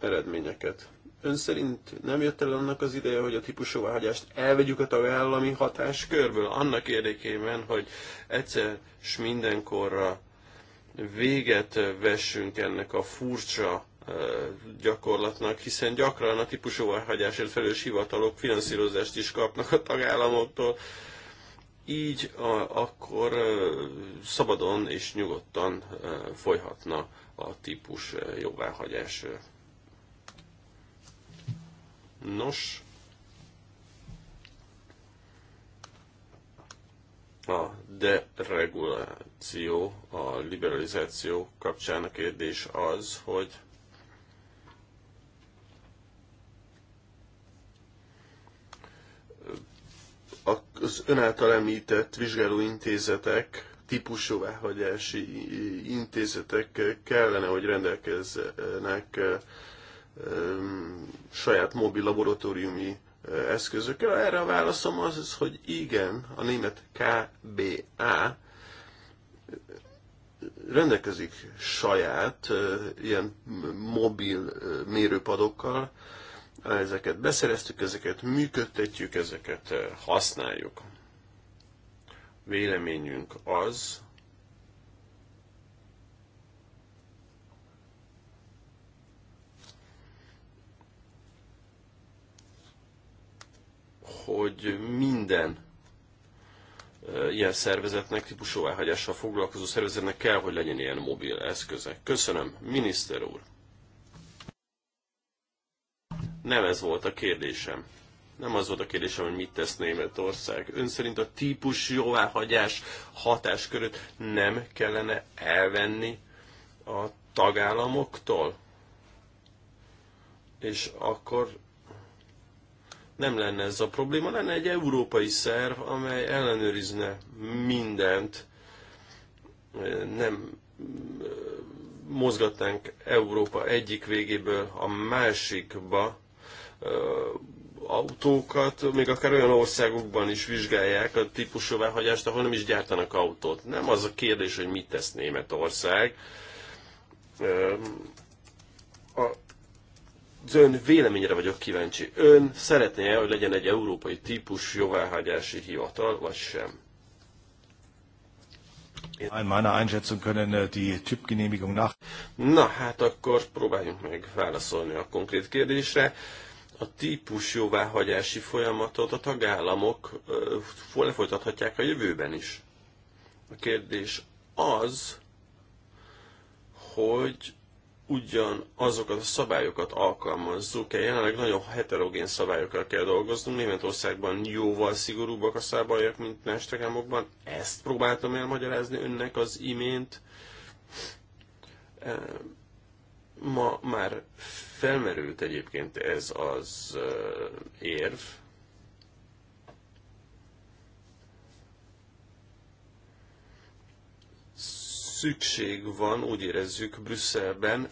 eredményeket. Ön szerint nem jött el annak az ideje, hogy a típusúváhagyást elvegyük a tagállami hatáskörből, annak érdekében, hogy egyszer s mindenkorra véget vessünk ennek a furcsa gyakorlatnak, hiszen gyakran a típusú hagyásért felelős hivatalok finanszírozást is kapnak a tagállamoktól, így a, akkor szabadon és nyugodtan folyhatna a típus jóváhagyás. Nos, a dereguláció, a liberalizáció kapcsán a kérdés az, hogy az ön által említett vizsgálóintézetek, típusúváhagyási intézetek kellene, hogy rendelkezzenek saját mobil laboratóriumi eszközökkel? Erre a válaszom az, hogy igen, a német KBA rendelkezik saját ilyen mobil mérőpadokkal, ezeket beszereztük, ezeket működtetjük, ezeket eh, használjuk. Véleményünk az, hogy minden eh, ilyen szervezetnek, típusú elhagyással foglalkozó szervezetnek kell, hogy legyen ilyen mobil eszköze. Köszönöm, miniszter úr! Nem ez volt a kérdésem. Nem az volt a kérdésem, hogy mit tesz Németország. Ön szerint a típus jóváhagyás körül nem kellene elvenni a tagállamoktól? És akkor nem lenne ez a probléma, lenne egy európai szerv, amely ellenőrizne mindent, nem mozgatnánk Európa egyik végéből a másikba, autókat, még akár olyan országokban is vizsgálják a típusjóváhagyást, ahol nem is gyártanak autót. Nem az a kérdés, hogy mit tesz Németország. A ön véleményre vagyok kíváncsi. Ön szeretné -e, hogy legyen egy európai típus jóváhagyási hivatal, vagy sem? In meiner Einschätzung können äh, die Typgenehmigung nach. Na hát akkor próbáljunk meg válaszolni a konkrét kérdésre. Uh, a típus jóváhagyási folyamatot a tagállamok lefolytathatják a jövőben is. A kérdés az, hogy ugyan azokat a szabályokat alkalmazzuk-e. Jelenleg nagyon heterogén szabályokkal kell dolgoznunk. Németországban jóval szigorúbbak a szabályok, mint más tagállamokban. Ezt próbáltam elmagyarázni önnek az imént. Ma már Felmerült egyébként ez az érv, szükség van, úgy érezzük Brüsszelben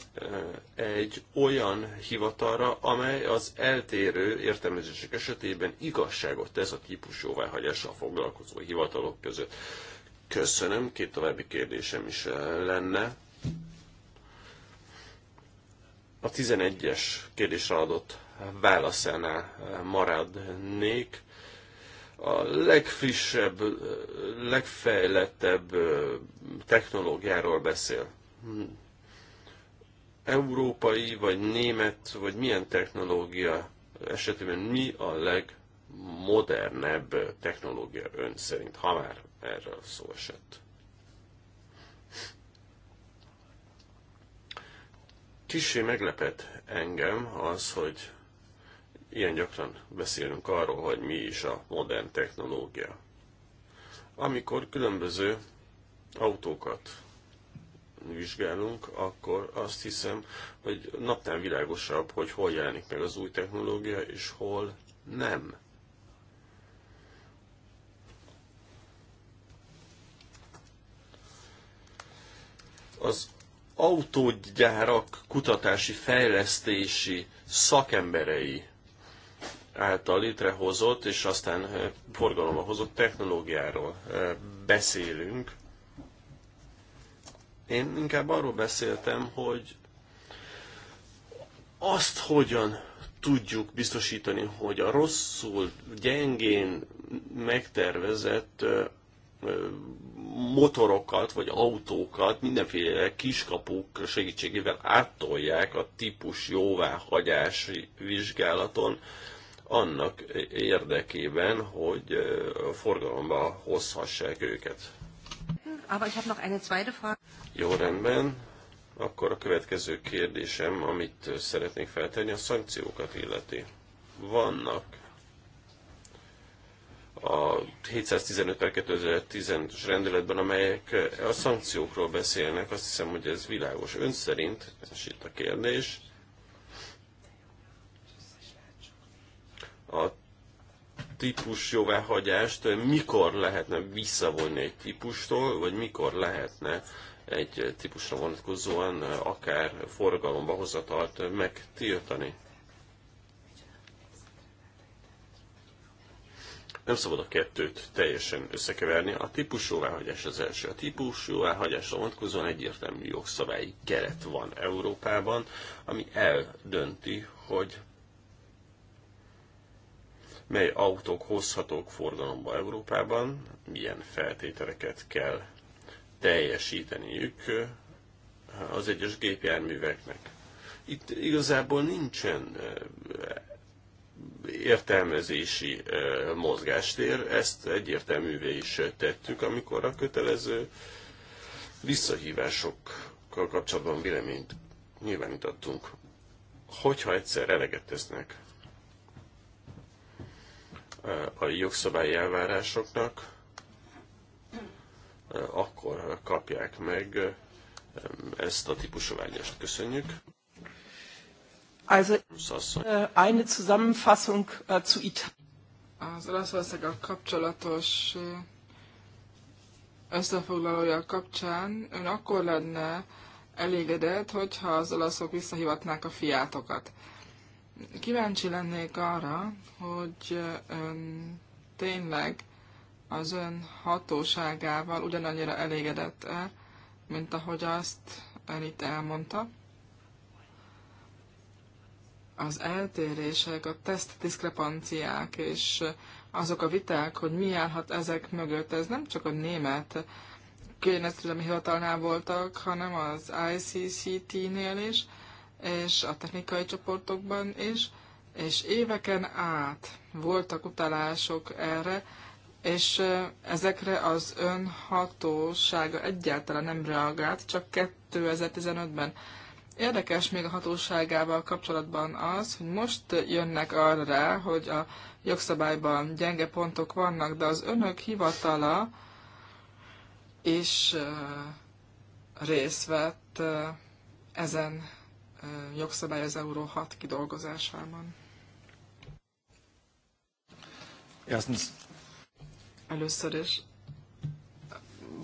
egy olyan hivatalra, amely az eltérő értelmezések esetében igazságot tesz a típus jóváhagyással foglalkozó hivatalok között. Köszönöm, két további kérdésem is lenne. A 11-es kérdésre adott válaszánál eh, maradnék. A legfrissebb, eh, legfejlettebb eh, technológiáról beszél. Hm. Európai, vagy német, vagy milyen technológia esetében mi a legmodernebb technológia ön szerint, ha már erről szó esett? Kissé meglepet engem az, hogy ilyen gyakran beszélünk arról, hogy mi is a modern technológia. Amikor különböző autókat vizsgálunk, akkor azt hiszem, hogy napnál világosabb, hogy hol jelenik meg az új technológia, és hol nem. Az autógyárak kutatási, fejlesztési szakemberei által létrehozott és aztán forgalomba hozott technológiáról beszélünk. Én inkább arról beszéltem, hogy azt hogyan tudjuk biztosítani, hogy a rosszul, gyengén megtervezett motorokat vagy autókat mindenféle kiskapuk segítségével áttolják a típus jóváhagyási vizsgálaton annak érdekében, hogy forgalomba hozhassák őket. Jó, rendben. Akkor a következő kérdésem, amit szeretnék feltenni, a szankciókat illeti. Vannak a 715 per 2010-es rendeletben, amelyek a szankciókról beszélnek, azt hiszem, hogy ez világos. Ön szerint, és itt a kérdés, a típus jóváhagyást mikor lehetne visszavonni egy típustól, vagy mikor lehetne egy típusra vonatkozóan akár forgalomba hozatalt megtiltani? Nem szabad a kettőt teljesen összekeverni. A típus jóváhagyás az első. A típus jóváhagyásra vonatkozóan egyértelmű jogszabályi keret van Európában, ami eldönti, hogy mely autók hozhatók forgalomba Európában, milyen feltételeket kell teljesíteniük az egyes gépjárműveknek. Itt igazából nincsen értelmezési mozgástér, ezt egyértelművé is tettük, amikor a kötelező visszahívásokkal kapcsolatban véleményt nyilvánítottunk. Hogyha egyszer eleget tesznek a jogszabályi elvárásoknak, akkor kapják meg ezt a típusú vágyast. Köszönjük! Äh, äh, az Olaszországgal kapcsolatos äh, összefoglalója kapcsán ön akkor lenne elégedett, hogyha az olaszok visszahivatnák a fiátokat. Kíváncsi lennék arra, hogy ön tényleg az ön hatóságával ugyanannyira elégedett-e, mint ahogy azt ön itt elmondta az eltérések, a teszt diszkrepanciák és azok a viták, hogy mi állhat ezek mögött, ez nem csak a német környezetvédelmi hivatalnál voltak, hanem az ICCT-nél is, és a technikai csoportokban is, és éveken át voltak utalások erre, és ezekre az önhatósága egyáltalán nem reagált, csak 2015-ben Érdekes még a hatóságával kapcsolatban az, hogy most jönnek arra rá, hogy a jogszabályban gyenge pontok vannak, de az önök hivatala is részt vett ezen jogszabály az Euró 6 kidolgozásában. Erstens. Először is.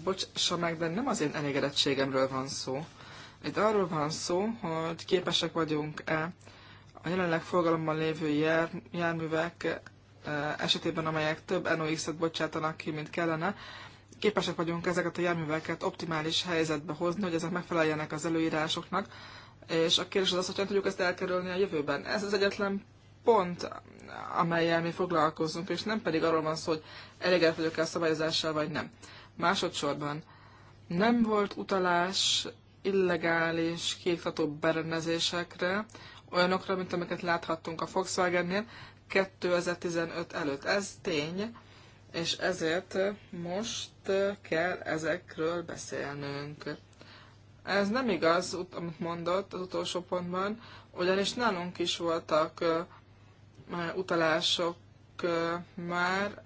Bocsássa meg, de nem az én elégedettségemről van szó itt arról van szó, hogy képesek vagyunk-e a jelenleg forgalomban lévő jár, járművek e, esetében, amelyek több NOx-et bocsátanak ki, mint kellene, képesek vagyunk ezeket a járműveket optimális helyzetbe hozni, hogy ezek megfeleljenek az előírásoknak, és a kérdés az az, hogy tudjuk ezt elkerülni a jövőben. Ez az egyetlen pont, amelyel mi foglalkozunk, és nem pedig arról van szó, hogy elégedett vagyok el szabályozással, vagy nem. Másodszorban nem volt utalás illegális kiiktató berendezésekre, olyanokra, mint amiket láthattunk a Volkswagen-nél 2015 előtt. Ez tény, és ezért most kell ezekről beszélnünk. Ez nem igaz, amit mondott az utolsó pontban, ugyanis nálunk is voltak utalások már,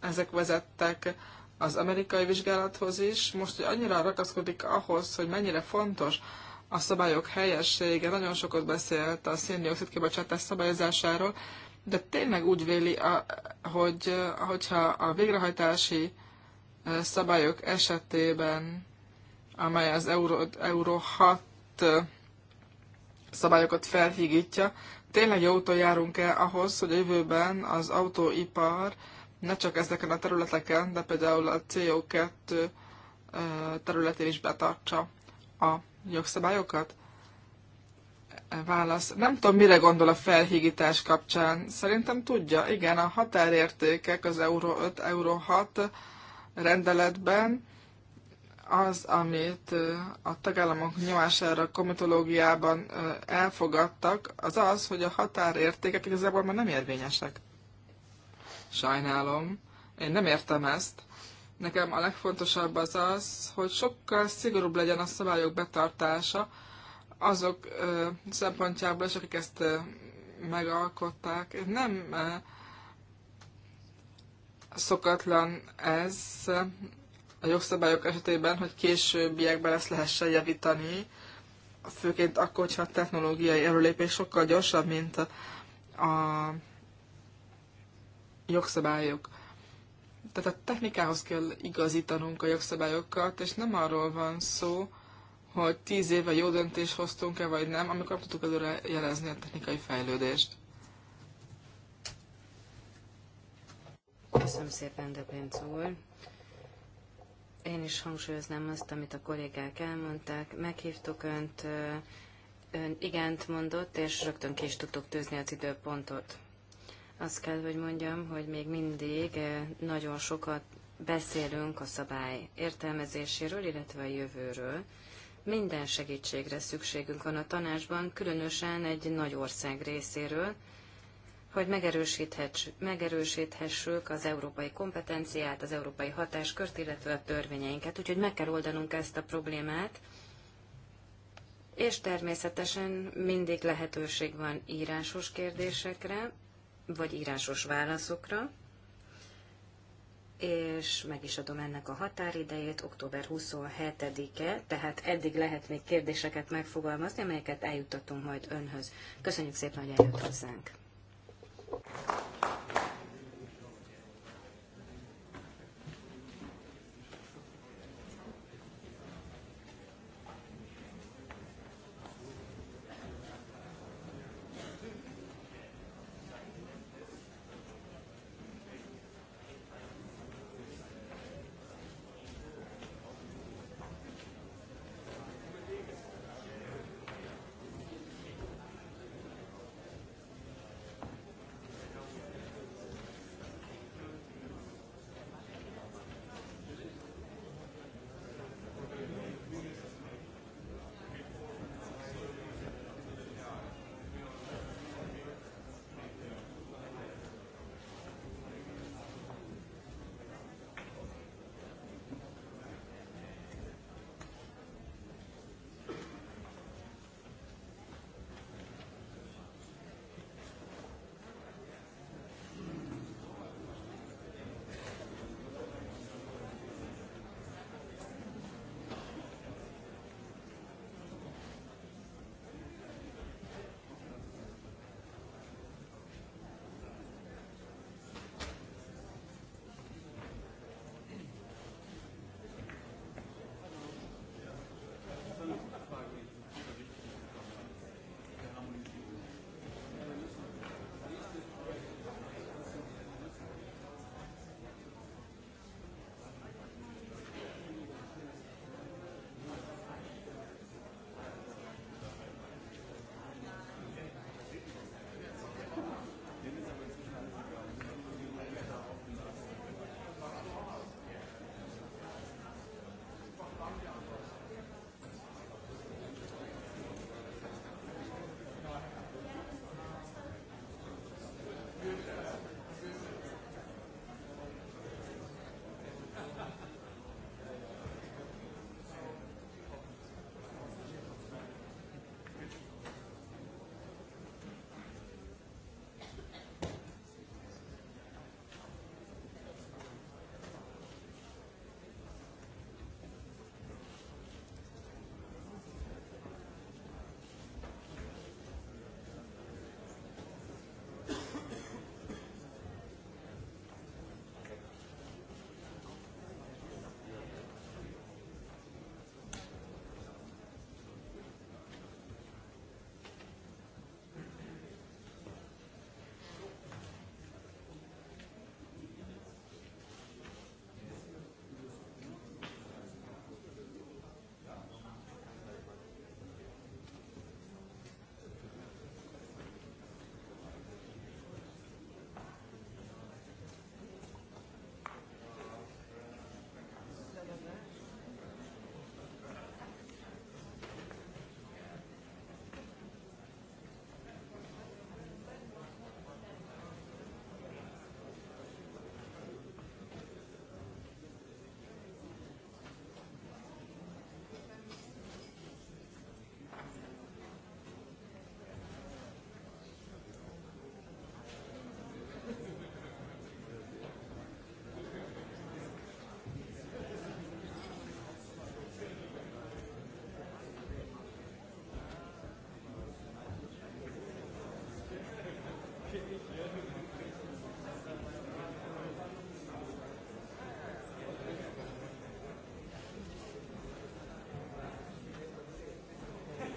ezek vezettek az amerikai vizsgálathoz is. Most, hogy annyira rakaszkodik ahhoz, hogy mennyire fontos a szabályok helyessége, nagyon sokat beszélt a széndiokszid kibocsátás szabályozásáról, de tényleg úgy véli, hogy hogyha a végrehajtási szabályok esetében, amely az Euro, Euro 6 szabályokat felhígítja, tényleg jó úton járunk-e ahhoz, hogy a jövőben az autóipar ne csak ezeken a területeken, de például a CO2 területén is betartsa a jogszabályokat? E, válasz. Nem tudom, mire gondol a felhígítás kapcsán. Szerintem tudja. Igen, a határértékek az Euro 5, Euro 6 rendeletben az, amit a tagállamok nyomására komitológiában elfogadtak, az az, hogy a határértékek igazából már nem érvényesek. Sajnálom. Én nem értem ezt. Nekem a legfontosabb az az, hogy sokkal szigorúbb legyen a szabályok betartása azok ö, szempontjából is, akik ezt ö, megalkották. nem ö, szokatlan ez a jogszabályok esetében, hogy későbbiekben ezt lehessen javítani, főként akkor, hogyha a technológiai erőlépés sokkal gyorsabb, mint a, a jogszabályok. Tehát a technikához kell igazítanunk a jogszabályokat, és nem arról van szó, hogy tíz éve jó döntést hoztunk-e, vagy nem, amikor tudtuk előre jelezni a technikai fejlődést. Köszönöm szépen, Pénc úr. Én is hangsúlyoznám azt, amit a kollégák elmondták. Meghívtuk Önt, Ön igent mondott, és rögtön ki is tudtuk tűzni az időpontot. Azt kell, hogy mondjam, hogy még mindig eh, nagyon sokat beszélünk a szabály értelmezéséről, illetve a jövőről. Minden segítségre szükségünk van a tanácsban, különösen egy nagy ország részéről, hogy megerősíthessük az európai kompetenciát, az európai hatáskört, illetve a törvényeinket. Úgyhogy meg kell oldanunk ezt a problémát, és természetesen mindig lehetőség van írásos kérdésekre, vagy írásos válaszokra, és meg is adom ennek a határidejét, október 27-e, tehát eddig lehet még kérdéseket megfogalmazni, amelyeket eljuttatunk majd önhöz. Köszönjük szépen, hogy eljött hozzánk!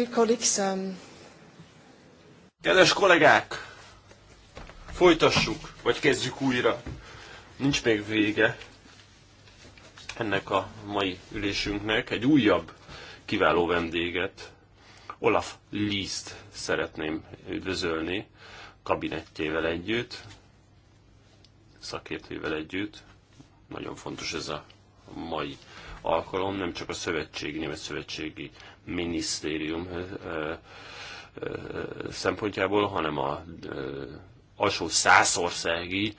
Dear colleagues, um... Kedves kollégák! Folytassuk, vagy kezdjük újra. Nincs még vége ennek a mai ülésünknek. Egy újabb kiváló vendéget, Olaf Liszt szeretném üdvözölni kabinettjével együtt, szakértőjével együtt. Nagyon fontos ez a mai alkalom, nem csak a szövetség, német szövetségi minisztérium szempontjából, hanem a alsó százországi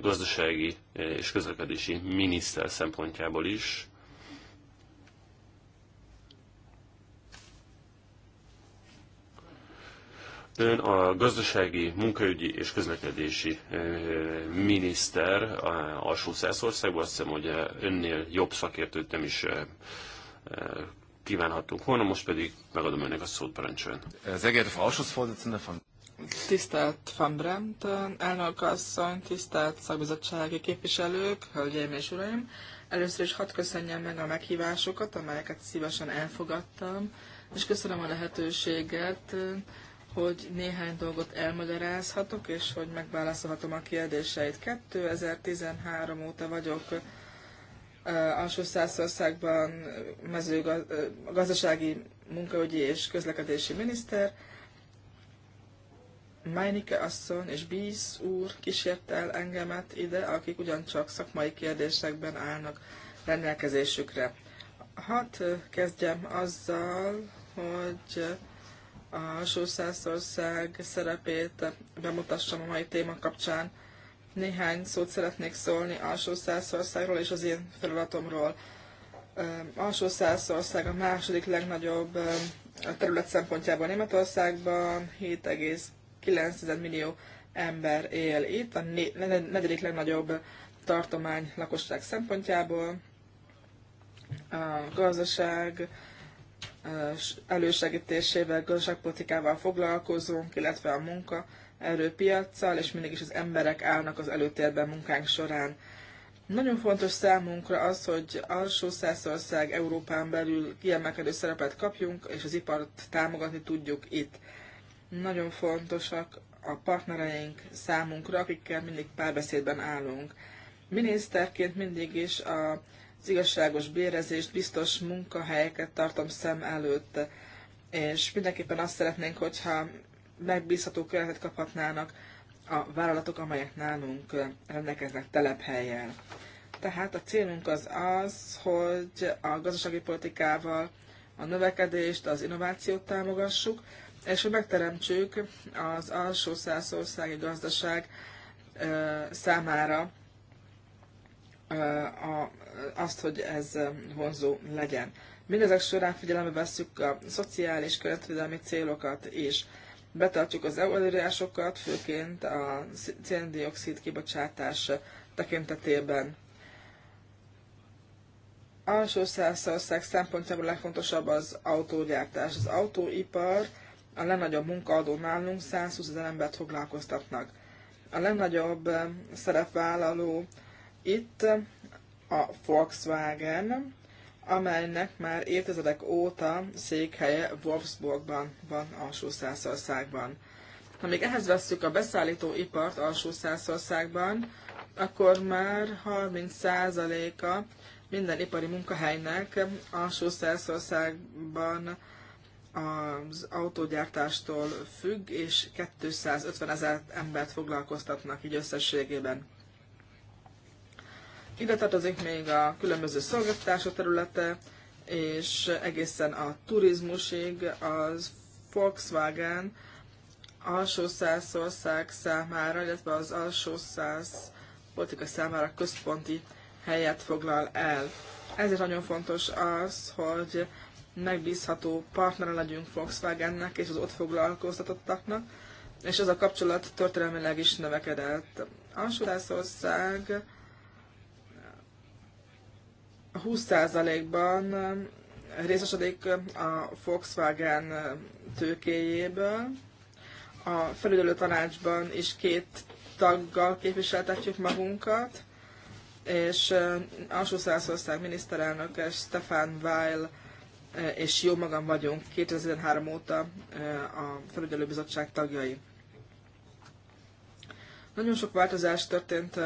gazdasági és közlekedési miniszter szempontjából is. Ön a gazdasági, munkaügyi és közlekedési miniszter alsó százországban, azt hiszem, hogy önnél jobb szakértőt nem is kívánhatunk volna, most pedig megadom önnek a szót, parancsoljon. Tisztelt Van Bremt, elnök asszony, tisztelt szakbizottsági képviselők, hölgyeim és uraim! Először is hadd köszönjem meg a meghívásokat, amelyeket szívesen elfogadtam, és köszönöm a lehetőséget, hogy néhány dolgot elmagyarázhatok, és hogy megválaszolhatom a kérdéseit. 2013 óta vagyok alsó Szászországban mezőgazdasági, munkaügyi és közlekedési miniszter, Meinike asszony és Bíz úr kísért el engemet ide, akik ugyancsak szakmai kérdésekben állnak rendelkezésükre. Hát kezdjem azzal, hogy a Sószászország szerepét bemutassam a mai téma kapcsán néhány szót szeretnék szólni alsó Szászországról és az én feladatomról. Alsó Szászország a második legnagyobb a terület szempontjából Németországban 7,9 millió ember él itt, a negyedik legnagyobb tartomány lakosság szempontjából. A gazdaság elősegítésével, gazdaságpolitikával foglalkozunk, illetve a munka erőpiacsal, és mindig is az emberek állnak az előtérben munkánk során. Nagyon fontos számunkra az, hogy alsó Szászország Európán belül kiemelkedő szerepet kapjunk, és az ipart támogatni tudjuk itt. Nagyon fontosak a partnereink számunkra, akikkel mindig párbeszédben állunk. Miniszterként mindig is az igazságos bérezést, biztos munkahelyeket tartom szem előtt, és mindenképpen azt szeretnénk, hogyha megbízható keretet kaphatnának a vállalatok, amelyek nálunk rendelkeznek telephelyen. Tehát a célunk az az, hogy a gazdasági politikával a növekedést, az innovációt támogassuk, és hogy megteremtsük az alsó százországi gazdaság számára azt, hogy ez vonzó legyen. Mindezek során figyelembe veszük a szociális, követvédelmi célokat is betartjuk az EU előírásokat, főként a széndiokszid kibocsátás tekintetében. Alsó Szászország szempontjából legfontosabb az autógyártás. Az autóipar a legnagyobb munkaadó nálunk, 120 ezer embert foglalkoztatnak. A legnagyobb szerepvállaló itt a Volkswagen, amelynek már évtizedek óta székhelye Wolfsburgban van, alsó szászországban. Ha még ehhez vesszük a ipart alsó szászországban, akkor már 30%-a minden ipari munkahelynek alsó szászországban az autógyártástól függ, és 250 ezer embert foglalkoztatnak így összességében. Ide tartozik még a különböző szolgáltatások területe, és egészen a turizmusig az Volkswagen alsó száz ország számára, illetve az alsó száz politika számára központi helyet foglal el. Ezért nagyon fontos az, hogy megbízható partnere legyünk Volkswagennek és az ott foglalkoztatottaknak, és ez a kapcsolat történelmileg is növekedett. Alsó Olaszország 20%-ban um, részesedik um, a Volkswagen um, tőkéjéből. A felügyelő tanácsban is két taggal képviseltetjük magunkat, és alsó Szászország miniszterelnöke Stefan Weil uh, és jó magam vagyunk 2013 óta uh, a felügyelőbizottság tagjai. Nagyon sok változás történt uh,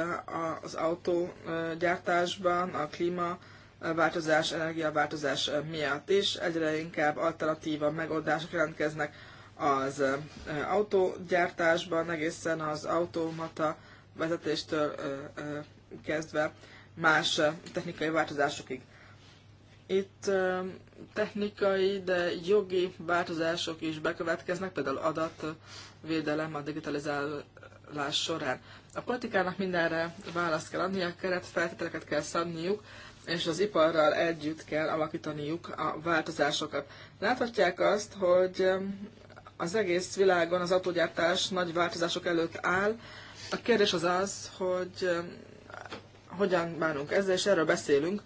az autógyártásban, a klíma változás, energiaváltozás miatt is. Egyre inkább alternatíva megoldások jelentkeznek az autógyártásban, egészen az automata vezetéstől kezdve más technikai változásokig. Itt technikai, de jogi változások is bekövetkeznek, például adatvédelem a digitalizálás során. A politikának mindenre választ kell adnia, keretfeltételeket kell szabniuk, és az iparral együtt kell alakítaniuk a változásokat. Láthatják azt, hogy az egész világon az autógyártás nagy változások előtt áll. A kérdés az az, hogy hogyan bánunk ezzel, és erről beszélünk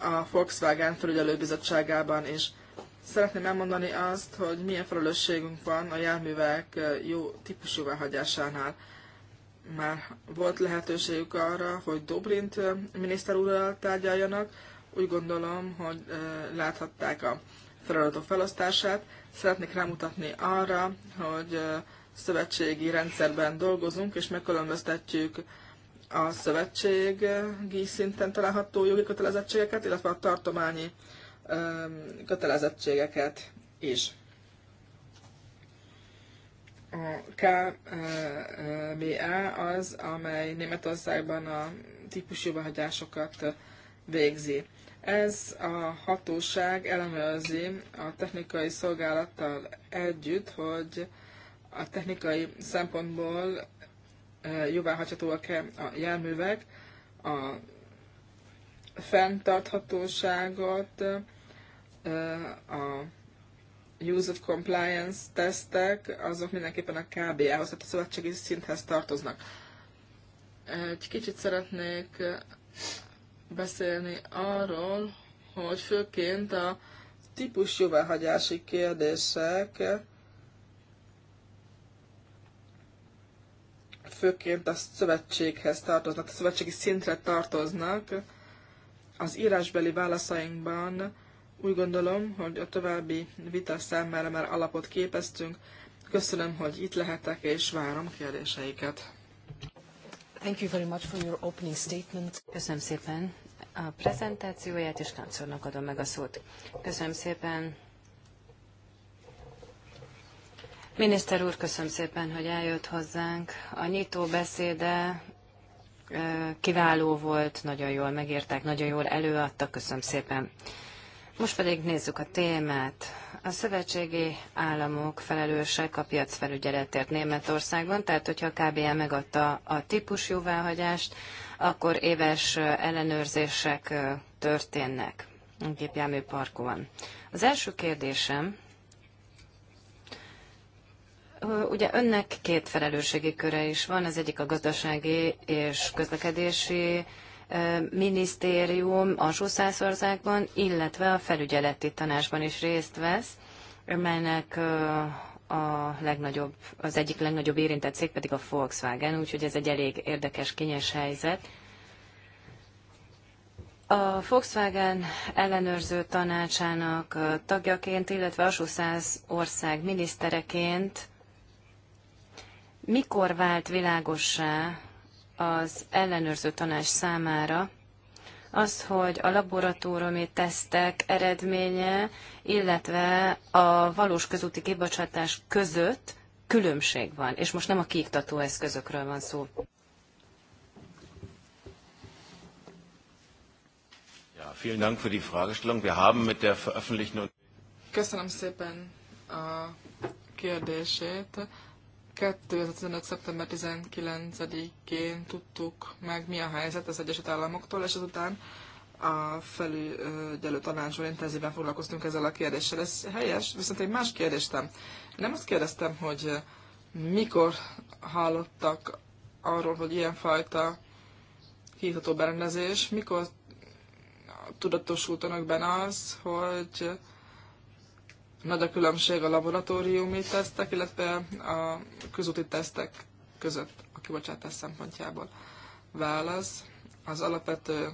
a Volkswagen felügyelőbizottságában is. Szeretném elmondani azt, hogy milyen felelősségünk van a járművek jó típusú hagyásánál már volt lehetőségük arra, hogy Dobrint miniszter tárgyaljanak. Úgy gondolom, hogy láthatták a feladatok felosztását. Szeretnék rámutatni arra, hogy szövetségi rendszerben dolgozunk, és megkülönböztetjük a szövetségi szinten található jogi kötelezettségeket, illetve a tartományi kötelezettségeket is. A KBA e e e az, amely Németországban a behagyásokat végzi. Ez a hatóság ellenőrzi a technikai szolgálattal együtt, hogy a technikai szempontból jóváhagyhatóak-e a járművek, a fenntarthatóságot, a use of compliance tesztek, azok mindenképpen a KBA-hoz, tehát a szövetségi szinthez tartoznak. Egy kicsit szeretnék beszélni arról, hogy főként a típus jóváhagyási kérdések, főként a szövetséghez tartoznak, a szövetségi szintre tartoznak. Az írásbeli válaszainkban úgy gondolom, hogy a további vita számára már alapot képeztünk. Köszönöm, hogy itt lehetek, és várom kérdéseiket. Thank you very much for your opening statement. Köszönöm szépen a prezentációját, és Kancornak adom meg a szót. Köszönöm szépen. Miniszter úr, köszönöm szépen, hogy eljött hozzánk. A nyitó beszéde kiváló volt, nagyon jól megértek, nagyon jól előadta, köszönöm szépen. Most pedig nézzük a témát. A szövetségi államok felelősek a piacfelügyeletért Németországban, tehát hogyha a KBL megadta a típus jóváhagyást, akkor éves ellenőrzések történnek a gépjármű parkon. Az első kérdésem, ugye önnek két felelősségi köre is van, az egyik a gazdasági és közlekedési minisztérium a százországban, illetve a felügyeleti tanácsban is részt vesz, melynek a legnagyobb, az egyik legnagyobb érintett cég pedig a Volkswagen, úgyhogy ez egy elég érdekes, kényes helyzet. A Volkswagen ellenőrző tanácsának tagjaként, illetve a száz ország minisztereként mikor vált világossá az ellenőrző tanács számára az, hogy a laboratóriumi tesztek eredménye, illetve a valós közúti kibocsátás között különbség van, és most nem a kiiktató eszközökről van szó. Ja, vielen Dank für die Fragestellung. Wir haben mit der Veröffentlichung Köszönöm szépen a kérdését. 2015. szeptember 19-én tudtuk meg, mi a helyzet az Egyesült Államoktól, és azután a felügyelő tanácsban intenzíven foglalkoztunk ezzel a kérdéssel. Ez helyes, viszont egy más kérdéstem. Nem azt kérdeztem, hogy mikor hallottak arról, hogy ilyenfajta hívható berendezés, mikor tudatosult önökben az, hogy nagy a különbség a laboratóriumi tesztek, illetve a közúti tesztek között a kibocsátás szempontjából. Válasz. Az alapvető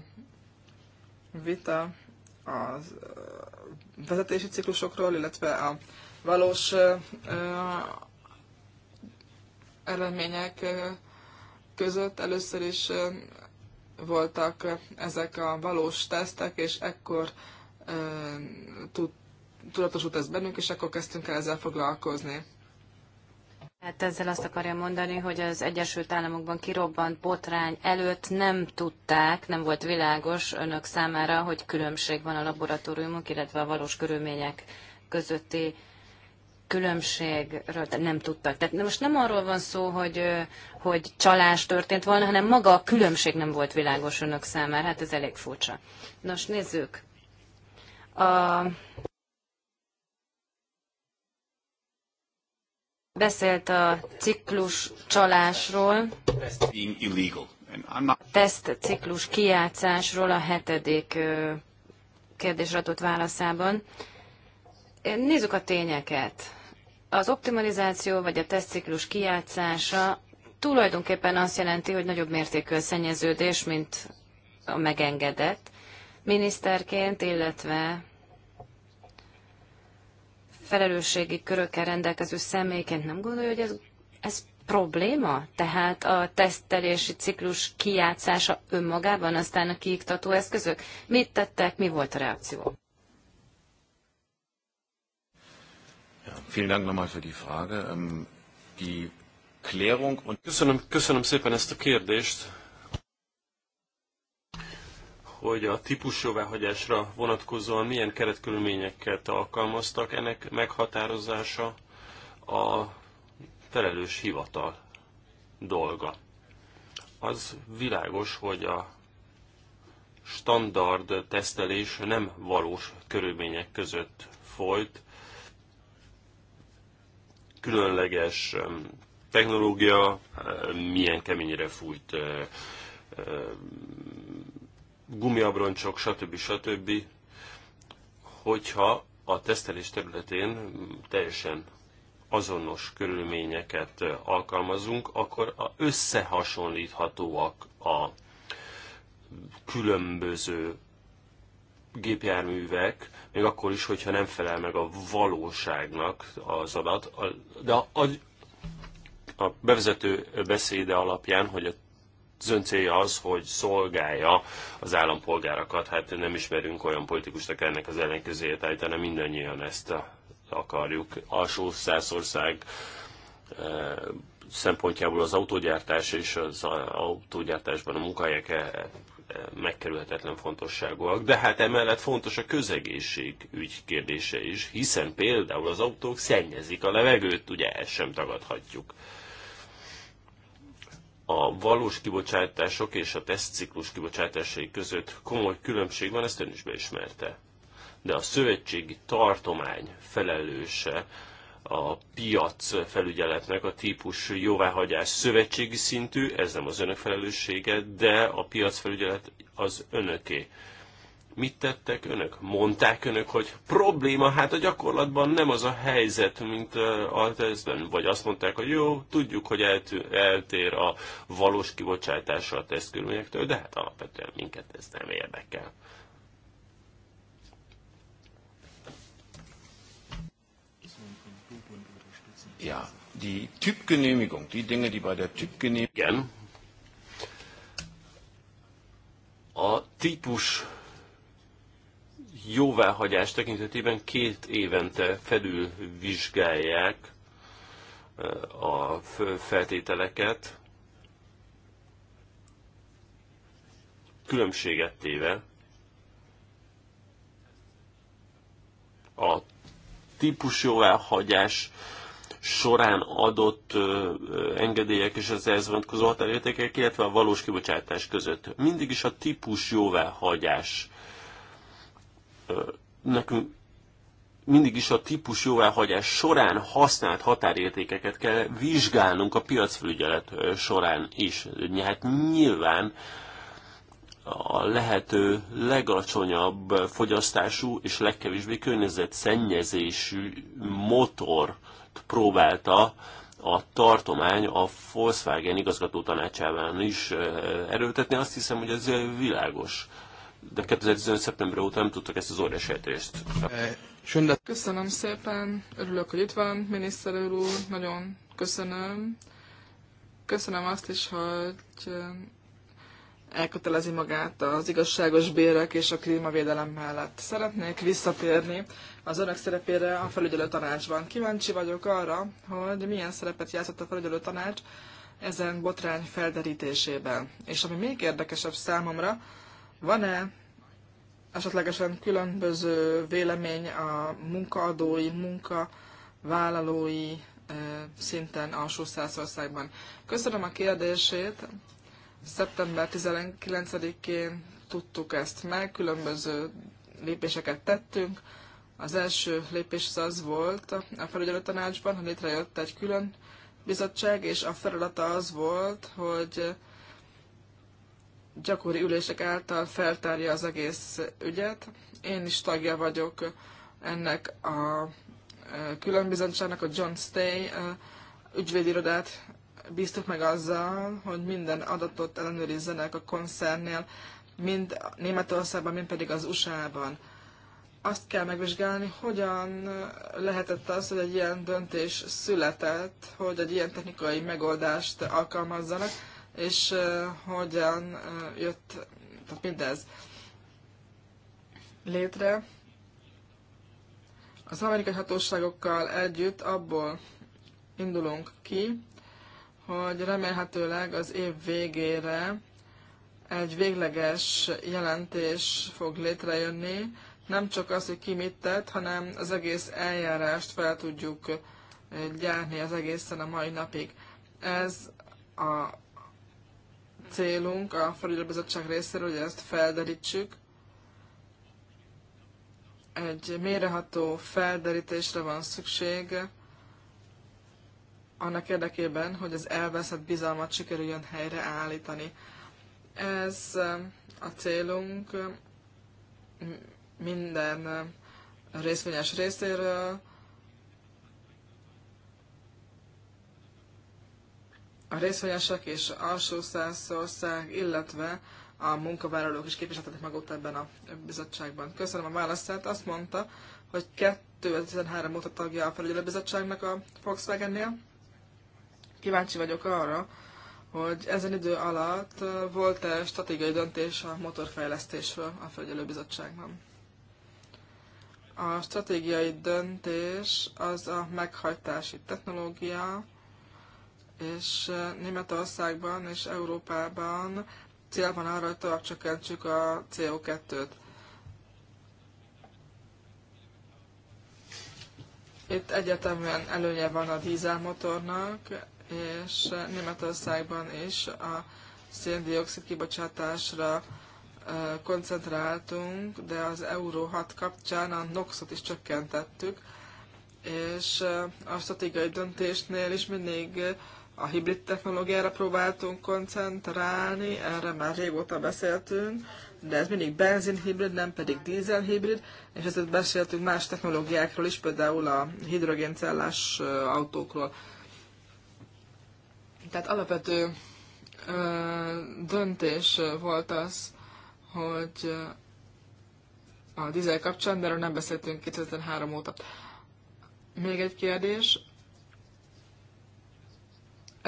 vita a vezetési ciklusokról, illetve a valós eredmények között először is voltak ezek a valós tesztek, és ekkor tudtuk, tudatosult ez bennünk, és akkor kezdtünk el ezzel foglalkozni. Hát ezzel azt akarja mondani, hogy az Egyesült Államokban kirobbant botrány előtt nem tudták, nem volt világos önök számára, hogy különbség van a laboratóriumok, illetve a valós körülmények közötti különbségről nem tudtak. Tehát most nem arról van szó, hogy, hogy csalás történt volna, hanem maga a különbség nem volt világos önök számára. Hát ez elég furcsa. Nos, nézzük. A beszélt a ciklus csalásról, a teszt ciklus kijátszásról a hetedik kérdésre adott válaszában. Nézzük a tényeket. Az optimalizáció vagy a tesztciklus kijátszása tulajdonképpen azt jelenti, hogy nagyobb mértékű a szennyeződés, mint a megengedett. Miniszterként, illetve felelősségi körökkel rendelkező személyként nem gondolja, hogy ez, ez probléma? Tehát a tesztelési ciklus kijátszása önmagában, aztán a kiiktató eszközök? Mit tettek, mi volt a reakció? Vielen Dank nochmal für die Frage. Ähm, die Klärung und köszönöm, köszönöm szépen ezt a kérdést hogy a típus jóváhagyásra vonatkozóan milyen keretkörülményeket alkalmaztak, ennek meghatározása a felelős hivatal dolga. Az világos, hogy a standard tesztelés nem valós körülmények között folyt, különleges technológia milyen keményre fújt gumiabroncsok, stb. stb. Hogyha a tesztelés területén teljesen azonos körülményeket alkalmazunk, akkor a összehasonlíthatóak a különböző gépjárművek, még akkor is, hogyha nem felel meg a valóságnak az adat, de a, a bevezető beszéde alapján, hogy a az ön célja az, hogy szolgálja az állampolgárakat. Hát nem ismerünk olyan politikusnak ennek az ellenkezőjét állítani, mindannyian ezt eh, akarjuk. Alsó Szászország eh, szempontjából az autógyártás és az autógyártásban a munkahelyek eh, megkerülhetetlen fontosságúak, de hát emellett fontos a közegészség, ügy kérdése is, hiszen például az autók szennyezik a levegőt, ugye ezt sem tagadhatjuk a valós kibocsátások és a tesztciklus kibocsátásai között komoly különbség van, ezt ön is beismerte. De a szövetségi tartomány felelőse a piac felügyeletnek a típus jóváhagyás szövetségi szintű, ez nem az önök felelőssége, de a piac felügyelet az önöké. Mit tettek önök? Mondták önök, hogy probléma, hát a gyakorlatban nem az a helyzet, mint a tesztben. Vagy azt mondták, hogy jó, tudjuk, hogy eltér a valós kibocsátása a tesztkörülményektől, de hát alapvetően minket ez nem érdekel. Ja, die Typgenehmigung, die Dinge, die bei der Typgenehmigung... Igen. A típus jóváhagyás tekintetében két évente vizsgálják eh, a feltételeket, különbséget téve a típus jóváhagyás során adott eh, engedélyek és az ehhez vonatkozó határértékek, illetve a valós kibocsátás között. Mindig is a típus jóváhagyás nekünk mindig is a típus jóváhagyás során használt határértékeket kell vizsgálnunk a piacfelügyelet során is. Hát nyilván a lehető legalacsonyabb fogyasztású és legkevésbé környezetszennyezésű motort próbálta a tartomány a Volkswagen igazgató tanácsában is erőltetni. Azt hiszem, hogy ez világos de 2015. szeptember óta nem tudtak ezt az óriási eltérést. Köszönöm szépen, örülök, hogy itt van, miniszter úr, nagyon köszönöm. Köszönöm azt is, hogy eh, elkötelezi magát az igazságos bérek és a klímavédelem mellett. Szeretnék visszatérni az önök szerepére a felügyelő tanácsban. Kíváncsi vagyok arra, hogy milyen szerepet játszott a felügyelő tanács ezen botrány felderítésében. És ami még érdekesebb számomra, van-e esetlegesen különböző vélemény a munkaadói, munkavállalói szinten alsó Szászországban? Köszönöm a kérdését. Szeptember 19-én tudtuk ezt meg, különböző lépéseket tettünk. Az első lépés az, az volt a tanácsban, hogy létrejött egy külön bizottság, és a feladata az volt, hogy gyakori ülések által feltárja az egész ügyet. Én is tagja vagyok ennek a e, különbizottságnak, a John Stay e, ügyvédirodát bíztuk meg azzal, hogy minden adatot ellenőrizzenek a koncernél, mind Németországban, mind pedig az USA-ban. Azt kell megvizsgálni, hogyan lehetett az, hogy egy ilyen döntés született, hogy egy ilyen technikai megoldást alkalmazzanak, és hogyan jött tehát mindez létre. Az amerikai hatóságokkal együtt abból indulunk ki, hogy remélhetőleg az év végére egy végleges jelentés fog létrejönni, nem csak az, hogy ki mit tett, hanem az egész eljárást fel tudjuk gyárni az egészen a mai napig. Ez a célunk a Bizottság részéről, hogy ezt felderítsük. Egy méreható felderítésre van szükség annak érdekében, hogy az elveszett bizalmat sikerüljön helyreállítani. Ez um, a célunk minden um, részvényes részéről, a részvényesek és alsó százország, illetve a munkavállalók is képviseltetik magukat ebben a bizottságban. Köszönöm a választát. Azt mondta, hogy 2013 óta tagja a bizottságnak a Volkswagen-nél. Kíváncsi vagyok arra, hogy ezen idő alatt volt-e stratégiai döntés a motorfejlesztésről a bizottságban. A stratégiai döntés az a meghajtási technológia, és eh, Németországban és Európában cél van arra, hogy tovább csökkentsük a CO2-t. Itt egyetemben előnye van a dízelmotornak, és eh, Németországban is a széndiokszid kibocsátásra eh, koncentráltunk, de az Euró 6 kapcsán a NOx-ot is csökkentettük, és a stratégiai döntésnél is mindig a hibrid technológiára próbáltunk koncentrálni, erre már régóta beszéltünk, de ez mindig benzinhibrid, nem pedig dízelhibrid, és ezért beszéltünk más technológiákról is, például a hidrogéncellás autókról. Tehát alapvető döntés volt az, hogy a dízel kapcsán, de erről nem beszéltünk 2003 óta. Még egy kérdés,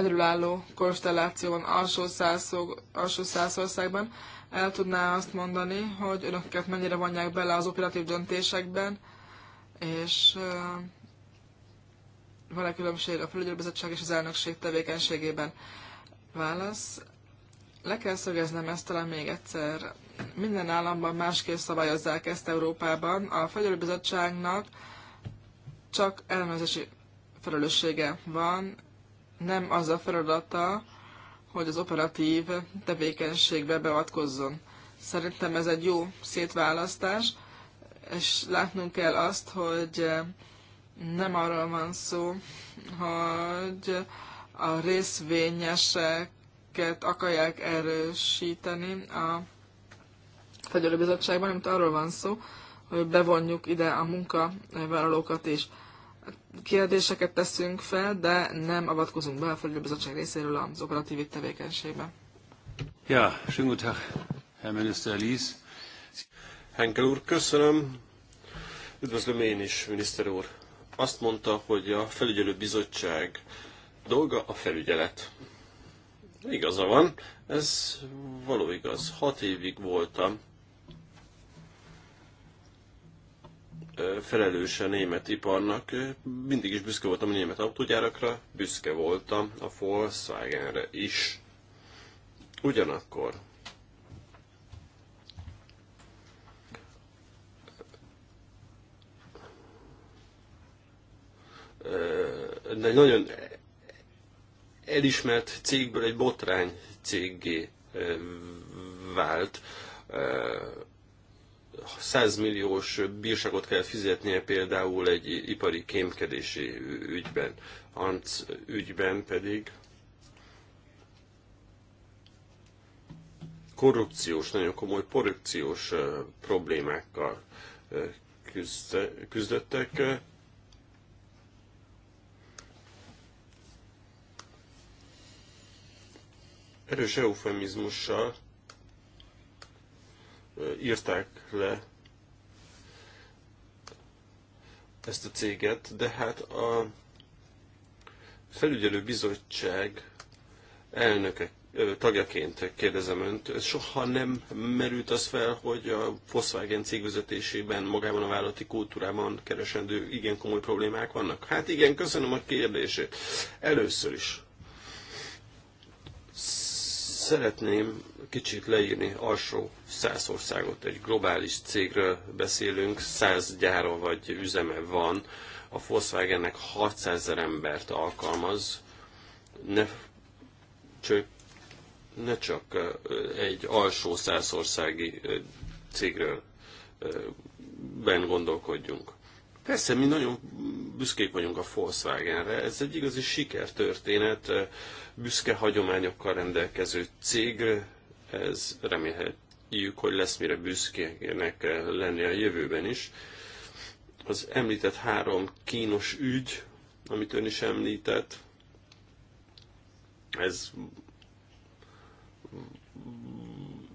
egyedülálló konstelláció van alsó, százszor, alsó százországban. El tudná azt mondani, hogy önöket mennyire vonják bele az operatív döntésekben, és van-e különbség a felügyelőbizottság és az elnökség tevékenységében? Válasz. Le kell szögeznem ezt talán még egyszer. Minden államban másképp szabályozzák ezt Európában. A felügyelőbizottságnak csak elnökségi felelőssége van, nem az a feladata, hogy az operatív tevékenységbe beavatkozzon. Szerintem ez egy jó szétválasztás, és látnunk kell azt, hogy eh, nem arról van szó, hogy a részvényeseket akarják erősíteni a Fegyelőbizottságban, mint arról van szó, hogy bevonjuk ide a munkavállalókat is kérdéseket teszünk fel, de nem avatkozunk be a felügyelőbizottság részéről az operatív tevékenységbe. Ja, schönen guten Tag, Herr Minister Lies. Henkel úr, köszönöm. Üdvözlöm én is, miniszter úr. Azt mondta, hogy a bizottság dolga a felügyelet. Igaza van, ez való igaz. Hat évig voltam felelős a német iparnak. Mindig is büszke voltam a német autógyárakra, büszke voltam a Volkswagenre is. Ugyanakkor egy nagyon elismert cégből egy botrány céggé vált 100 milliós bírságot kell fizetnie például egy ipari kémkedési ügyben. ANC ügyben pedig korrupciós, nagyon komoly korrupciós problémákkal küzdöttek. Erős eufemizmussal írták le ezt a céget, de hát a felügyelő bizottság elnöke tagjaként kérdezem Önt, soha nem merült az fel, hogy a Volkswagen cégvezetésében, magában a vállalati kultúrában keresendő igen komoly problémák vannak? Hát igen, köszönöm a kérdését. Először is Szeretném kicsit leírni alsó száz országot. Egy globális cégről beszélünk, száz gyára vagy üzeme van. A Volkswagennek 600 ezer embert alkalmaz. Ne, csak, ne csak egy alsó százországi cégről ben gondolkodjunk. Persze, mi nagyon büszkék vagyunk a Volkswagenre. Ez egy igazi sikertörténet, büszke hagyományokkal rendelkező cég. Ez remélhetjük, hogy lesz mire büszkének lenni a jövőben is. Az említett három kínos ügy, amit ön is említett, ez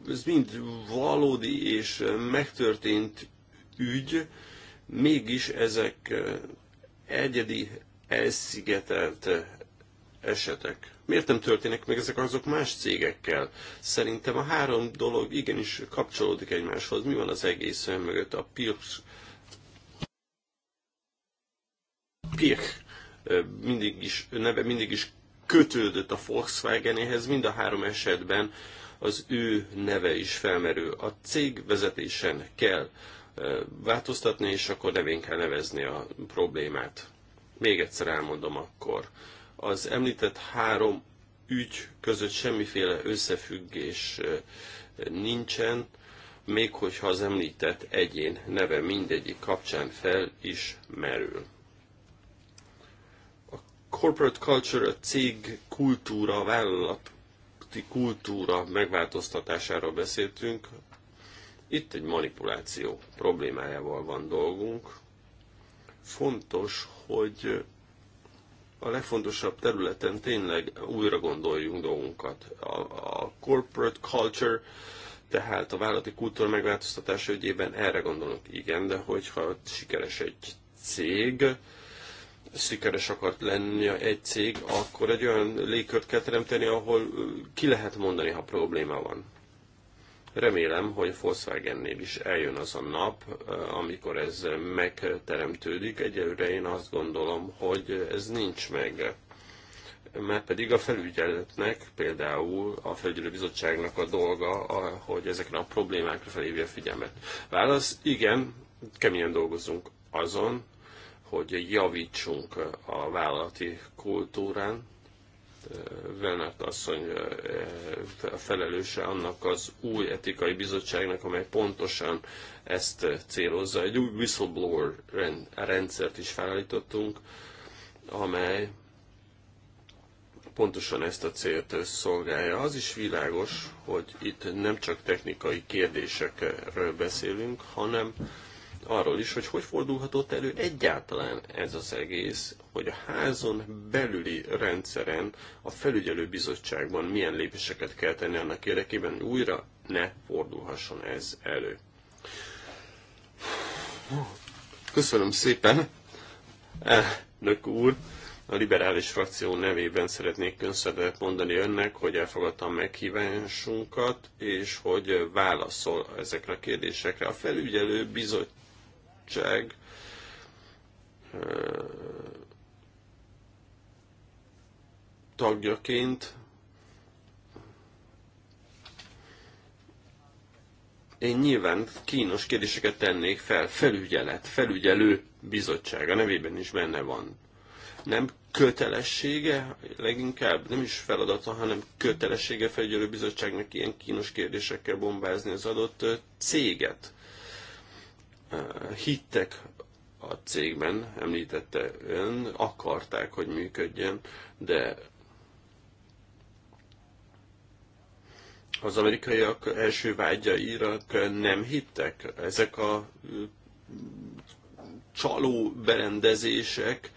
ez mind valódi és megtörtént ügy, Mégis ezek egyedi, elszigetelt esetek. Miért nem történnek meg ezek azok más cégekkel? Szerintem a három dolog igenis kapcsolódik egymáshoz. Mi van az egész mögött? A PIRS PIRK mindig is, neve mindig is kötődött a Volkswagenéhez, mind a három esetben az ő neve is felmerül. A cég vezetésen kell változtatni, és akkor nevén kell nevezni a problémát. Még egyszer elmondom akkor. Az említett három ügy között semmiféle összefüggés nincsen, még hogyha az említett egyén neve mindegyik kapcsán fel is merül. A corporate culture, a cég kultúra, a vállalati kultúra megváltoztatásáról beszéltünk, itt egy manipuláció problémájával van dolgunk. Fontos, hogy a legfontosabb területen tényleg újra gondoljunk dolgunkat. A, a corporate culture, tehát a vállalati kultúra megváltoztatása ügyében erre gondolok, igen, de hogyha sikeres egy cég, sikeres akart lenni egy cég, akkor egy olyan légkört kell teremteni, ahol ki lehet mondani, ha probléma van. Remélem, hogy Volkswagennél is eljön az a nap, eh, amikor ez megteremtődik. Egyelőre én azt gondolom, hogy ez nincs meg mert pedig a felügyeletnek, például a felügyelőbizottságnak a dolga, hogy ezekre a problémákra felhívja a figyelmet. Válasz, igen, keményen dolgozunk azon, hogy javítsunk a vállalati kultúrán, Velnert asszony a felelőse annak az új etikai bizottságnak, amely pontosan ezt célozza. Egy új whistleblower rendszert is felállítottunk, amely pontosan ezt a célt szolgálja. Az is világos, hogy itt nem csak technikai kérdésekről beszélünk, hanem arról is, hogy hogy fordulhatott elő egyáltalán ez az egész, hogy a házon belüli rendszeren, a felügyelőbizottságban milyen lépéseket kell tenni annak érdekében, hogy újra ne fordulhasson ez elő. Köszönöm szépen, elnök úr! A liberális frakció nevében szeretnék köszönetet mondani önnek, hogy elfogadta a meghívásunkat, és hogy válaszol ezekre a kérdésekre. A felügyelő bizottság bizottság tagjaként én nyilván kínos kérdéseket tennék fel, felügyelet, felügyelő bizottság, a nevében is benne van. Nem kötelessége, leginkább nem is feladata, hanem kötelessége felügyelő bizottságnak ilyen kínos kérdésekkel bombázni az adott céget hittek a cégben, említette ön, akarták, hogy működjön, de az amerikaiak első vágyaira nem hittek. Ezek a csaló berendezések,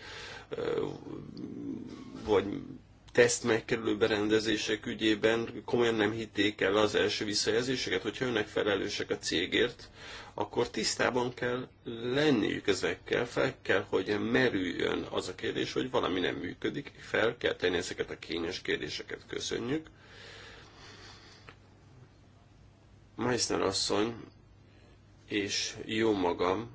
vagy teszt megkerülő berendezések ügyében komolyan nem hitték el az első visszajelzéseket, hogyha önnek felelősek a cégért, akkor tisztában kell lenniük ezekkel, fel kell, hogy merüljön az a kérdés, hogy valami nem működik, fel kell tenni ezeket a kényes kérdéseket. Köszönjük. Meissner asszony és jó magam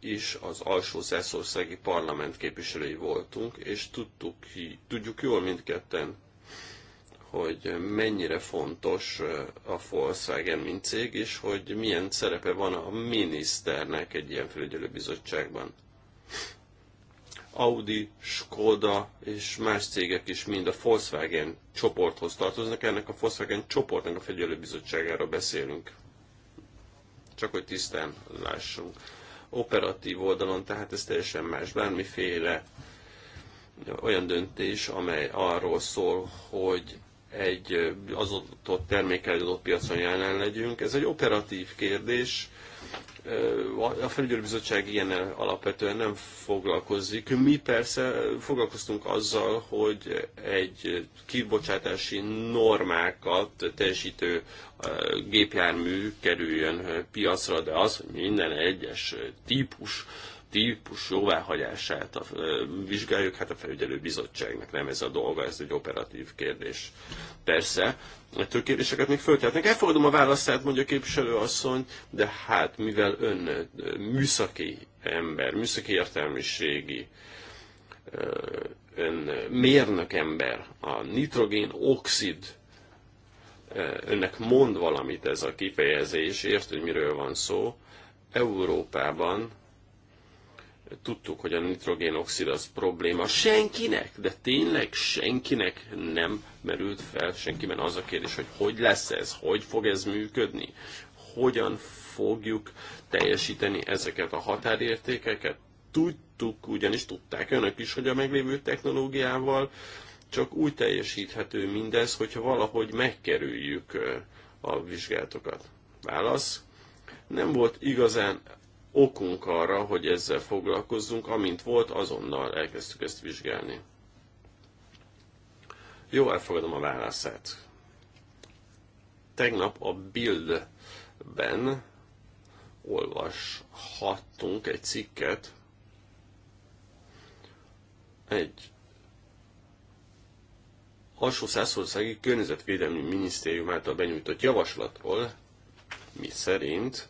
is az alsó szerszországi parlament képviselői voltunk, és tudtuk, tudjuk jól mindketten, hogy mennyire fontos a Volkswagen, mint cég, és hogy milyen szerepe van a miniszternek egy ilyen felügyelőbizottságban. Audi, Skoda és más cégek is mind a Volkswagen csoporthoz tartoznak, ennek a Volkswagen csoportnak a felügyelőbizottságáról beszélünk. Csak hogy tisztán lássunk. Operatív oldalon tehát ez teljesen más, bármiféle olyan döntés, amely arról szól, hogy egy adott termékkel, egy adott piacon jelen legyünk. Ez egy operatív kérdés. A felügyelőbizottság ilyen alapvetően nem foglalkozik. Mi persze foglalkoztunk azzal, hogy egy kibocsátási normákat teljesítő gépjármű kerüljön piacra, de az, hogy minden egyes típus típus jóváhagyását a, vizsgáljuk, hát a felügyelő bizottságnak nem ez a dolga, ez egy operatív kérdés. Persze, ettől kérdéseket még föltehetnek. Elfogadom a válaszát, mondja a képviselőasszony, de hát mivel ön műszaki ember, műszaki értelmiségi, ön mérnök ember, a nitrogén oxid önnek mond valamit ez a kifejezés, ért, hogy miről van szó, Európában Tudtuk, hogy a nitrogénoxid az probléma senkinek, de tényleg senkinek nem merült fel senkiben az a kérdés, hogy hogy lesz ez, hogy fog ez működni, hogyan fogjuk teljesíteni ezeket a határértékeket. Tudtuk, ugyanis tudták önök is, hogy a meglévő technológiával csak úgy teljesíthető mindez, hogyha valahogy megkerüljük a vizsgálatokat. Válasz? Nem volt igazán okunk arra, hogy ezzel foglalkozzunk, amint volt, azonnal elkezdtük ezt vizsgálni. Jó, elfogadom a válaszát. Tegnap a Bild-ben olvashattunk egy cikket, egy alsó százszországi környezetvédelmi minisztérium által benyújtott javaslatról, mi szerint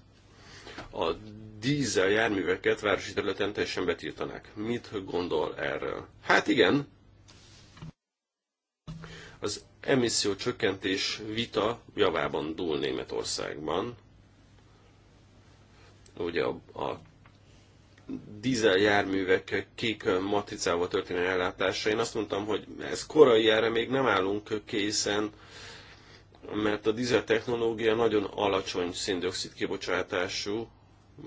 a dízel járműveket városi területen teljesen betiltanák. Mit gondol erről? Hát igen, az emisszió csökkentés vita javában dúl Németországban. Ugye a, a dízel járművek kék matricával történő ellátása. Én azt mondtam, hogy ez korai erre még nem állunk készen, mert a dízel technológia nagyon alacsony széndiokszid kibocsátású,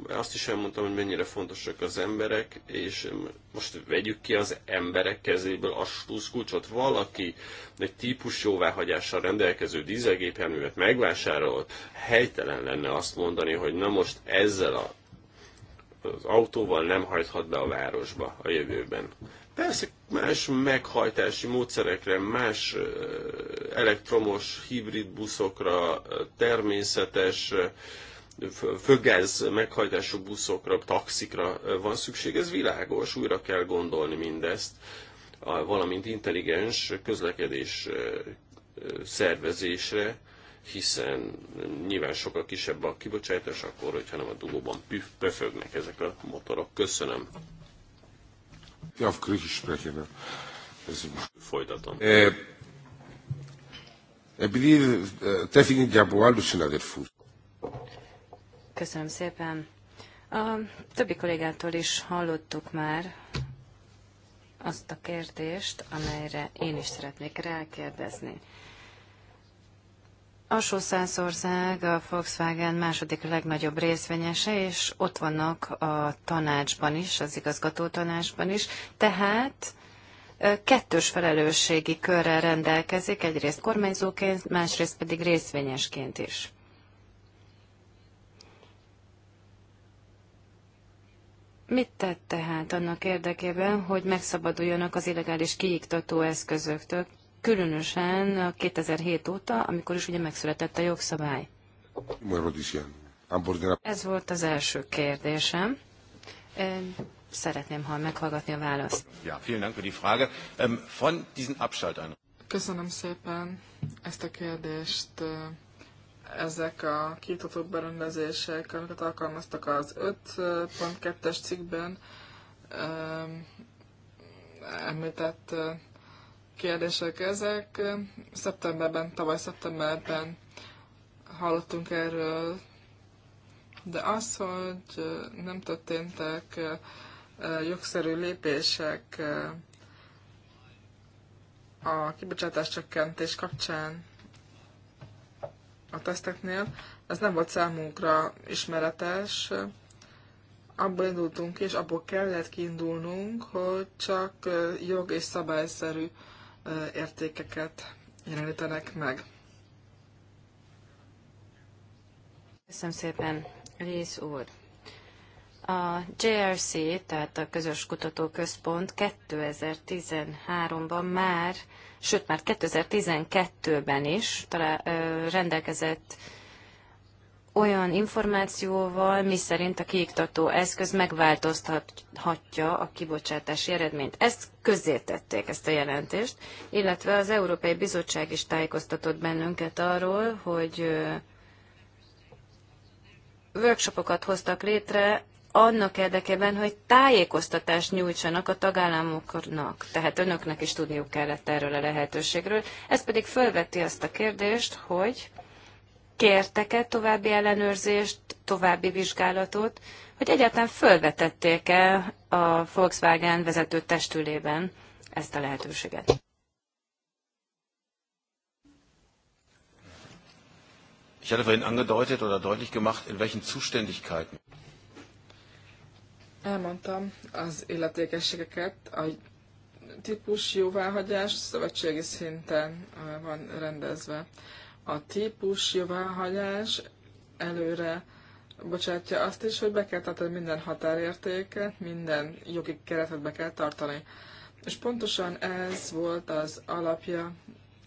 azt is elmondtam, hogy mennyire fontosak az emberek, és most vegyük ki az emberek kezéből a kulcsot. Valaki egy típus jóváhagyással rendelkező dízelgépjárművet megvásárolt, helytelen lenne azt mondani, hogy na most ezzel a, az autóval nem hajthat be a városba a jövőben. Persze más meghajtási módszerekre, más elektromos hibrid buszokra, természetes fögáz meghajtású buszokra, taxikra van szükség, ez világos, újra kell gondolni mindezt, valamint intelligens közlekedés szervezésre, hiszen nyilván sokkal kisebb a kibocsátás akkor, hogyha nem a dugóban püf, pöfögnek ezek a motorok. Köszönöm. Ja, auf Griechisch sprechen. Folytatom. Ε, eh, eh, επειδή eh, τέθηκε και από άλλους Köszönöm szépen. A többi kollégától is hallottuk már azt a kérdést, amelyre én is szeretnék rákérdezni. Alsó-Szászország a Volkswagen második legnagyobb részvényese, és ott vannak a tanácsban is, az igazgató tanácsban is. Tehát kettős felelősségi körrel rendelkezik, egyrészt kormányzóként, másrészt pedig részvényesként is. Mit tett tehát annak érdekében, hogy megszabaduljanak az illegális kiiktató eszközöktől, különösen 2007 óta, amikor is ugye megszületett a jogszabály. Ez volt az első kérdésem. Szeretném, ha meghallgatni a választ. Ja, vielen Dank für die Frage. Ähm, von Köszönöm szépen ezt a kérdést. Ezek a kiiktató berendezések, amiket alkalmaztak az 5.2-es cikkben, említett kérdések ezek. Szeptemberben, tavaly szeptemberben hallottunk erről, de az, hogy nem történtek jogszerű lépések a kibocsátás csökkentés kapcsán a teszteknél, ez nem volt számunkra ismeretes. Abból indultunk és abból kellett kiindulnunk, hogy csak jog és szabályszerű értékeket jelenítenek meg. Köszönöm szépen, Rész úr. A JRC, tehát a Közös Kutatóközpont 2013-ban már, sőt már 2012-ben is talán, ö, rendelkezett olyan információval, miszerint a kiiktató eszköz megváltoztathatja a kibocsátási eredményt. Ezt közzétették, ezt a jelentést, illetve az Európai Bizottság is tájékoztatott bennünket arról, hogy workshopokat hoztak létre annak érdekében, hogy tájékoztatást nyújtsanak a tagállamoknak. Tehát önöknek is tudniuk kellett erről a lehetőségről. Ez pedig felveti azt a kérdést, hogy kértek-e további ellenőrzést, további vizsgálatot, hogy egyáltalán fölvetették-e a Volkswagen vezető testülében ezt a lehetőséget? Ich hatte vorhin angedeutet oder deutlich gemacht, in welchen Zuständigkeiten. Elmondtam az illetékességeket, a típus jóváhagyás szövetségi szinten eh, van rendezve. A típus jóváhagyás előre bocsátja azt is, hogy be kell tartani minden határértéket, minden jogi keretet be kell tartani. És pontosan ez volt az alapja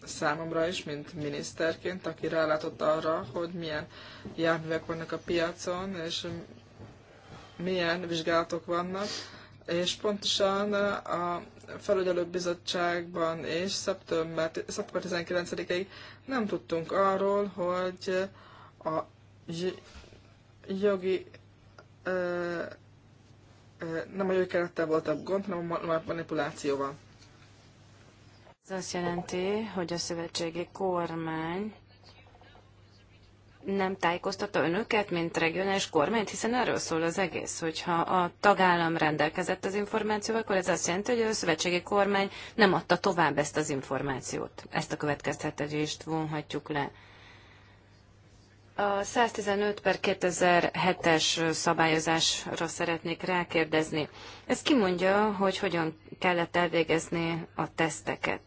számomra is, mint miniszterként, aki rálátott arra, hogy milyen járművek vannak a piacon, és milyen vizsgálatok vannak, és pontosan a felügyelő bizottságban és szeptember, szeptember 19-ig nem tudtunk arról, hogy a jogi nem a jogi kerettel voltak gond, hanem a manipulációval. Ez azt jelenti, hogy a szövetségi kormány nem tájékoztatta önöket, mint regionális kormányt, hiszen erről szól az egész, hogyha a tagállam rendelkezett az információval, akkor ez azt jelenti, hogy a szövetségi kormány nem adta tovább ezt az információt. Ezt a következtetést vonhatjuk le. A 115 per 2007-es szabályozásra szeretnék rákérdezni. Ez kimondja, hogy hogyan kellett elvégezni a teszteket.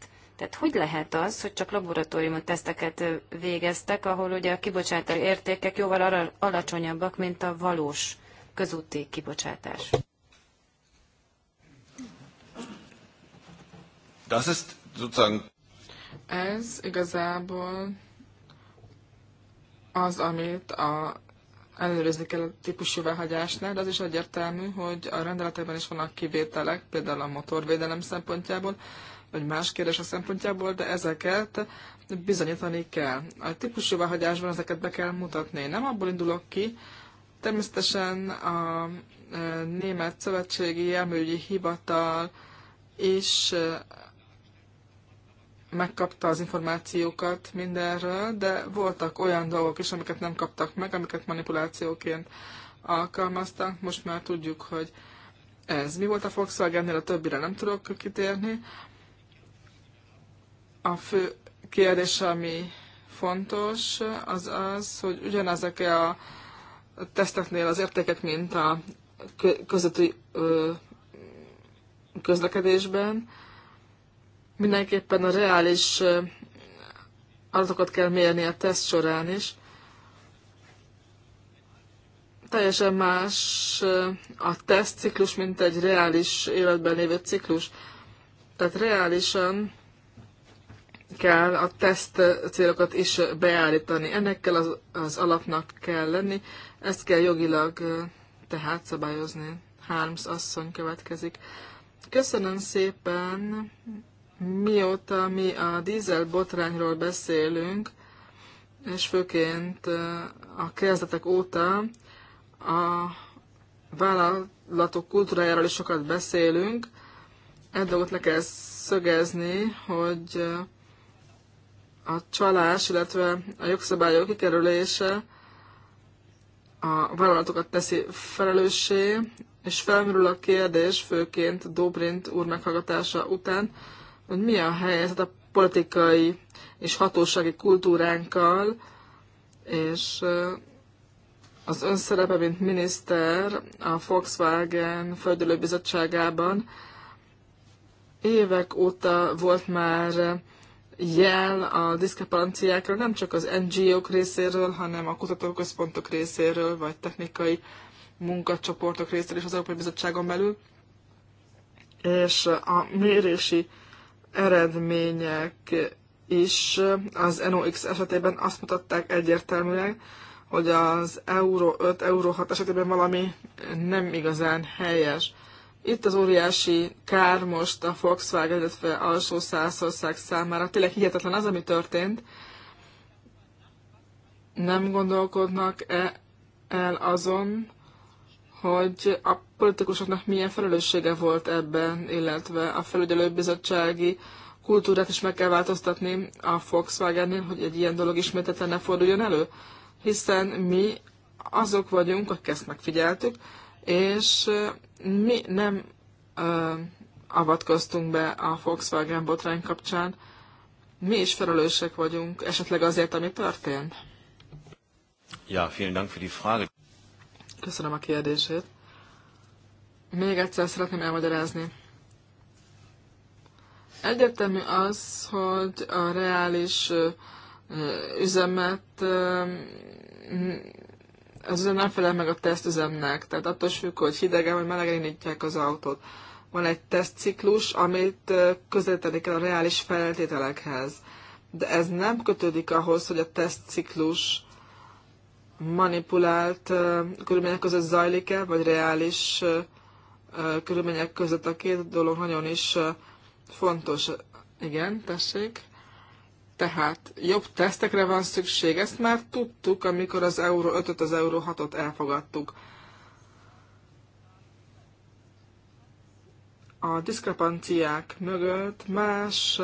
Tehát hogy lehet az, hogy csak laboratóriumi teszteket végeztek, ahol ugye a kibocsátás értékek jóval alacsonyabbak, mint a valós közúti kibocsátás? Das ist sozusagen ez igazából az, amit a előrizni kell a típusú behagyásnál, de az is egyértelmű, hogy a rendeletekben is vannak kivételek, például a motorvédelem szempontjából, vagy más a szempontjából, de ezeket bizonyítani kell. A típusjóváhagyásban ezeket be kell mutatni. Nem abból indulok ki, természetesen a e, Német Szövetségi Jelműgyi Hivatal is e, megkapta az információkat mindenről, de voltak olyan dolgok is, amiket nem kaptak meg, amiket manipulációként alkalmaztak. Most már tudjuk, hogy ez mi volt a Volkswagen-nél, a többire nem tudok kitérni. A fő kérdés, ami fontos, az az, hogy ugyanezek-e a teszteknél az értékek, mint a közötti közlekedésben. Mindenképpen a reális adatokat kell mérni a teszt során is. Teljesen más a tesztciklus, mint egy reális életben lévő ciklus. Tehát reálisan kell a teszt célokat is beállítani. Ennek kell az, az alapnak kell lenni, ezt kell jogilag tehát szabályozni. Harms asszony következik. Köszönöm szépen, mióta mi a dízel botrányról beszélünk, és főként a kezdetek óta a vállalatok kultúrájáról is sokat beszélünk. Egy dolgot le kell szögezni, hogy a csalás, illetve a jogszabályok kikerülése a vállalatokat teszi felelőssé, és felmerül a kérdés, főként Dobrint úr meghallgatása után, hogy mi a helyzet a politikai és hatósági kultúránkkal, és eh, az szerepe, mint miniszter a Volkswagen Földölőbizottságában évek óta volt már jel a diszkrepanciákra nem csak az NGO-k részéről, hanem a kutatóközpontok részéről, vagy technikai munkacsoportok részéről és az Európai Bizottságon belül. És a mérési eredmények is az NOx esetében azt mutatták egyértelműen, hogy az Euro 5, Euro 6 esetében valami nem igazán helyes. Itt az óriási kár most a Volkswagen, illetve alsó százország számára. Tényleg hihetetlen az, ami történt. Nem gondolkodnak -e el azon, hogy a politikusoknak milyen felelőssége volt ebben, illetve a felügyelőbizottsági kultúrát is meg kell változtatni a Volkswagennél, hogy egy ilyen dolog ismételten ne forduljon elő. Hiszen mi azok vagyunk, akiket ezt megfigyeltük, és mi nem ö, avatkoztunk be a Volkswagen botrány kapcsán. Mi is felelősek vagyunk esetleg azért, ami történt? Ja, vielen Dank für die Frage. Köszönöm a kérdését. Még egyszer szeretném elmagyarázni. Egyértelmű az, hogy a reális üzemet ez üzem nem felel meg a tesztüzemnek, tehát attól függ, hogy hidegen vagy melegen indítják az autót. Van egy tesztciklus, amit közelíteni kell a reális feltételekhez. De ez nem kötődik ahhoz, hogy a tesztciklus manipulált körülmények között zajlik-e, vagy reális körülmények között a két dolog nagyon is fontos. Igen, tessék. Tehát jobb tesztekre van szükség, ezt már tudtuk, amikor az euró 5-öt, az euró 6-ot elfogadtuk. A diszkrepanciák mögött más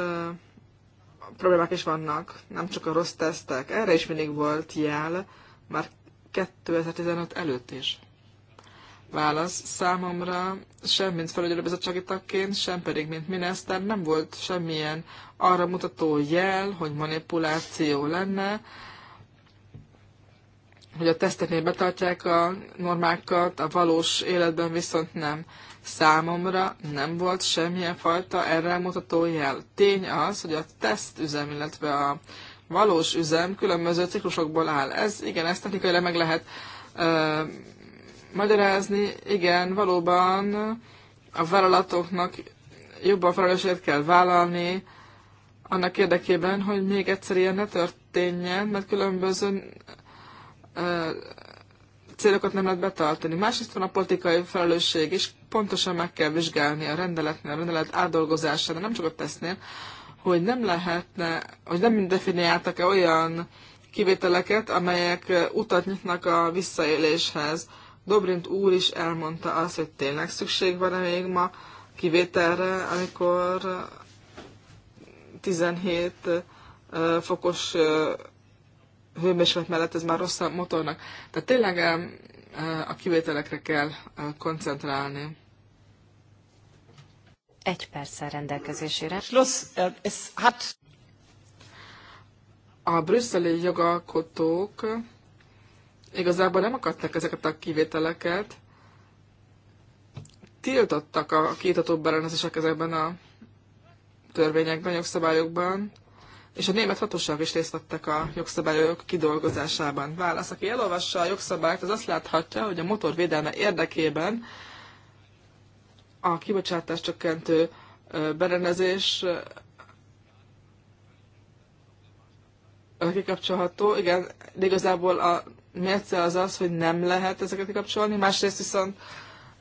problémák is vannak, nem csak a rossz tesztek. Erre is mindig volt jel, már 2015 előtt is. Válasz számomra sem, mint felügyelőbizottsági tagként, sem pedig, mint miniszter, nem volt semmilyen arra mutató jel, hogy manipuláció lenne, hogy a teszteknél betartják a normákat, a valós életben viszont nem. Számomra nem volt semmilyen fajta erre mutató jel. Tény az, hogy a tesztüzem, illetve a valós üzem különböző ciklusokból áll. Ez igen, ezt technikailag meg lehet uh, magyarázni. Igen, valóban a vállalatoknak jobban felelősséget kell vállalni annak érdekében, hogy még egyszer ilyen ne történjen, mert különböző célokat nem lehet betartani. Másrészt van a politikai felelősség is, pontosan meg kell vizsgálni a rendeletnél, a rendelet átdolgozását, de nem csak a tesznél, hogy nem lehetne, hogy nem definiáltak-e olyan kivételeket, amelyek utat nyitnak a visszaéléshez. Dobrint úr is elmondta azt, hogy tényleg szükség van-e még ma kivételre, amikor 17 fokos hőmérséklet mellett ez már rossz a motornak. Tehát tényleg a kivételekre kell koncentrálni. Egy perccel rendelkezésére. Schluss, es hat... A brüsszeli jogalkotók igazából nem akadtak ezeket a kivételeket. Tiltottak a kiitatóbb berendezések ezekben a törvényekben, jogszabályokban, és a német hatóság is részt vettek a jogszabályok kidolgozásában. Válasz, aki elolvassa a jogszabályt, az azt láthatja, hogy a motor védelme érdekében a kibocsátás csökkentő berendezés kikapcsolható, igen, de igazából a mérce az az, hogy nem lehet ezeket kikapcsolni, másrészt viszont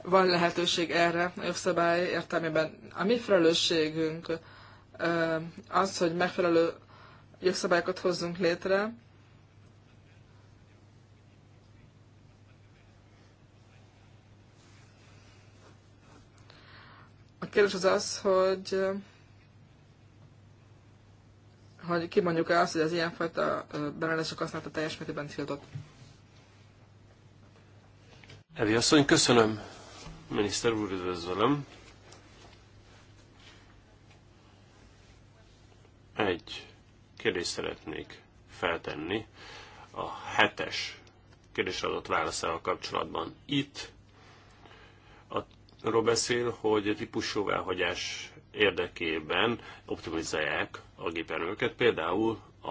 van lehetőség erre a jogszabály értelmében. A mi felelősségünk az, hogy megfelelő jogszabályokat hozzunk létre, A kérdés az az, hogy hogy kimondjuk e azt, hogy az ilyenfajta berendezések használata teljes mértékben tiltott. Evi asszony, köszönöm. Miniszter úr, üdvözlöm. Egy kérdést szeretnék feltenni a hetes kérdésre adott válaszával kapcsolatban. Itt arról beszél, hogy a típus jóváhagyás érdekében optimizálják a gépjárműveket, például a,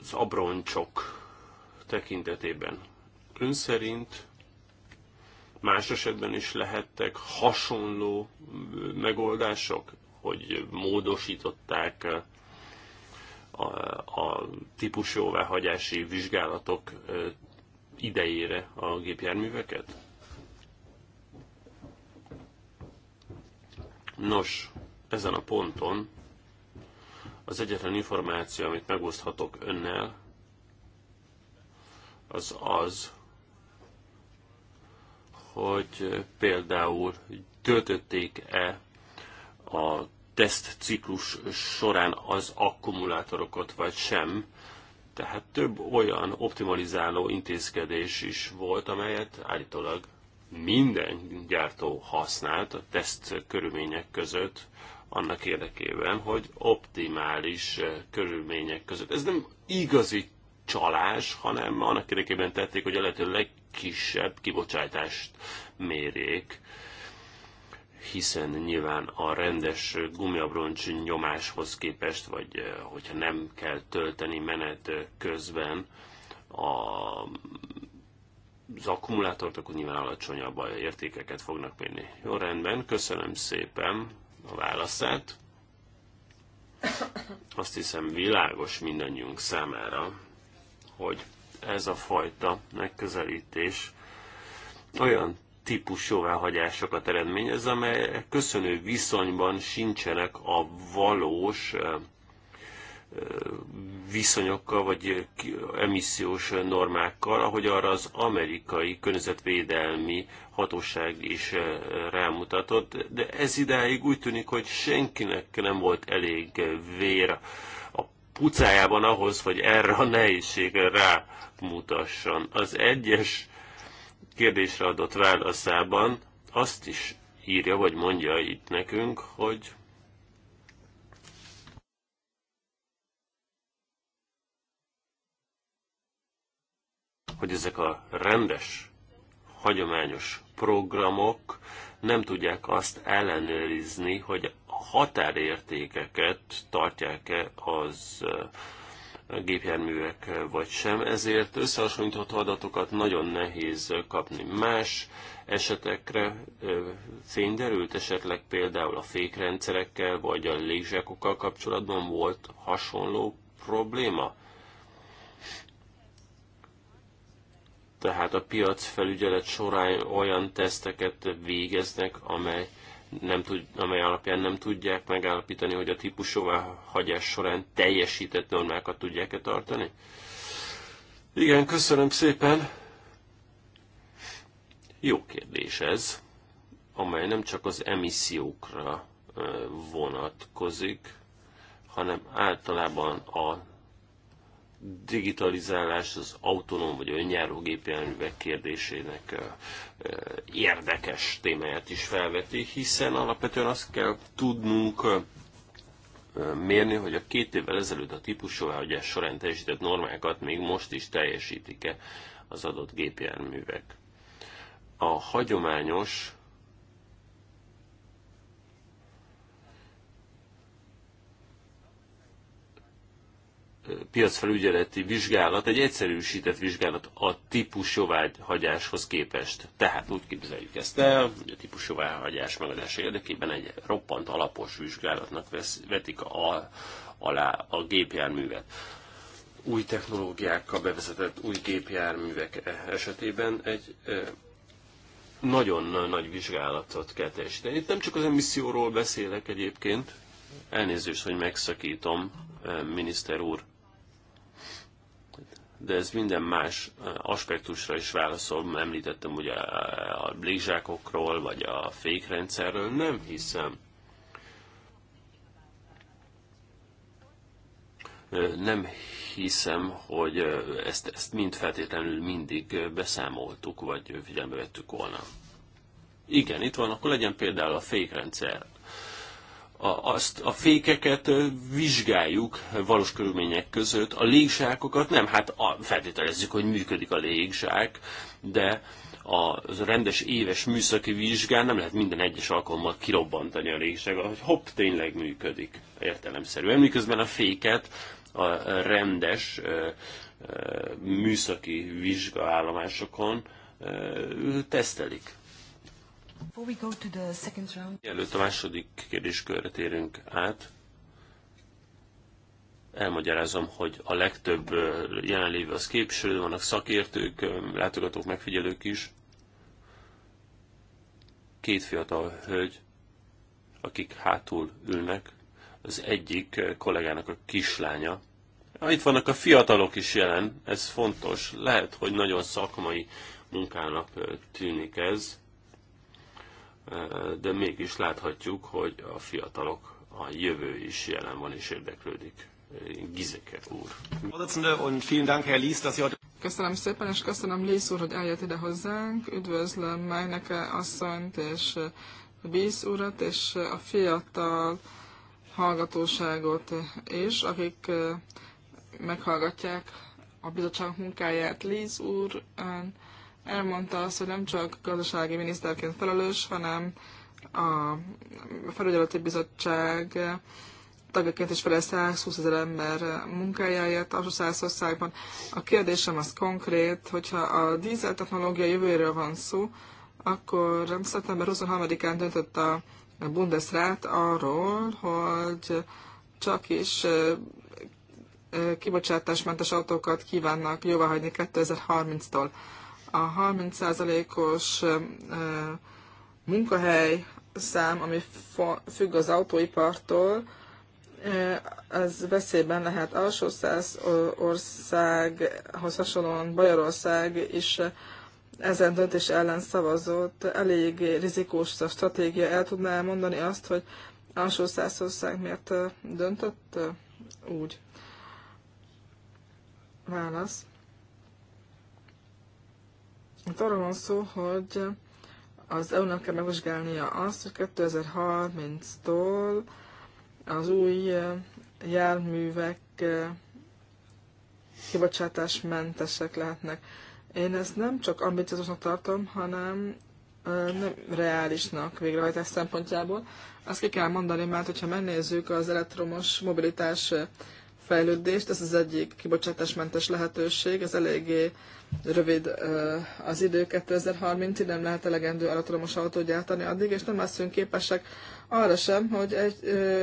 az abroncsok tekintetében. Ön szerint más esetben is lehettek hasonló megoldások, hogy módosították a, a típus jóváhagyási vizsgálatok idejére a gépjárműveket? Nos, ezen a ponton az egyetlen információ, amit megoszthatok önnel, az az, hogy például töltötték-e a tesztciklus során az akkumulátorokat, vagy sem. Tehát több olyan optimalizáló intézkedés is volt, amelyet állítólag minden gyártó használt a teszt körülmények között, annak érdekében, hogy optimális eh, körülmények között. Ez nem igazi csalás, hanem annak érdekében tették, hogy a lehető legkisebb kibocsátást mérjék hiszen nyilván a rendes gumiabroncs nyomáshoz képest, vagy eh, hogyha nem kell tölteni menet közben a, az akkumulátort, akkor nyilván alacsonyabb a értékeket fognak mérni. Jó, rendben, köszönöm szépen a válaszát. Azt hiszem világos mindannyiunk számára, hogy ez a fajta megközelítés olyan típus jóváhagyásokat eredményez, amely köszönő viszonyban sincsenek a valós viszonyokkal, vagy emissziós normákkal, ahogy arra az amerikai környezetvédelmi hatóság is rámutatott, de ez idáig úgy tűnik, hogy senkinek nem volt elég vér pucájában ahhoz, hogy erre a nehézségre rámutasson. Az egyes kérdésre adott válaszában azt is írja, vagy mondja itt nekünk, hogy hogy ezek a rendes, hagyományos programok nem tudják azt ellenőrizni, hogy határértékeket tartják-e az eh, gépjárművek eh, vagy sem, ezért összehasonlítható adatokat nagyon nehéz eh, kapni. Más esetekre fényderült esetleg például a fékrendszerekkel vagy a légzsákokkal kapcsolatban volt hasonló probléma? tehát a piacfelügyelet során olyan teszteket végeznek, amely nem tud, amely alapján nem tudják megállapítani, hogy a típusová hagyás során teljesített normákat tudják-e tartani? Igen, köszönöm szépen. Jó kérdés ez, amely nem csak az emissziókra vonatkozik, hanem általában a digitalizálás az autonóm vagy önjáró gépjárművek kérdésének érdekes témáját is felveti, hiszen alapvetően azt kell tudnunk mérni, hogy a két évvel ezelőtt a típusjóváhagyás során teljesített normákat még most is teljesítik-e az adott gépjárművek. A hagyományos piacfelügyeleti vizsgálat egy egyszerűsített vizsgálat a típus jóváhagyáshoz képest. Tehát úgy képzeljük ezt el, hogy a típus jóváhagyás megadása érdekében egy roppant alapos vizsgálatnak vesz, vetik a, alá a gépjárművet. Új technológiákkal bevezetett új gépjárművek esetében egy nagyon nagy vizsgálatot kell teljesíteni. Itt nem csak az emisszióról beszélek egyébként, elnézést, hogy megszakítom, miniszter úr, de ez minden más aspektusra is válaszol. Említettem ugye a blézsákokról, vagy a fékrendszerről. Nem hiszem. Nem hiszem, hogy ezt, ezt mind feltétlenül mindig beszámoltuk, vagy figyelembe vettük volna. Igen, itt van, akkor legyen például a fékrendszer, a, azt, a fékeket vizsgáljuk valós körülmények között, a légzsákokat nem, hát a, feltételezzük, hogy működik a légzsák, de a rendes éves műszaki vizsgán nem lehet minden egyes alkalommal kirobbantani a légzságot, hogy hopp, tényleg működik értelemszerűen, miközben a féket a rendes műszaki vizsgaállomásokon tesztelik. Mielőtt a második kérdéskörre térünk át, elmagyarázom, hogy a legtöbb jelenlévő az képviselő, vannak szakértők, látogatók, megfigyelők is. Két fiatal hölgy, akik hátul ülnek, az egyik kollégának a kislánya. Ah, itt vannak a fiatalok is jelen, ez fontos. Lehet, hogy nagyon szakmai munkának tűnik ez, de mégis láthatjuk, hogy a fiatalok a jövő is jelen van és érdeklődik. Gizeke úr. Köszönöm szépen, és köszönöm Lész úr, hogy eljött ide hozzánk. Üdvözlöm Mejneke asszonyt és eh, Bíz urat, és eh, a fiatal hallgatóságot és akik eh, meghallgatják a bizottság munkáját. Liz úr, ön elmondta azt, hogy nem csak gazdasági miniszterként felelős, hanem a felügyeleti bizottság tagjaként is felel 120 ezer ember munkájáért a országban. A kérdésem az konkrét, hogyha a dízel technológia jövőjéről van szó, akkor szeptember 23-án döntött a Bundesrat arról, hogy csak is kibocsátásmentes autókat kívánnak jóváhagyni 2030-tól a 30%-os munkahely szám, ami függ az autóipartól, ez veszélyben lehet. Alsó száz országhoz hasonlóan Bajorország is ezen döntés ellen szavazott. Elég rizikós a stratégia. El tudná mondani azt, hogy Alsó ország, miért döntött úgy? Válasz. Itt arról van szó, hogy az EU-nak kell megvizsgálnia azt, hogy 2030-tól az új eh, járművek eh, kibocsátásmentesek lehetnek. Én ezt nem csak ambiciózusnak tartom, hanem eh, nem reálisnak végrehajtás szempontjából. Azt ki kell mondani, mert hogyha megnézzük az elektromos mobilitás fejlődést, ez az egyik kibocsátásmentes lehetőség, ez eléggé rövid az idő, 2030-ig nem lehet elegendő elektromos autót gyártani addig, és nem leszünk képesek arra sem, hogy egy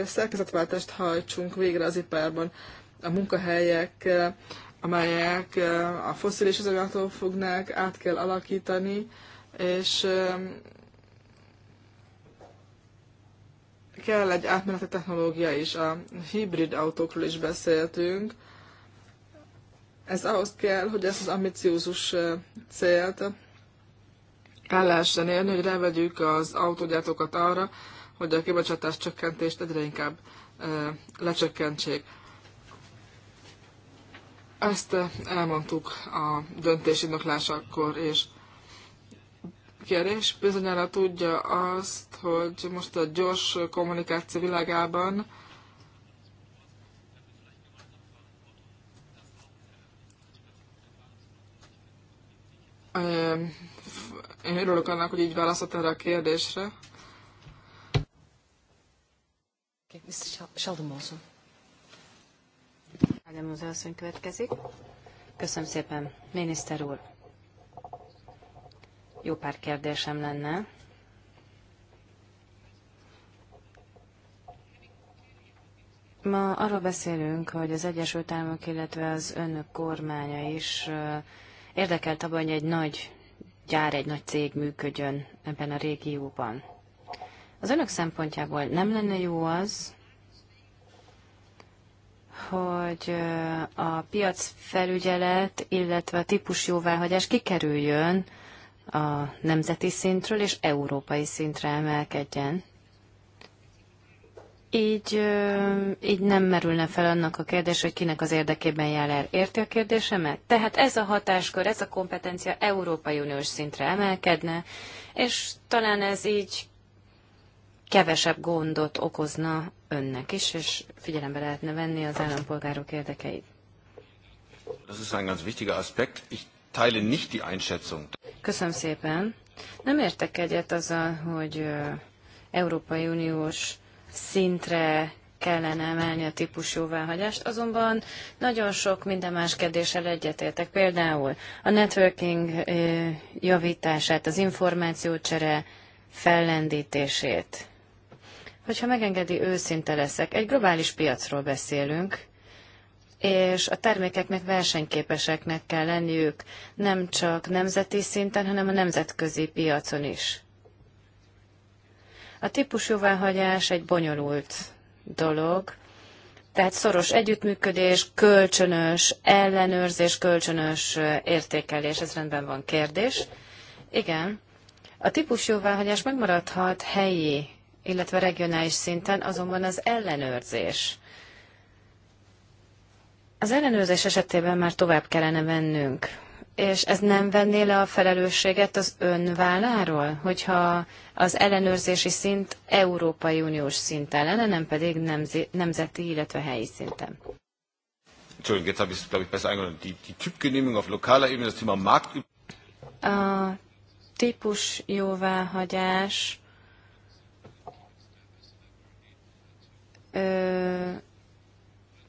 szerkezetváltást hajtsunk végre az iparban. A munkahelyek, amelyek a foszilis üzemanyagoktól fognak, át kell alakítani, és kell egy átmeneti technológia is. A hibrid autókról is beszéltünk. Ez ahhoz kell, hogy ezt az ambiciózus célt el lehessen érni, hogy revegyük az autógyártókat arra, hogy a kibocsátás csökkentést egyre inkább lecsökkentsék. Ezt elmondtuk a döntésindoklásakor, és kérdés. Bizonyára tudja azt, hogy most a gyors kommunikáció világában Én örülök annak, hogy így válaszolt erre a kérdésre. Okay, Mr. Sheldon Molson. Adam az asszony következik. Köszönöm szépen, miniszter úr. Jó pár kérdésem lenne. Ma arról beszélünk, hogy az Egyesült Államok, illetve az önök kormánya is érdekelt abban, hogy egy nagy gyár, egy nagy cég működjön ebben a régióban. Az önök szempontjából nem lenne jó az, hogy a piacfelügyelet, illetve a jóváhagyás kikerüljön a nemzeti szintről és európai szintre emelkedjen. Így, így nem merülne fel annak a kérdés, hogy kinek az érdekében jár el. Érti a kérdésemet? Tehát ez a hatáskör, ez a kompetencia Európai Uniós szintre emelkedne, és talán ez így kevesebb gondot okozna önnek is, és figyelembe lehetne venni az állampolgárok érdekeit. Das ist ein ganz wichtiger Aspekt. Ich teile nicht die Einschätzung. Köszönöm szépen. Nem értek egyet azzal, hogy Európai Uniós szintre kellene emelni a típus jóváhagyást, azonban nagyon sok minden más kérdéssel egyetértek. Például a networking javítását, az információcsere fellendítését. Hogyha megengedi, őszinte leszek. Egy globális piacról beszélünk, és a termékeknek versenyképeseknek kell lenniük, nem csak nemzeti szinten, hanem a nemzetközi piacon is. A típus jóváhagyás egy bonyolult dolog, tehát szoros együttműködés, kölcsönös ellenőrzés, kölcsönös értékelés, ez rendben van kérdés. Igen, a típus jóváhagyás megmaradhat helyi, illetve regionális szinten, azonban az ellenőrzés – az ellenőrzés esetében már tovább kellene vennünk. És ez nem venné le a felelősséget az ön válláról, hogyha az ellenőrzési szint Európai Uniós szinten lenne, nem pedig nemzi, nemzeti, illetve helyi szinten. A típus jóváhagyás... Ö,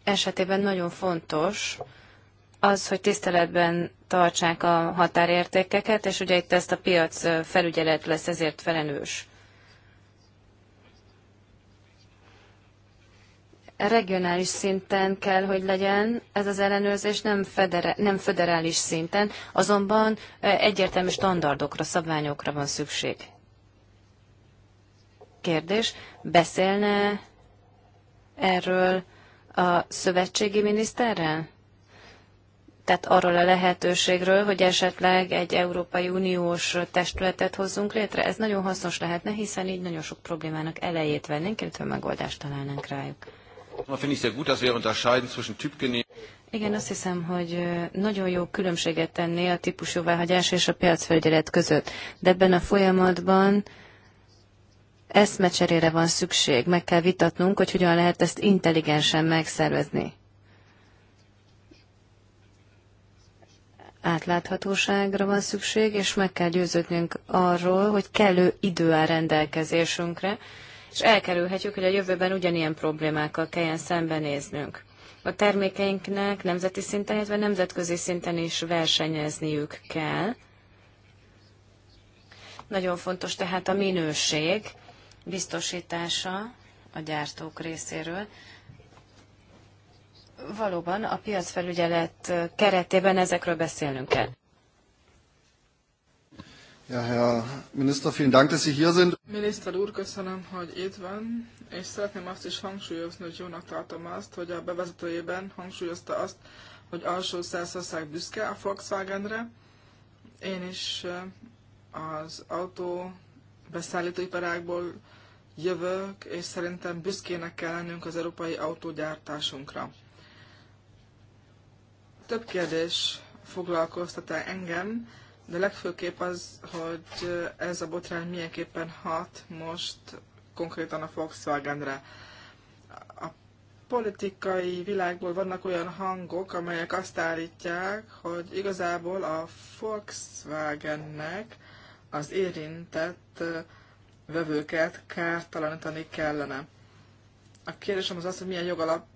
esetében nagyon fontos az, hogy tiszteletben tartsák a határértékeket, és ugye itt ezt a piac felügyelet lesz ezért felelős. regionális szinten kell, hogy legyen ez az ellenőrzés, nem, federe, nem föderális szinten, azonban egyértelmű standardokra, szabványokra van szükség. Kérdés, beszélne erről a szövetségi miniszterrel? Tehát arról a lehetőségről, hogy esetleg egy Európai Uniós testületet hozzunk létre, ez nagyon hasznos lehetne, hiszen így nagyon sok problémának elejét vennénk, illetve megoldást találnánk rájuk. Igen, azt hiszem, hogy nagyon jó különbséget tenni a típusjóváhagyás és a piacfelügyelet között. De ebben a folyamatban eszmecserére van szükség. Meg kell vitatnunk, hogy hogyan lehet ezt intelligensen megszervezni. Átláthatóságra van szükség, és meg kell győződnünk arról, hogy kellő idő áll rendelkezésünkre, és elkerülhetjük, hogy a jövőben ugyanilyen problémákkal kelljen szembenéznünk. A termékeinknek nemzeti szinten, illetve nemzetközi szinten is versenyezniük kell. Nagyon fontos tehát a minőség, biztosítása a gyártók részéről. Valóban a piacfelügyelet keretében ezekről beszélnünk kell. Ja, Herr Minister, vielen Dank, dass Sie hier sind. Miniszter úr, köszönöm, hogy itt van, és szeretném azt is hangsúlyozni, hogy jónak tartom azt, hogy a bevezetőjében hangsúlyozta azt, hogy alsó szerszország büszke a Volkswagenre. Én is eh, az autó beszállítóiparákból jövök, és szerintem büszkének kell lennünk az európai autógyártásunkra. Több kérdés foglalkoztat -e engem, de legfőképp az, hogy ez a botrány milyenképpen hat most konkrétan a Volkswagenre. A politikai világból vannak olyan hangok, amelyek azt állítják, hogy igazából a Volkswagennek az érintett vevőket kártalanítani kellene. A kérdésem az az, hogy milyen jogalap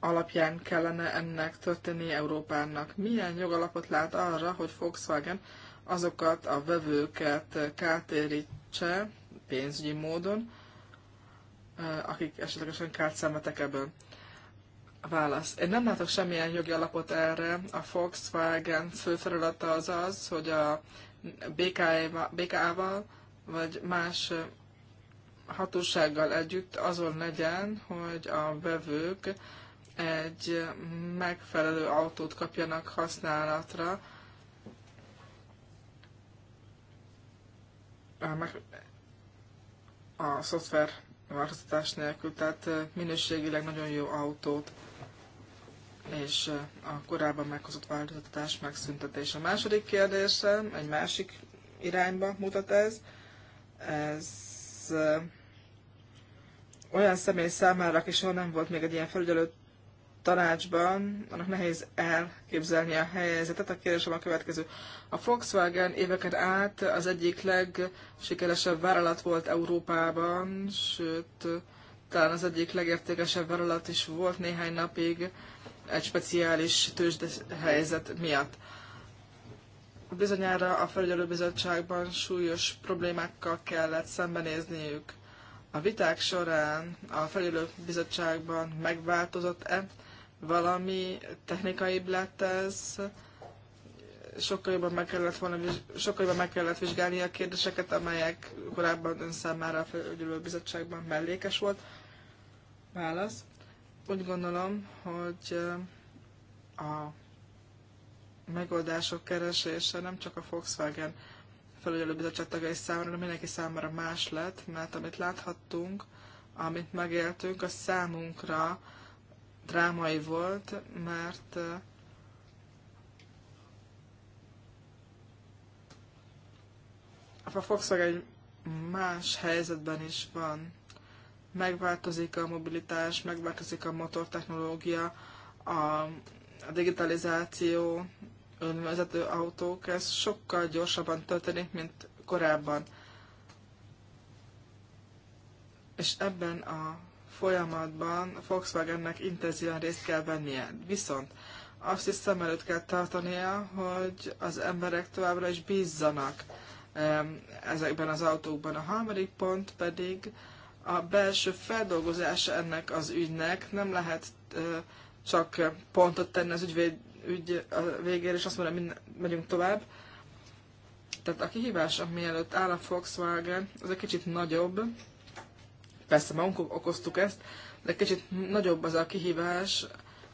alapján kellene ennek történni Európának. Milyen jogalapot lát arra, hogy Volkswagen azokat a vevőket kártérítse pénzügyi módon, eh, akik esetlegesen kárt szenvedtek ebből. Válasz. Én nem látok semmilyen jogi alapot erre. A Volkswagen fő feladata az az, hogy a BKA-val, BKA vagy más hatósággal együtt azon legyen, hogy a vevők egy megfelelő autót kapjanak használatra, a szoftver változtatás nélkül, tehát minőségileg nagyon jó autót és a korábban meghozott változtatás megszüntetés. A második kérdésem egy másik irányba mutat ez ez olyan személy számára, aki soha nem volt még egy ilyen felügyelő tanácsban, annak nehéz elképzelni a helyzetet. A kérdésem a következő. A Volkswagen éveken át az egyik legsikeresebb vállalat volt Európában, sőt, talán az egyik legértékesebb vállalat is volt néhány napig egy speciális tőzsdehelyzet miatt. Bizonyára a felügyelőbizottságban súlyos problémákkal kellett szembenézniük. A viták során a felügyelőbizottságban megváltozott-e valami, technikai lett ez, sokkal jobban meg kellett, volna, sokkal jobban meg kellett vizsgálni a kérdéseket, amelyek korábban ön számára a felügyelőbizottságban mellékes volt. Válasz. Úgy gondolom, hogy a megoldások keresése nem csak a Volkswagen bizottság tagjai számára, de mindenki számára más lett, mert amit láthattunk, amit megéltünk, a számunkra drámai volt, mert a Volkswagen egy más helyzetben is van. Megváltozik a mobilitás, megváltozik a motortechnológia, a, a digitalizáció, önvezető autók, ez sokkal gyorsabban történik, mint korábban. És ebben a folyamatban Volkswagennek intenzíven részt kell vennie. Viszont azt is szem előtt kell tartania, hogy az emberek továbbra is bízzanak ezekben az autókban. A harmadik pont pedig a belső feldolgozása ennek az ügynek. Nem lehet csak pontot tenni az ügyvéd ügy a végére, és azt mondom, hogy megyünk tovább. Tehát a kihívás, ami előtt áll a Volkswagen, az egy kicsit nagyobb. Persze magunk okoztuk ezt, de kicsit nagyobb az a kihívás,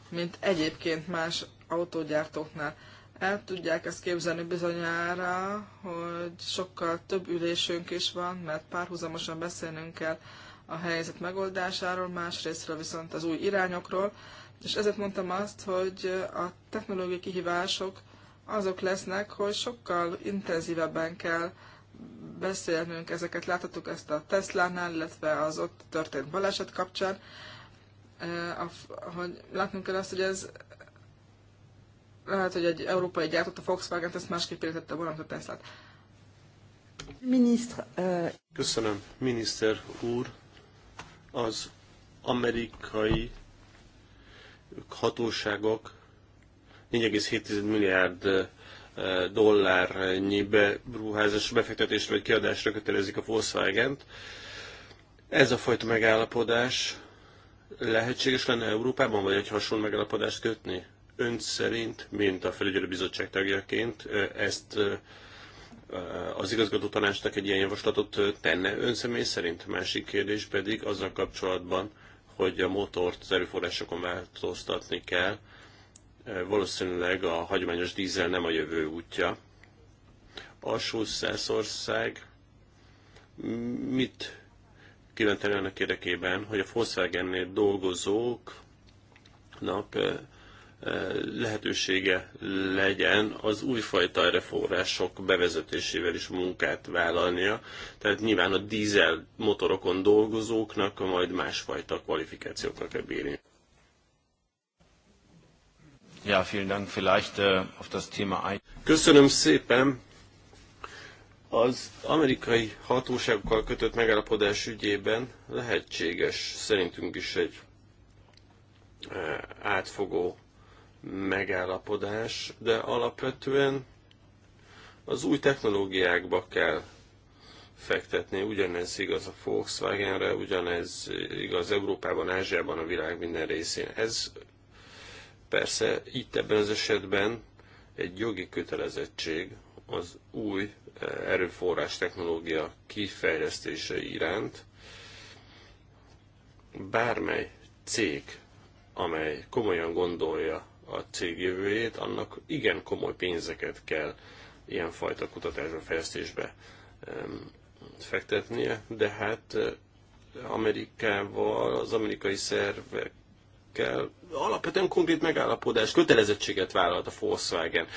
mint egyébként más autógyártóknál. El tudják ezt képzelni bizonyára, hogy sokkal több ülésünk is van, mert párhuzamosan beszélnünk kell a helyzet megoldásáról, másrésztről viszont az új irányokról, és ezért mondtam azt, hogy a technológiai kihívások azok lesznek, hogy sokkal intenzívebben kell beszélnünk ezeket. Láthatjuk ezt a Tesla-nál, illetve az ott történt baleset kapcsán, hogy látnunk kell azt, hogy ez lehet, hogy egy európai gyártott a Volkswagen ezt másképp értette volna, mint a Teslát. Miniszter, uh... Köszönöm, miniszter úr. Az amerikai hatóságok 4,7 milliárd dollárnyi beruházás befektetésre vagy kiadásra kötelezik a Volkswagen-t. Ez a fajta megállapodás lehetséges lenne Európában, vagy egy hasonló megállapodást kötni? Ön szerint, mint a felügyelőbizottság tagjaként, ezt az igazgató tanácsnak egy ilyen javaslatot tenne ön személy szerint? Másik kérdés pedig azzal kapcsolatban, hogy a motort az erőforrásokon változtatni kell. E, valószínűleg a hagyományos dízel nem a jövő útja. Alsó Szászország mit kívánt annak érdekében, hogy a Volkswagen-nél dolgozóknak e, lehetősége legyen az újfajta erőforrások bevezetésével is munkát vállalnia. Tehát nyilván a dízel motorokon dolgozóknak majd másfajta kvalifikációkra kell bírni. Ja, vielen Dank. Vielleicht äh, auf das Thema ein. Köszönöm szépen. Az amerikai hatóságokkal kötött megállapodás ügyében lehetséges szerintünk is egy átfogó megállapodás, de alapvetően az új technológiákba kell fektetni. Ugyanez igaz a Volkswagenre, ugyanez igaz Európában, Ázsiában, a világ minden részén. Ez persze itt ebben az esetben egy jogi kötelezettség az új eh, erőforrás technológia kifejlesztése iránt. Bármely cég, amely komolyan gondolja a cég jövőjét, annak igen komoly pénzeket kell ilyenfajta kutatásra fejlesztésbe fektetnie, de hát Amerikával, az amerikai szervekkel alapvetően konkrét megállapodás, kötelezettséget vállalt a Volkswagen,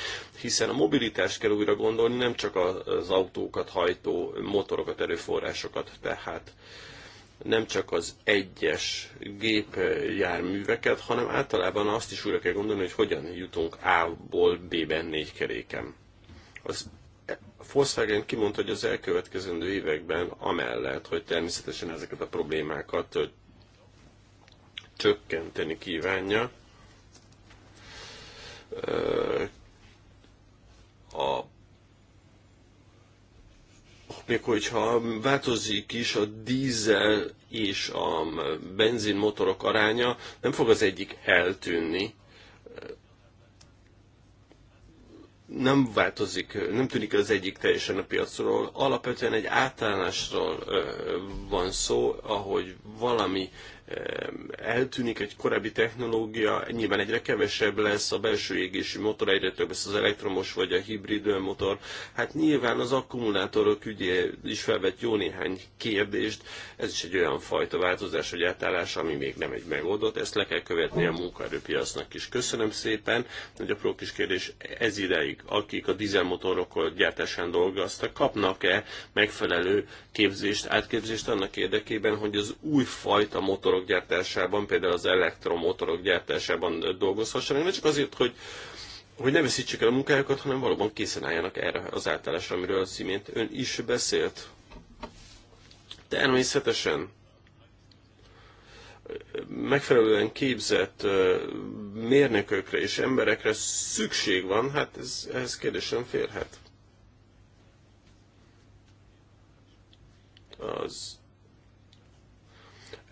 hiszen a mobilitást kell újra gondolni, nem csak az autókat hajtó motorokat, erőforrásokat, tehát nem csak az egyes gépjárműveket, hanem általában azt is újra kell gondolni, hogy hogyan jutunk A-ból B-ben négy keréken. Az Volkswagen kimondta, hogy az elkövetkezendő években amellett, hogy természetesen ezeket a problémákat csökkenteni kívánja, a még hogyha változik is a dízel és a benzinmotorok aránya, nem fog az egyik eltűnni. Nem változik, nem tűnik az egyik teljesen a piacról. Alapvetően egy átállásról van szó, ahogy valami eltűnik egy korábbi technológia, nyilván egyre kevesebb lesz a belső égési motor, egyre több lesz az elektromos vagy a hibrid motor. Hát nyilván az akkumulátorok ügye is felvet jó néhány kérdést. Ez is egy olyan fajta változás hogy átállás, ami még nem egy megoldott. Ezt le kell követni a munkaerőpiacnak is. Köszönöm szépen, hogy apró kis kérdés ez ideig, akik a dízelmotorok gyártásán dolgoztak, kapnak-e megfelelő képzést, átképzést annak érdekében, hogy az új fajta motor motorok gyártásában, például az elektromotorok gyártásában dolgozhassanak, nem csak azért, hogy hogy ne veszítsék el a munkájukat, hanem valóban készen álljanak erre az átállásra, amiről az imént ön is beszélt. Természetesen megfelelően képzett mérnökökre és emberekre szükség van, hát ez, ez kérdésen férhet. Az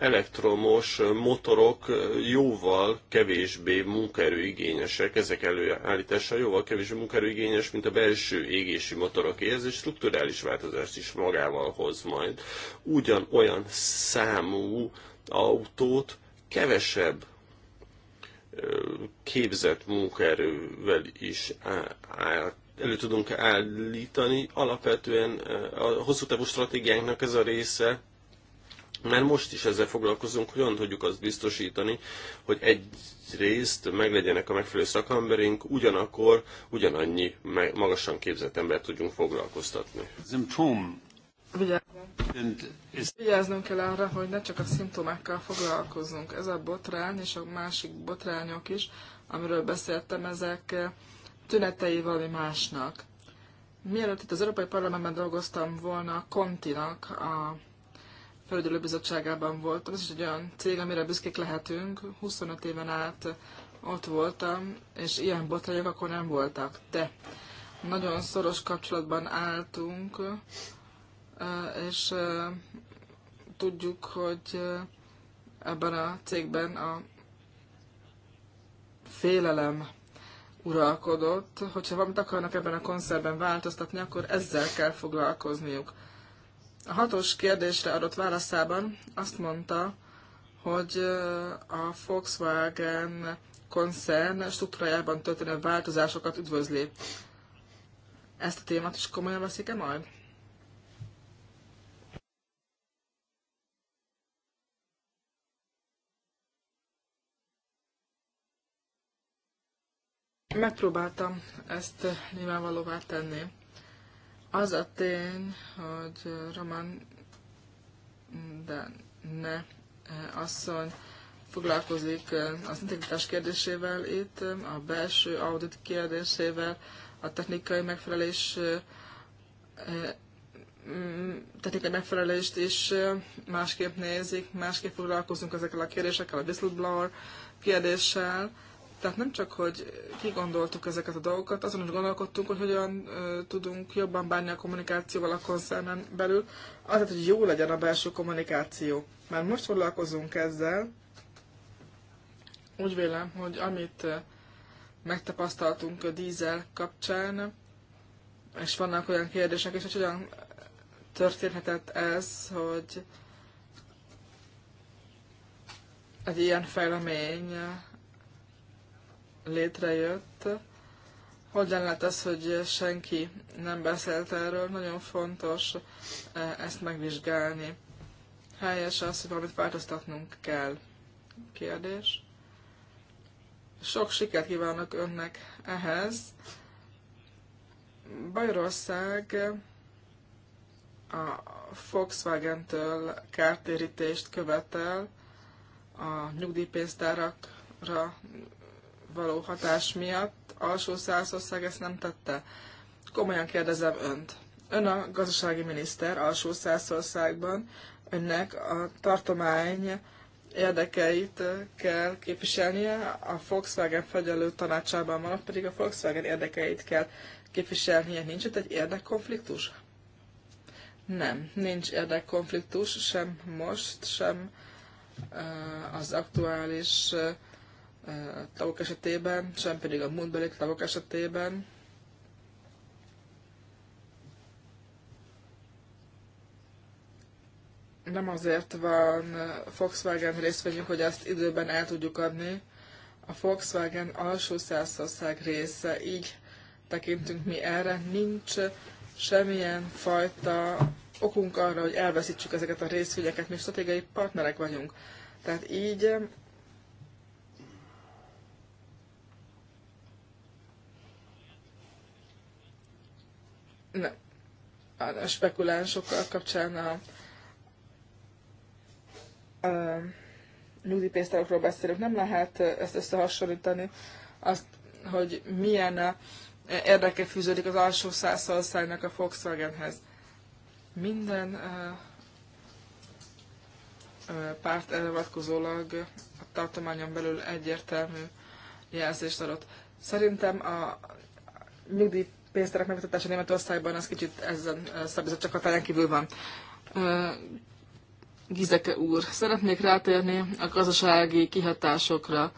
elektromos motorok jóval kevésbé munkaerőigényesek, ezek előállítása jóval kevésbé munkaerőigényes, mint a belső égési motoroké. Ez egy strukturális változást is magával hoz majd. Ugyanolyan számú autót kevesebb képzett munkaerővel is állt elő tudunk állítani. Alapvetően a hosszú távú stratégiánknak ez a része mert most is ezzel foglalkozunk, hogyan tudjuk azt biztosítani, hogy egyrészt meglegyenek a megfelelő szakemberünk, ugyanakkor ugyanannyi magasan képzett embert tudjunk foglalkoztatni. Vigyáznunk kell arra, hogy ne csak a szimptomákkal foglalkozunk. Ez a botrány és a másik botrányok is, amiről beszéltem, ezek eh, tünetei valami másnak. Mielőtt itt az Európai Parlamentben dolgoztam volna, Kontinak a felügyelő bizottságában voltam. Ez is egy olyan cég, amire büszkék lehetünk. 25 éven át ott voltam, és ilyen botrányok akkor nem voltak. De nagyon szoros kapcsolatban álltunk, eh, és eh, tudjuk, hogy eh, ebben a cégben a félelem uralkodott, hogyha valamit akarnak ebben a koncertben változtatni, akkor ezzel kell foglalkozniuk. A hatos kérdésre adott válaszában azt mondta, hogy a Volkswagen koncern struktúrájában történő változásokat üdvözli. Ezt a témát is komolyan veszik-e majd? Megpróbáltam ezt nyilvánvalóvá tenni. Az a tény, hogy Roman de ne eh, asszony foglalkozik eh, az integritás kérdésével itt, eh, a belső audit kérdésével, a technikai megfelelés mm, technikai megfelelést is másképp nézik, másképp foglalkozunk ezekkel a kérdésekkel, a whistleblower kérdéssel, tehát nem csak, hogy kigondoltuk ezeket a dolgokat, azon is gondolkodtunk, hogy hogyan tudunk jobban bánni a kommunikációval a koncernen belül, azért, hogy jó legyen a belső kommunikáció. Mert most foglalkozunk ezzel, úgy vélem, hogy amit megtapasztaltunk a dízel kapcsán, és vannak olyan kérdések is, hogy hogyan történhetett ez, hogy egy ilyen fejlemény létrejött. Hogyan lehet az, hogy senki nem beszélt erről? Nagyon fontos eh, ezt megvizsgálni. Helyes az, hogy valamit változtatnunk kell. Kérdés. Sok sikert kívánok önnek ehhez. Bajorország a Volkswagen-től kártérítést követel a nyugdíjpénztárakra való hatás miatt alsó százország ezt nem tette? Komolyan kérdezem önt. Ön a gazdasági miniszter alsó százországban, önnek a tartomány érdekeit kell képviselnie, a Volkswagen fegyelő tanácsában van, pedig a Volkswagen érdekeit kell képviselnie. Nincs itt egy érdekkonfliktus? Nem, nincs érdekkonfliktus, sem most, sem az aktuális tagok esetében, sem pedig a múltbeli tagok esetében. Nem azért van Volkswagen részvényünk, hogy ezt időben el tudjuk adni. A Volkswagen alsó százország része, így tekintünk mi erre. Nincs semmilyen fajta okunk arra, hogy elveszítsük ezeket a részvényeket, mi stratégiai partnerek vagyunk. Tehát így a spekulánsokkal kapcsán a, a nyugdíjpénztárokról beszélünk. Nem lehet ezt összehasonlítani, azt, hogy milyen eh, érdeke fűződik az alsó százszországnak a Volkswagenhez. Minden eh, eh, párt elvatkozólag a tartományon belül egyértelmű jelzést adott. Szerintem a nyugdíj pénzterek megvitatása Németországban, az kicsit ezen csak a kívül van. Gizeke úr, szeretnék rátérni a gazdasági kihatásokra.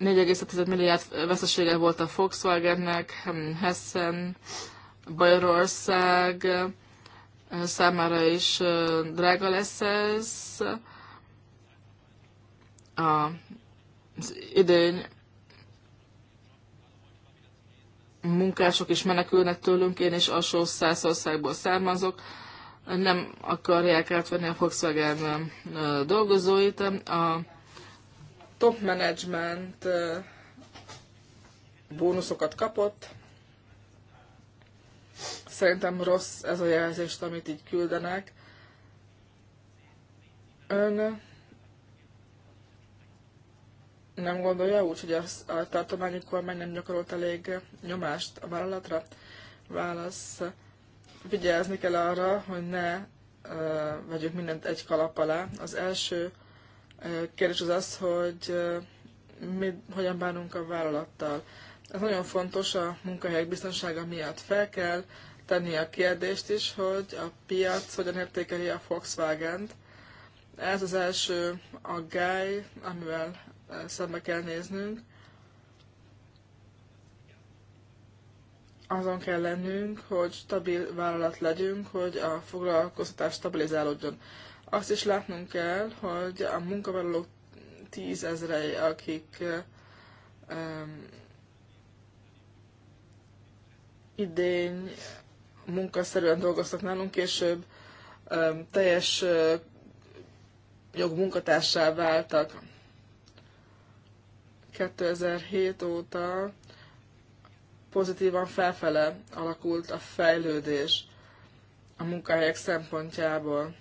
4,7 milliárd vesztesége volt a Volkswagennek, Hessen, Bajorország számára is drága lesz ez. A, az idény munkások is menekülnek tőlünk, én is alsó országból származok, nem akarják átvenni a Volkswagen dolgozóit. A top management bónuszokat kapott. Szerintem rossz ez a jelzést, amit így küldenek. Ön nem gondolja úgy, hogy a, a tartományi kormány nem gyakorolt elég nyomást a vállalatra? Válasz. Vigyázni kell arra, hogy ne uh, vegyük mindent egy kalap alá. Az első uh, kérdés az az, hogy uh, mi, hogyan bánunk a vállalattal. Ez nagyon fontos a munkahelyek biztonsága miatt. Fel kell tenni a kérdést is, hogy a piac hogyan értékeli a Volkswagen-t. Ez az első aggály, amivel szembe kell néznünk. Azon kell lennünk, hogy stabil vállalat legyünk, hogy a foglalkoztatás stabilizálódjon. Azt is látnunk kell, hogy a munkavállalók tízezrei, akik um, idény munkaszerűen dolgoztak nálunk, később um, teljes uh, jogmunkatársá váltak. 2007 óta pozitívan felfele alakult a fejlődés a munkahelyek szempontjából.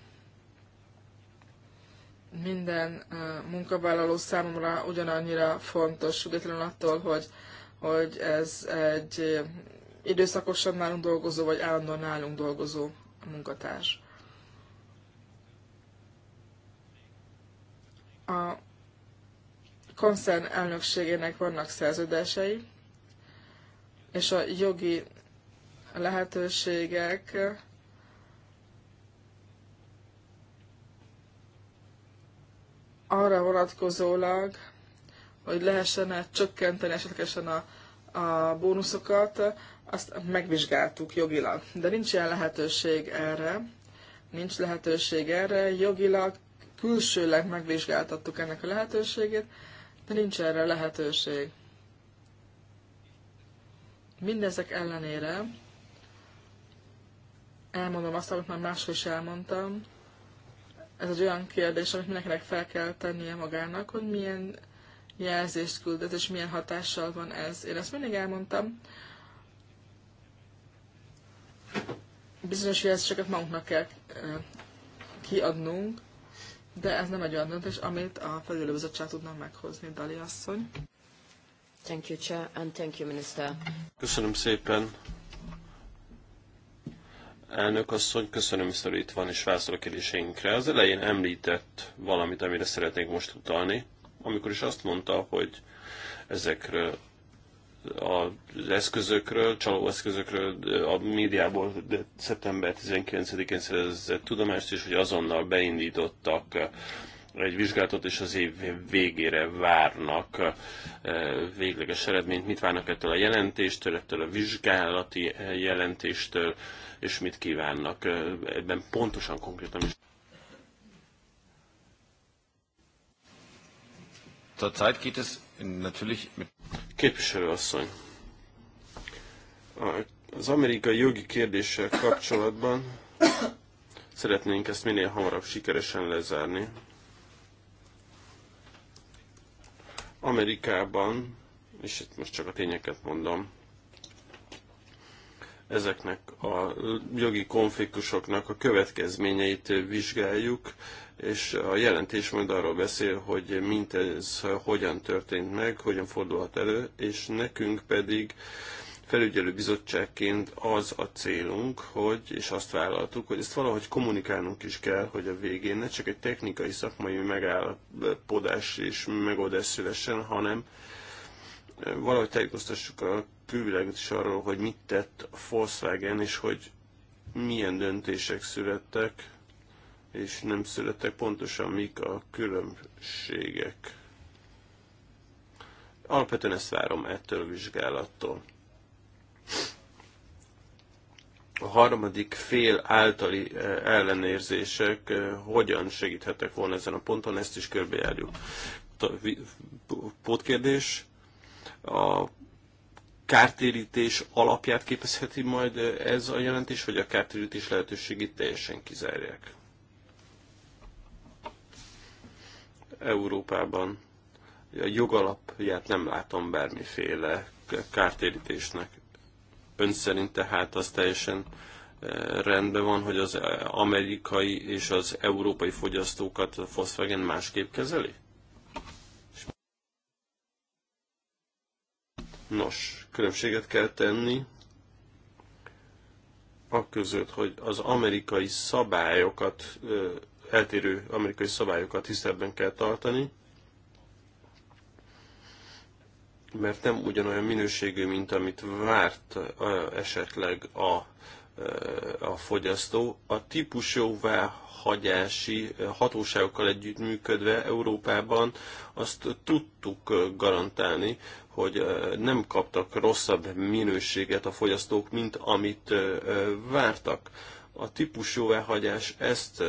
Minden munkavállaló számomra ugyanannyira fontos, függetlenül attól, hogy, hogy ez egy időszakosan nálunk dolgozó, vagy állandóan nálunk dolgozó munkatárs. A koncern elnökségének vannak szerződései, és a jogi lehetőségek arra vonatkozólag, hogy lehessen-e csökkenteni esetlegesen a, a bónuszokat, azt megvizsgáltuk jogilag. De nincs ilyen lehetőség erre. Nincs lehetőség erre. Jogilag külsőleg megvizsgáltattuk ennek a lehetőségét, de nincs erre lehetőség. Mindezek ellenére elmondom azt, amit már máshol is elmondtam. Ez egy olyan kérdés, amit mindenkinek fel kell tennie magának, hogy milyen jelzést küldött, és milyen hatással van ez. Én ezt mindig elmondtam. Bizonyos jelzéseket magunknak kell kiadnunk, de ez nem egy olyan döntés, amit a felülőbizottság tudna meghozni, Dali asszony. Thank you, Chair, and thank you, Minister. Köszönöm szépen. Elnök asszony, köszönöm, Mr. itt van és válaszol a kérdéseinkre. Az elején említett valamit, amire szeretnék most utalni, amikor is azt mondta, hogy ezekről az eszközökről, csaló eszközökről a médiából szeptember 19-én szerezett tudomást is, hogy azonnal beindítottak egy vizsgálatot, és az év végére várnak eh, végleges eredményt. Mit várnak ettől a jelentéstől, ettől a vizsgálati eh, jelentéstől, és mit kívánnak eh, ebben pontosan, konkrétan is. Zurzeit geht es natürlich mit asszony, az amerikai jogi kérdéssel kapcsolatban szeretnénk ezt minél hamarabb sikeresen lezárni. Amerikában, és itt most csak a tényeket mondom, ezeknek a jogi konfliktusoknak a következményeit vizsgáljuk, és a jelentés majd arról beszél, hogy mindez hogyan történt meg, hogyan fordulhat elő, és nekünk pedig felügyelő bizottságként az a célunk, hogy, és azt vállaltuk, hogy ezt valahogy kommunikálnunk is kell, hogy a végén ne csak egy technikai szakmai megállapodás és megoldás szülessen, hanem eh, valahogy tájékoztassuk a külvilágot is arról, hogy mit tett a Volkswagen, és hogy milyen döntések születtek, és nem születtek pontosan mik a különbségek. Alapvetően ezt várom ettől a vizsgálattól. A harmadik fél általi eh, ellenérzések eh, hogyan segíthetek volna ezen a ponton, ezt is körbejárjuk. Pótkérdés. A kártérítés alapját képezheti majd ez a jelentés, hogy a kártérítés lehetőségét teljesen kizárják? Európában a jogalapját nem látom bármiféle kártérítésnek. Ön szerint tehát az teljesen e, rendben van, hogy az e, amerikai és az európai fogyasztókat a Volkswagen másképp kezeli? Nos, különbséget kell tenni a között, hogy az amerikai szabályokat e, eltérő amerikai szabályokat tisztelben kell tartani, mert nem ugyanolyan minőségű, mint amit várt esetleg a, a fogyasztó. A típus hagyási hatóságokkal együttműködve Európában azt tudtuk garantálni, hogy nem kaptak rosszabb minőséget a fogyasztók, mint amit vártak a jóváhagyás ezt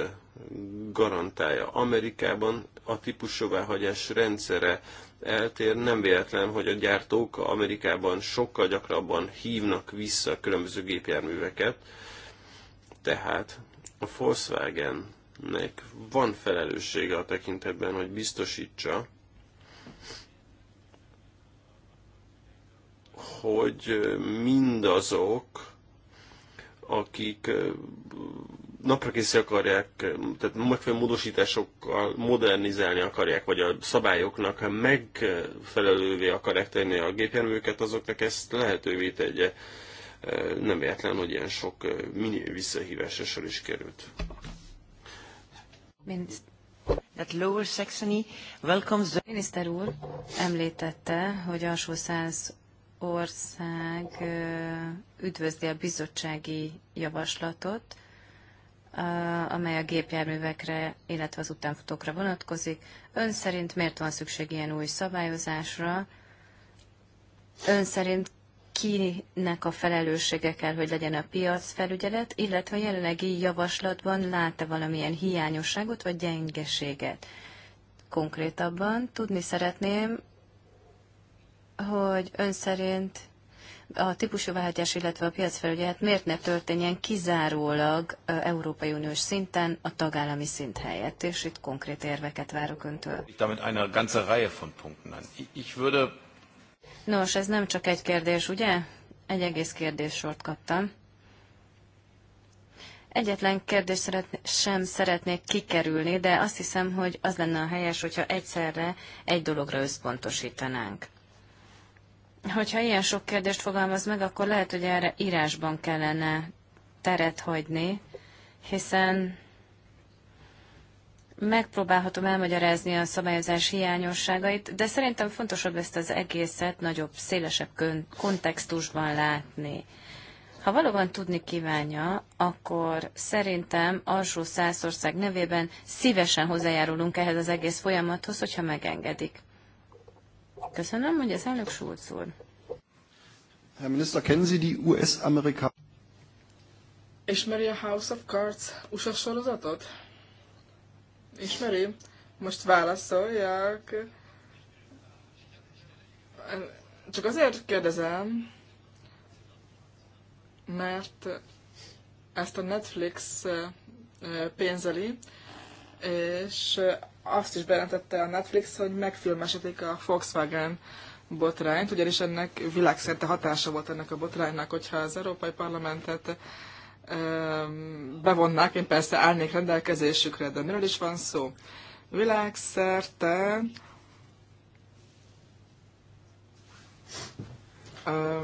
garantálja. Amerikában a jóváhagyás rendszere eltér. Nem véletlen, hogy a gyártók Amerikában sokkal gyakrabban hívnak vissza különböző gépjárműveket. Tehát a Volkswagennek van felelőssége a tekintetben, hogy biztosítsa, hogy mindazok, akik napra készi akarják, tehát megfelelő módosításokkal modernizálni akarják, vagy a szabályoknak megfelelővé akarják tenni a gépjárműket, azoknak ezt lehetővé tegye. Nem véletlen, hogy ilyen sok mini visszahívásra sor is került. That Lower Saxony welcomes the... Miniszter úr említette, hogy alsó száz ország üdvözli a bizottsági javaslatot, amely a gépjárművekre, illetve az utánfutókra vonatkozik. Ön szerint miért van szükség ilyen új szabályozásra? Ön szerint kinek a felelőssége kell, hogy legyen a piac felügyelet? illetve a jelenlegi javaslatban lát-e valamilyen hiányosságot vagy gyengeséget? Konkrétabban tudni szeretném, hogy ön szerint a típusú váltás, illetve a piacfelügyelet miért ne történjen kizárólag Európai Uniós szinten a tagállami szint helyett, és itt konkrét érveket várok öntől. Nos, ez nem csak egy kérdés, ugye? Egy egész kérdés sort kaptam. Egyetlen kérdést szeretné, sem szeretnék kikerülni, de azt hiszem, hogy az lenne a helyes, hogyha egyszerre egy dologra összpontosítanánk hogyha ilyen sok kérdést fogalmaz meg, akkor lehet, hogy erre írásban kellene teret hagyni, hiszen megpróbálhatom elmagyarázni a szabályozás hiányosságait, de szerintem fontosabb ezt az egészet nagyobb, szélesebb kontextusban látni. Ha valóban tudni kívánja, akkor szerintem alsó százország nevében szívesen hozzájárulunk ehhez az egész folyamathoz, hogyha megengedik. Köszönöm, hogy az elnök Schulz úr. Herr Minister, kennen Sie die US-Amerika... Ismeri a House of Cards USA sorozatot? Ismeri? Most válaszolják. Csak azért kérdezem, mert ezt a Netflix eh, pénzeli, és azt is bejelentette a Netflix, hogy megfilmesítik a Volkswagen botrányt, ugyanis ennek világszerte hatása volt ennek a botránynak, hogyha az Európai Parlamentet bevonnák, én persze állnék rendelkezésükre, de miről is van szó? Világszerte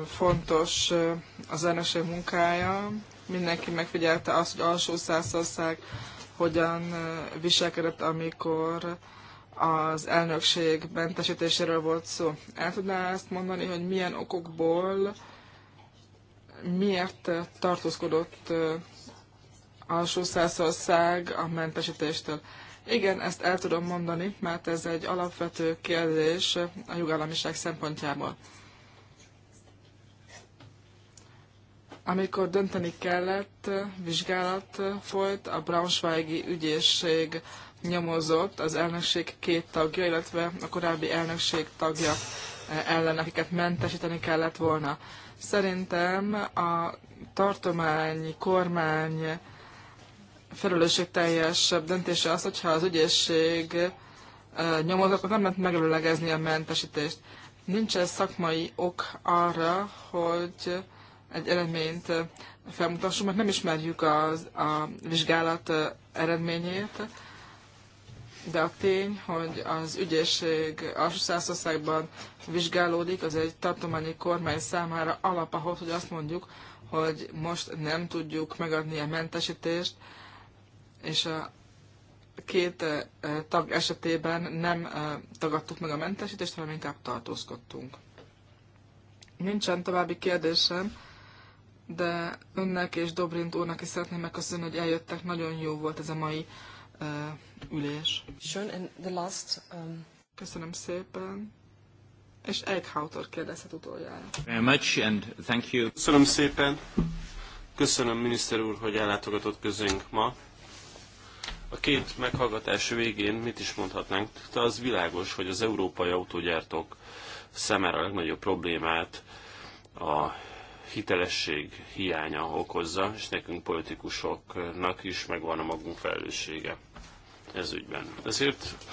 fontos eh, az elnökség munkája, mindenki megfigyelte azt, hogy alsó százország, hogyan viselkedett, amikor az elnökség mentesítéséről volt szó. El tudná ezt mondani, hogy milyen okokból, miért tartózkodott alsó Szászország a mentesítéstől? Igen, ezt el tudom mondani, mert ez egy alapvető kérdés a jogállamiság szempontjából. Amikor dönteni kellett, vizsgálat folyt, a Braunschweigi ügyészség nyomozott az elnökség két tagja, illetve a korábbi elnökség tagja eh, ellen, akiket mentesíteni kellett volna. Szerintem a tartomány, kormány felelősségteljes döntése az, hogyha az ügyészség eh, nyomoz, akkor nem lehet megelőlegezni a mentesítést. Nincs ez szakmai ok arra, hogy egy eredményt felmutassunk, mert nem ismerjük az, a vizsgálat eredményét, de a tény, hogy az ügyészség alsó szászországban vizsgálódik, az egy tartományi kormány számára alap ahhoz, hogy azt mondjuk, hogy most nem tudjuk megadni a mentesítést, és a két tag esetében nem tagadtuk meg a mentesítést, hanem inkább tartózkodtunk. Nincsen további kérdésem, de önnek és Dobrint úrnak is szeretném megköszönni, hogy eljöttek. Nagyon jó volt ez a mai uh, ülés. Schön, and the last, um... Köszönöm szépen. És Eichhautor kérdezhet utoljára. Very much and thank you. Köszönöm szépen. Köszönöm miniszter úr, hogy ellátogatott közünk ma. A két meghallgatás végén mit is mondhatnánk? De az világos, hogy az európai autógyártók szemére a legnagyobb problémát a hitelesség hiánya okozza, és nekünk politikusoknak is megvan a magunk felelőssége ez ügyben. Ezért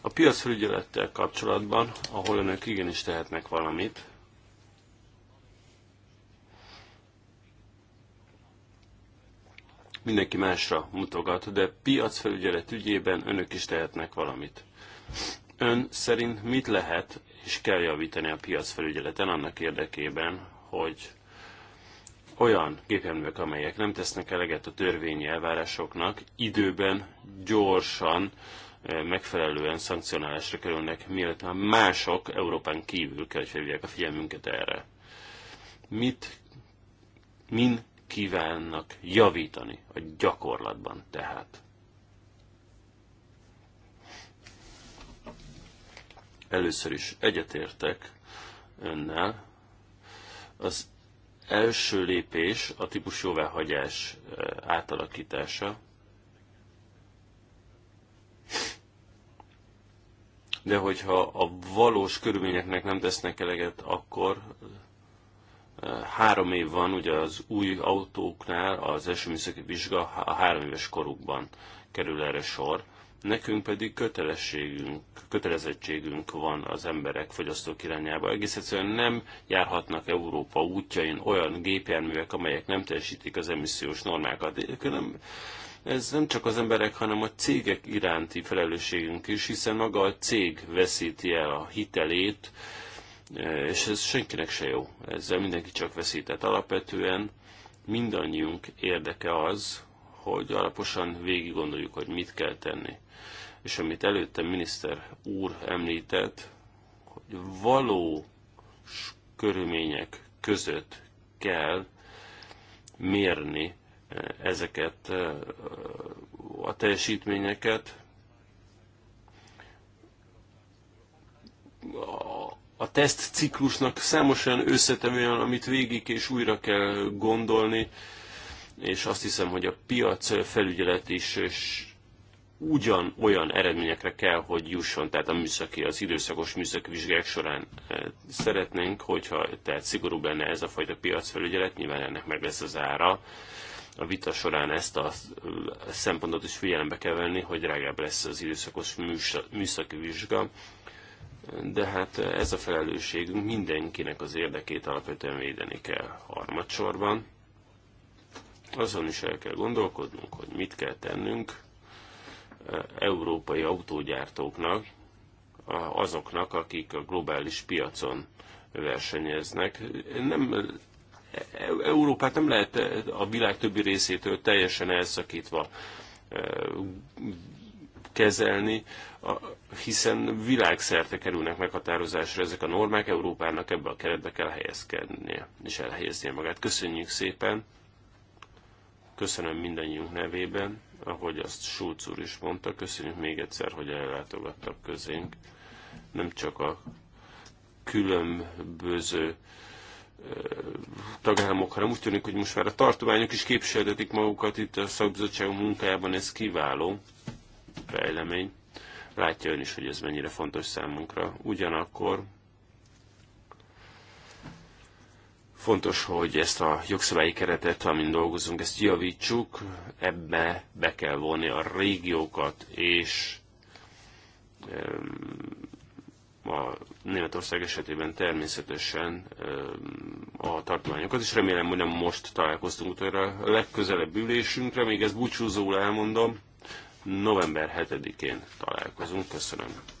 a piacfelügyelettel kapcsolatban, ahol önök igenis tehetnek valamit, mindenki másra mutogat, de piacfelügyelet ügyében önök is tehetnek valamit. Ön szerint mit lehet és kell javítani a piacfelügyeleten annak érdekében, hogy olyan gépjárművek, amelyek nem tesznek eleget a törvényi elvárásoknak, időben, gyorsan, eh, megfelelően szankcionálásra kerülnek, mielőtt már mások Európán kívül kell, hogy felhívják a figyelmünket erre. Mit, min kívánnak javítani a gyakorlatban tehát? Először is egyetértek önnel, az első lépés a típus jóváhagyás eh, átalakítása, de hogyha a valós körülményeknek nem tesznek eleget, akkor eh, három év van ugye az új autóknál, az első műszaki vizsga a három éves korukban kerül erre sor. Nekünk pedig kötelességünk, kötelezettségünk van az emberek fogyasztók irányába. Egész egyszerűen nem járhatnak Európa útjain olyan gépjárművek, amelyek nem teljesítik az emissziós normákat. Különben ez nem csak az emberek, hanem a cégek iránti felelősségünk is, hiszen maga a cég veszíti el a hitelét, és ez senkinek se jó. Ezzel mindenki csak veszített. Alapvetően mindannyiunk érdeke az, hogy alaposan végig gondoljuk, hogy mit kell tenni és amit előtte miniszter úr említett, hogy való körülmények között kell mérni eh, ezeket eh, a teljesítményeket. A teszt ciklusnak számos olyan összetevően, amit végig és újra kell gondolni, és azt hiszem, hogy a piac felügyelet is ugyan olyan eredményekre kell, hogy jusson, tehát a műszaki, az időszakos műszaki vizsgák során e, szeretnénk, hogyha tehát szigorúbb lenne ez a fajta piacfelügyelet, nyilván ennek meg lesz az ára, a vita során ezt a e, szempontot is figyelembe kell venni, hogy drágább lesz az időszakos műszaki vizsga, de hát ez a felelősségünk mindenkinek az érdekét alapvetően védeni kell harmadsorban. Azon is el kell gondolkodnunk, hogy mit kell tennünk, európai autógyártóknak, azoknak, akik a globális piacon versenyeznek. Nem, e, Európát nem lehet a világ többi részétől teljesen elszakítva e, kezelni, hiszen világszerte kerülnek meghatározásra ezek a normák, Európának ebbe a keretbe kell helyezkednie, és elhelyeznie magát. Köszönjük szépen! Köszönöm mindannyiunk nevében! ahogy azt Schulz úr is mondta, köszönjük még egyszer, hogy ellátogattak közénk. Nem csak a különböző tagállamok, hanem úgy tűnik, hogy most már a tartományok is képviseltetik magukat itt a szakbizottságunk munkájában, ez kiváló fejlemény. Látja ön is, hogy ez mennyire fontos számunkra. Ugyanakkor Fontos, hogy ezt a jogszabályi keretet, amin dolgozunk, ezt javítsuk, ebbe be kell vonni a régiókat és a Németország esetében természetesen a tartományokat, és remélem, hogy nem most találkoztunk utoljára a legközelebb ülésünkre, még ezt búcsúzóul elmondom, november 7-én találkozunk. Köszönöm.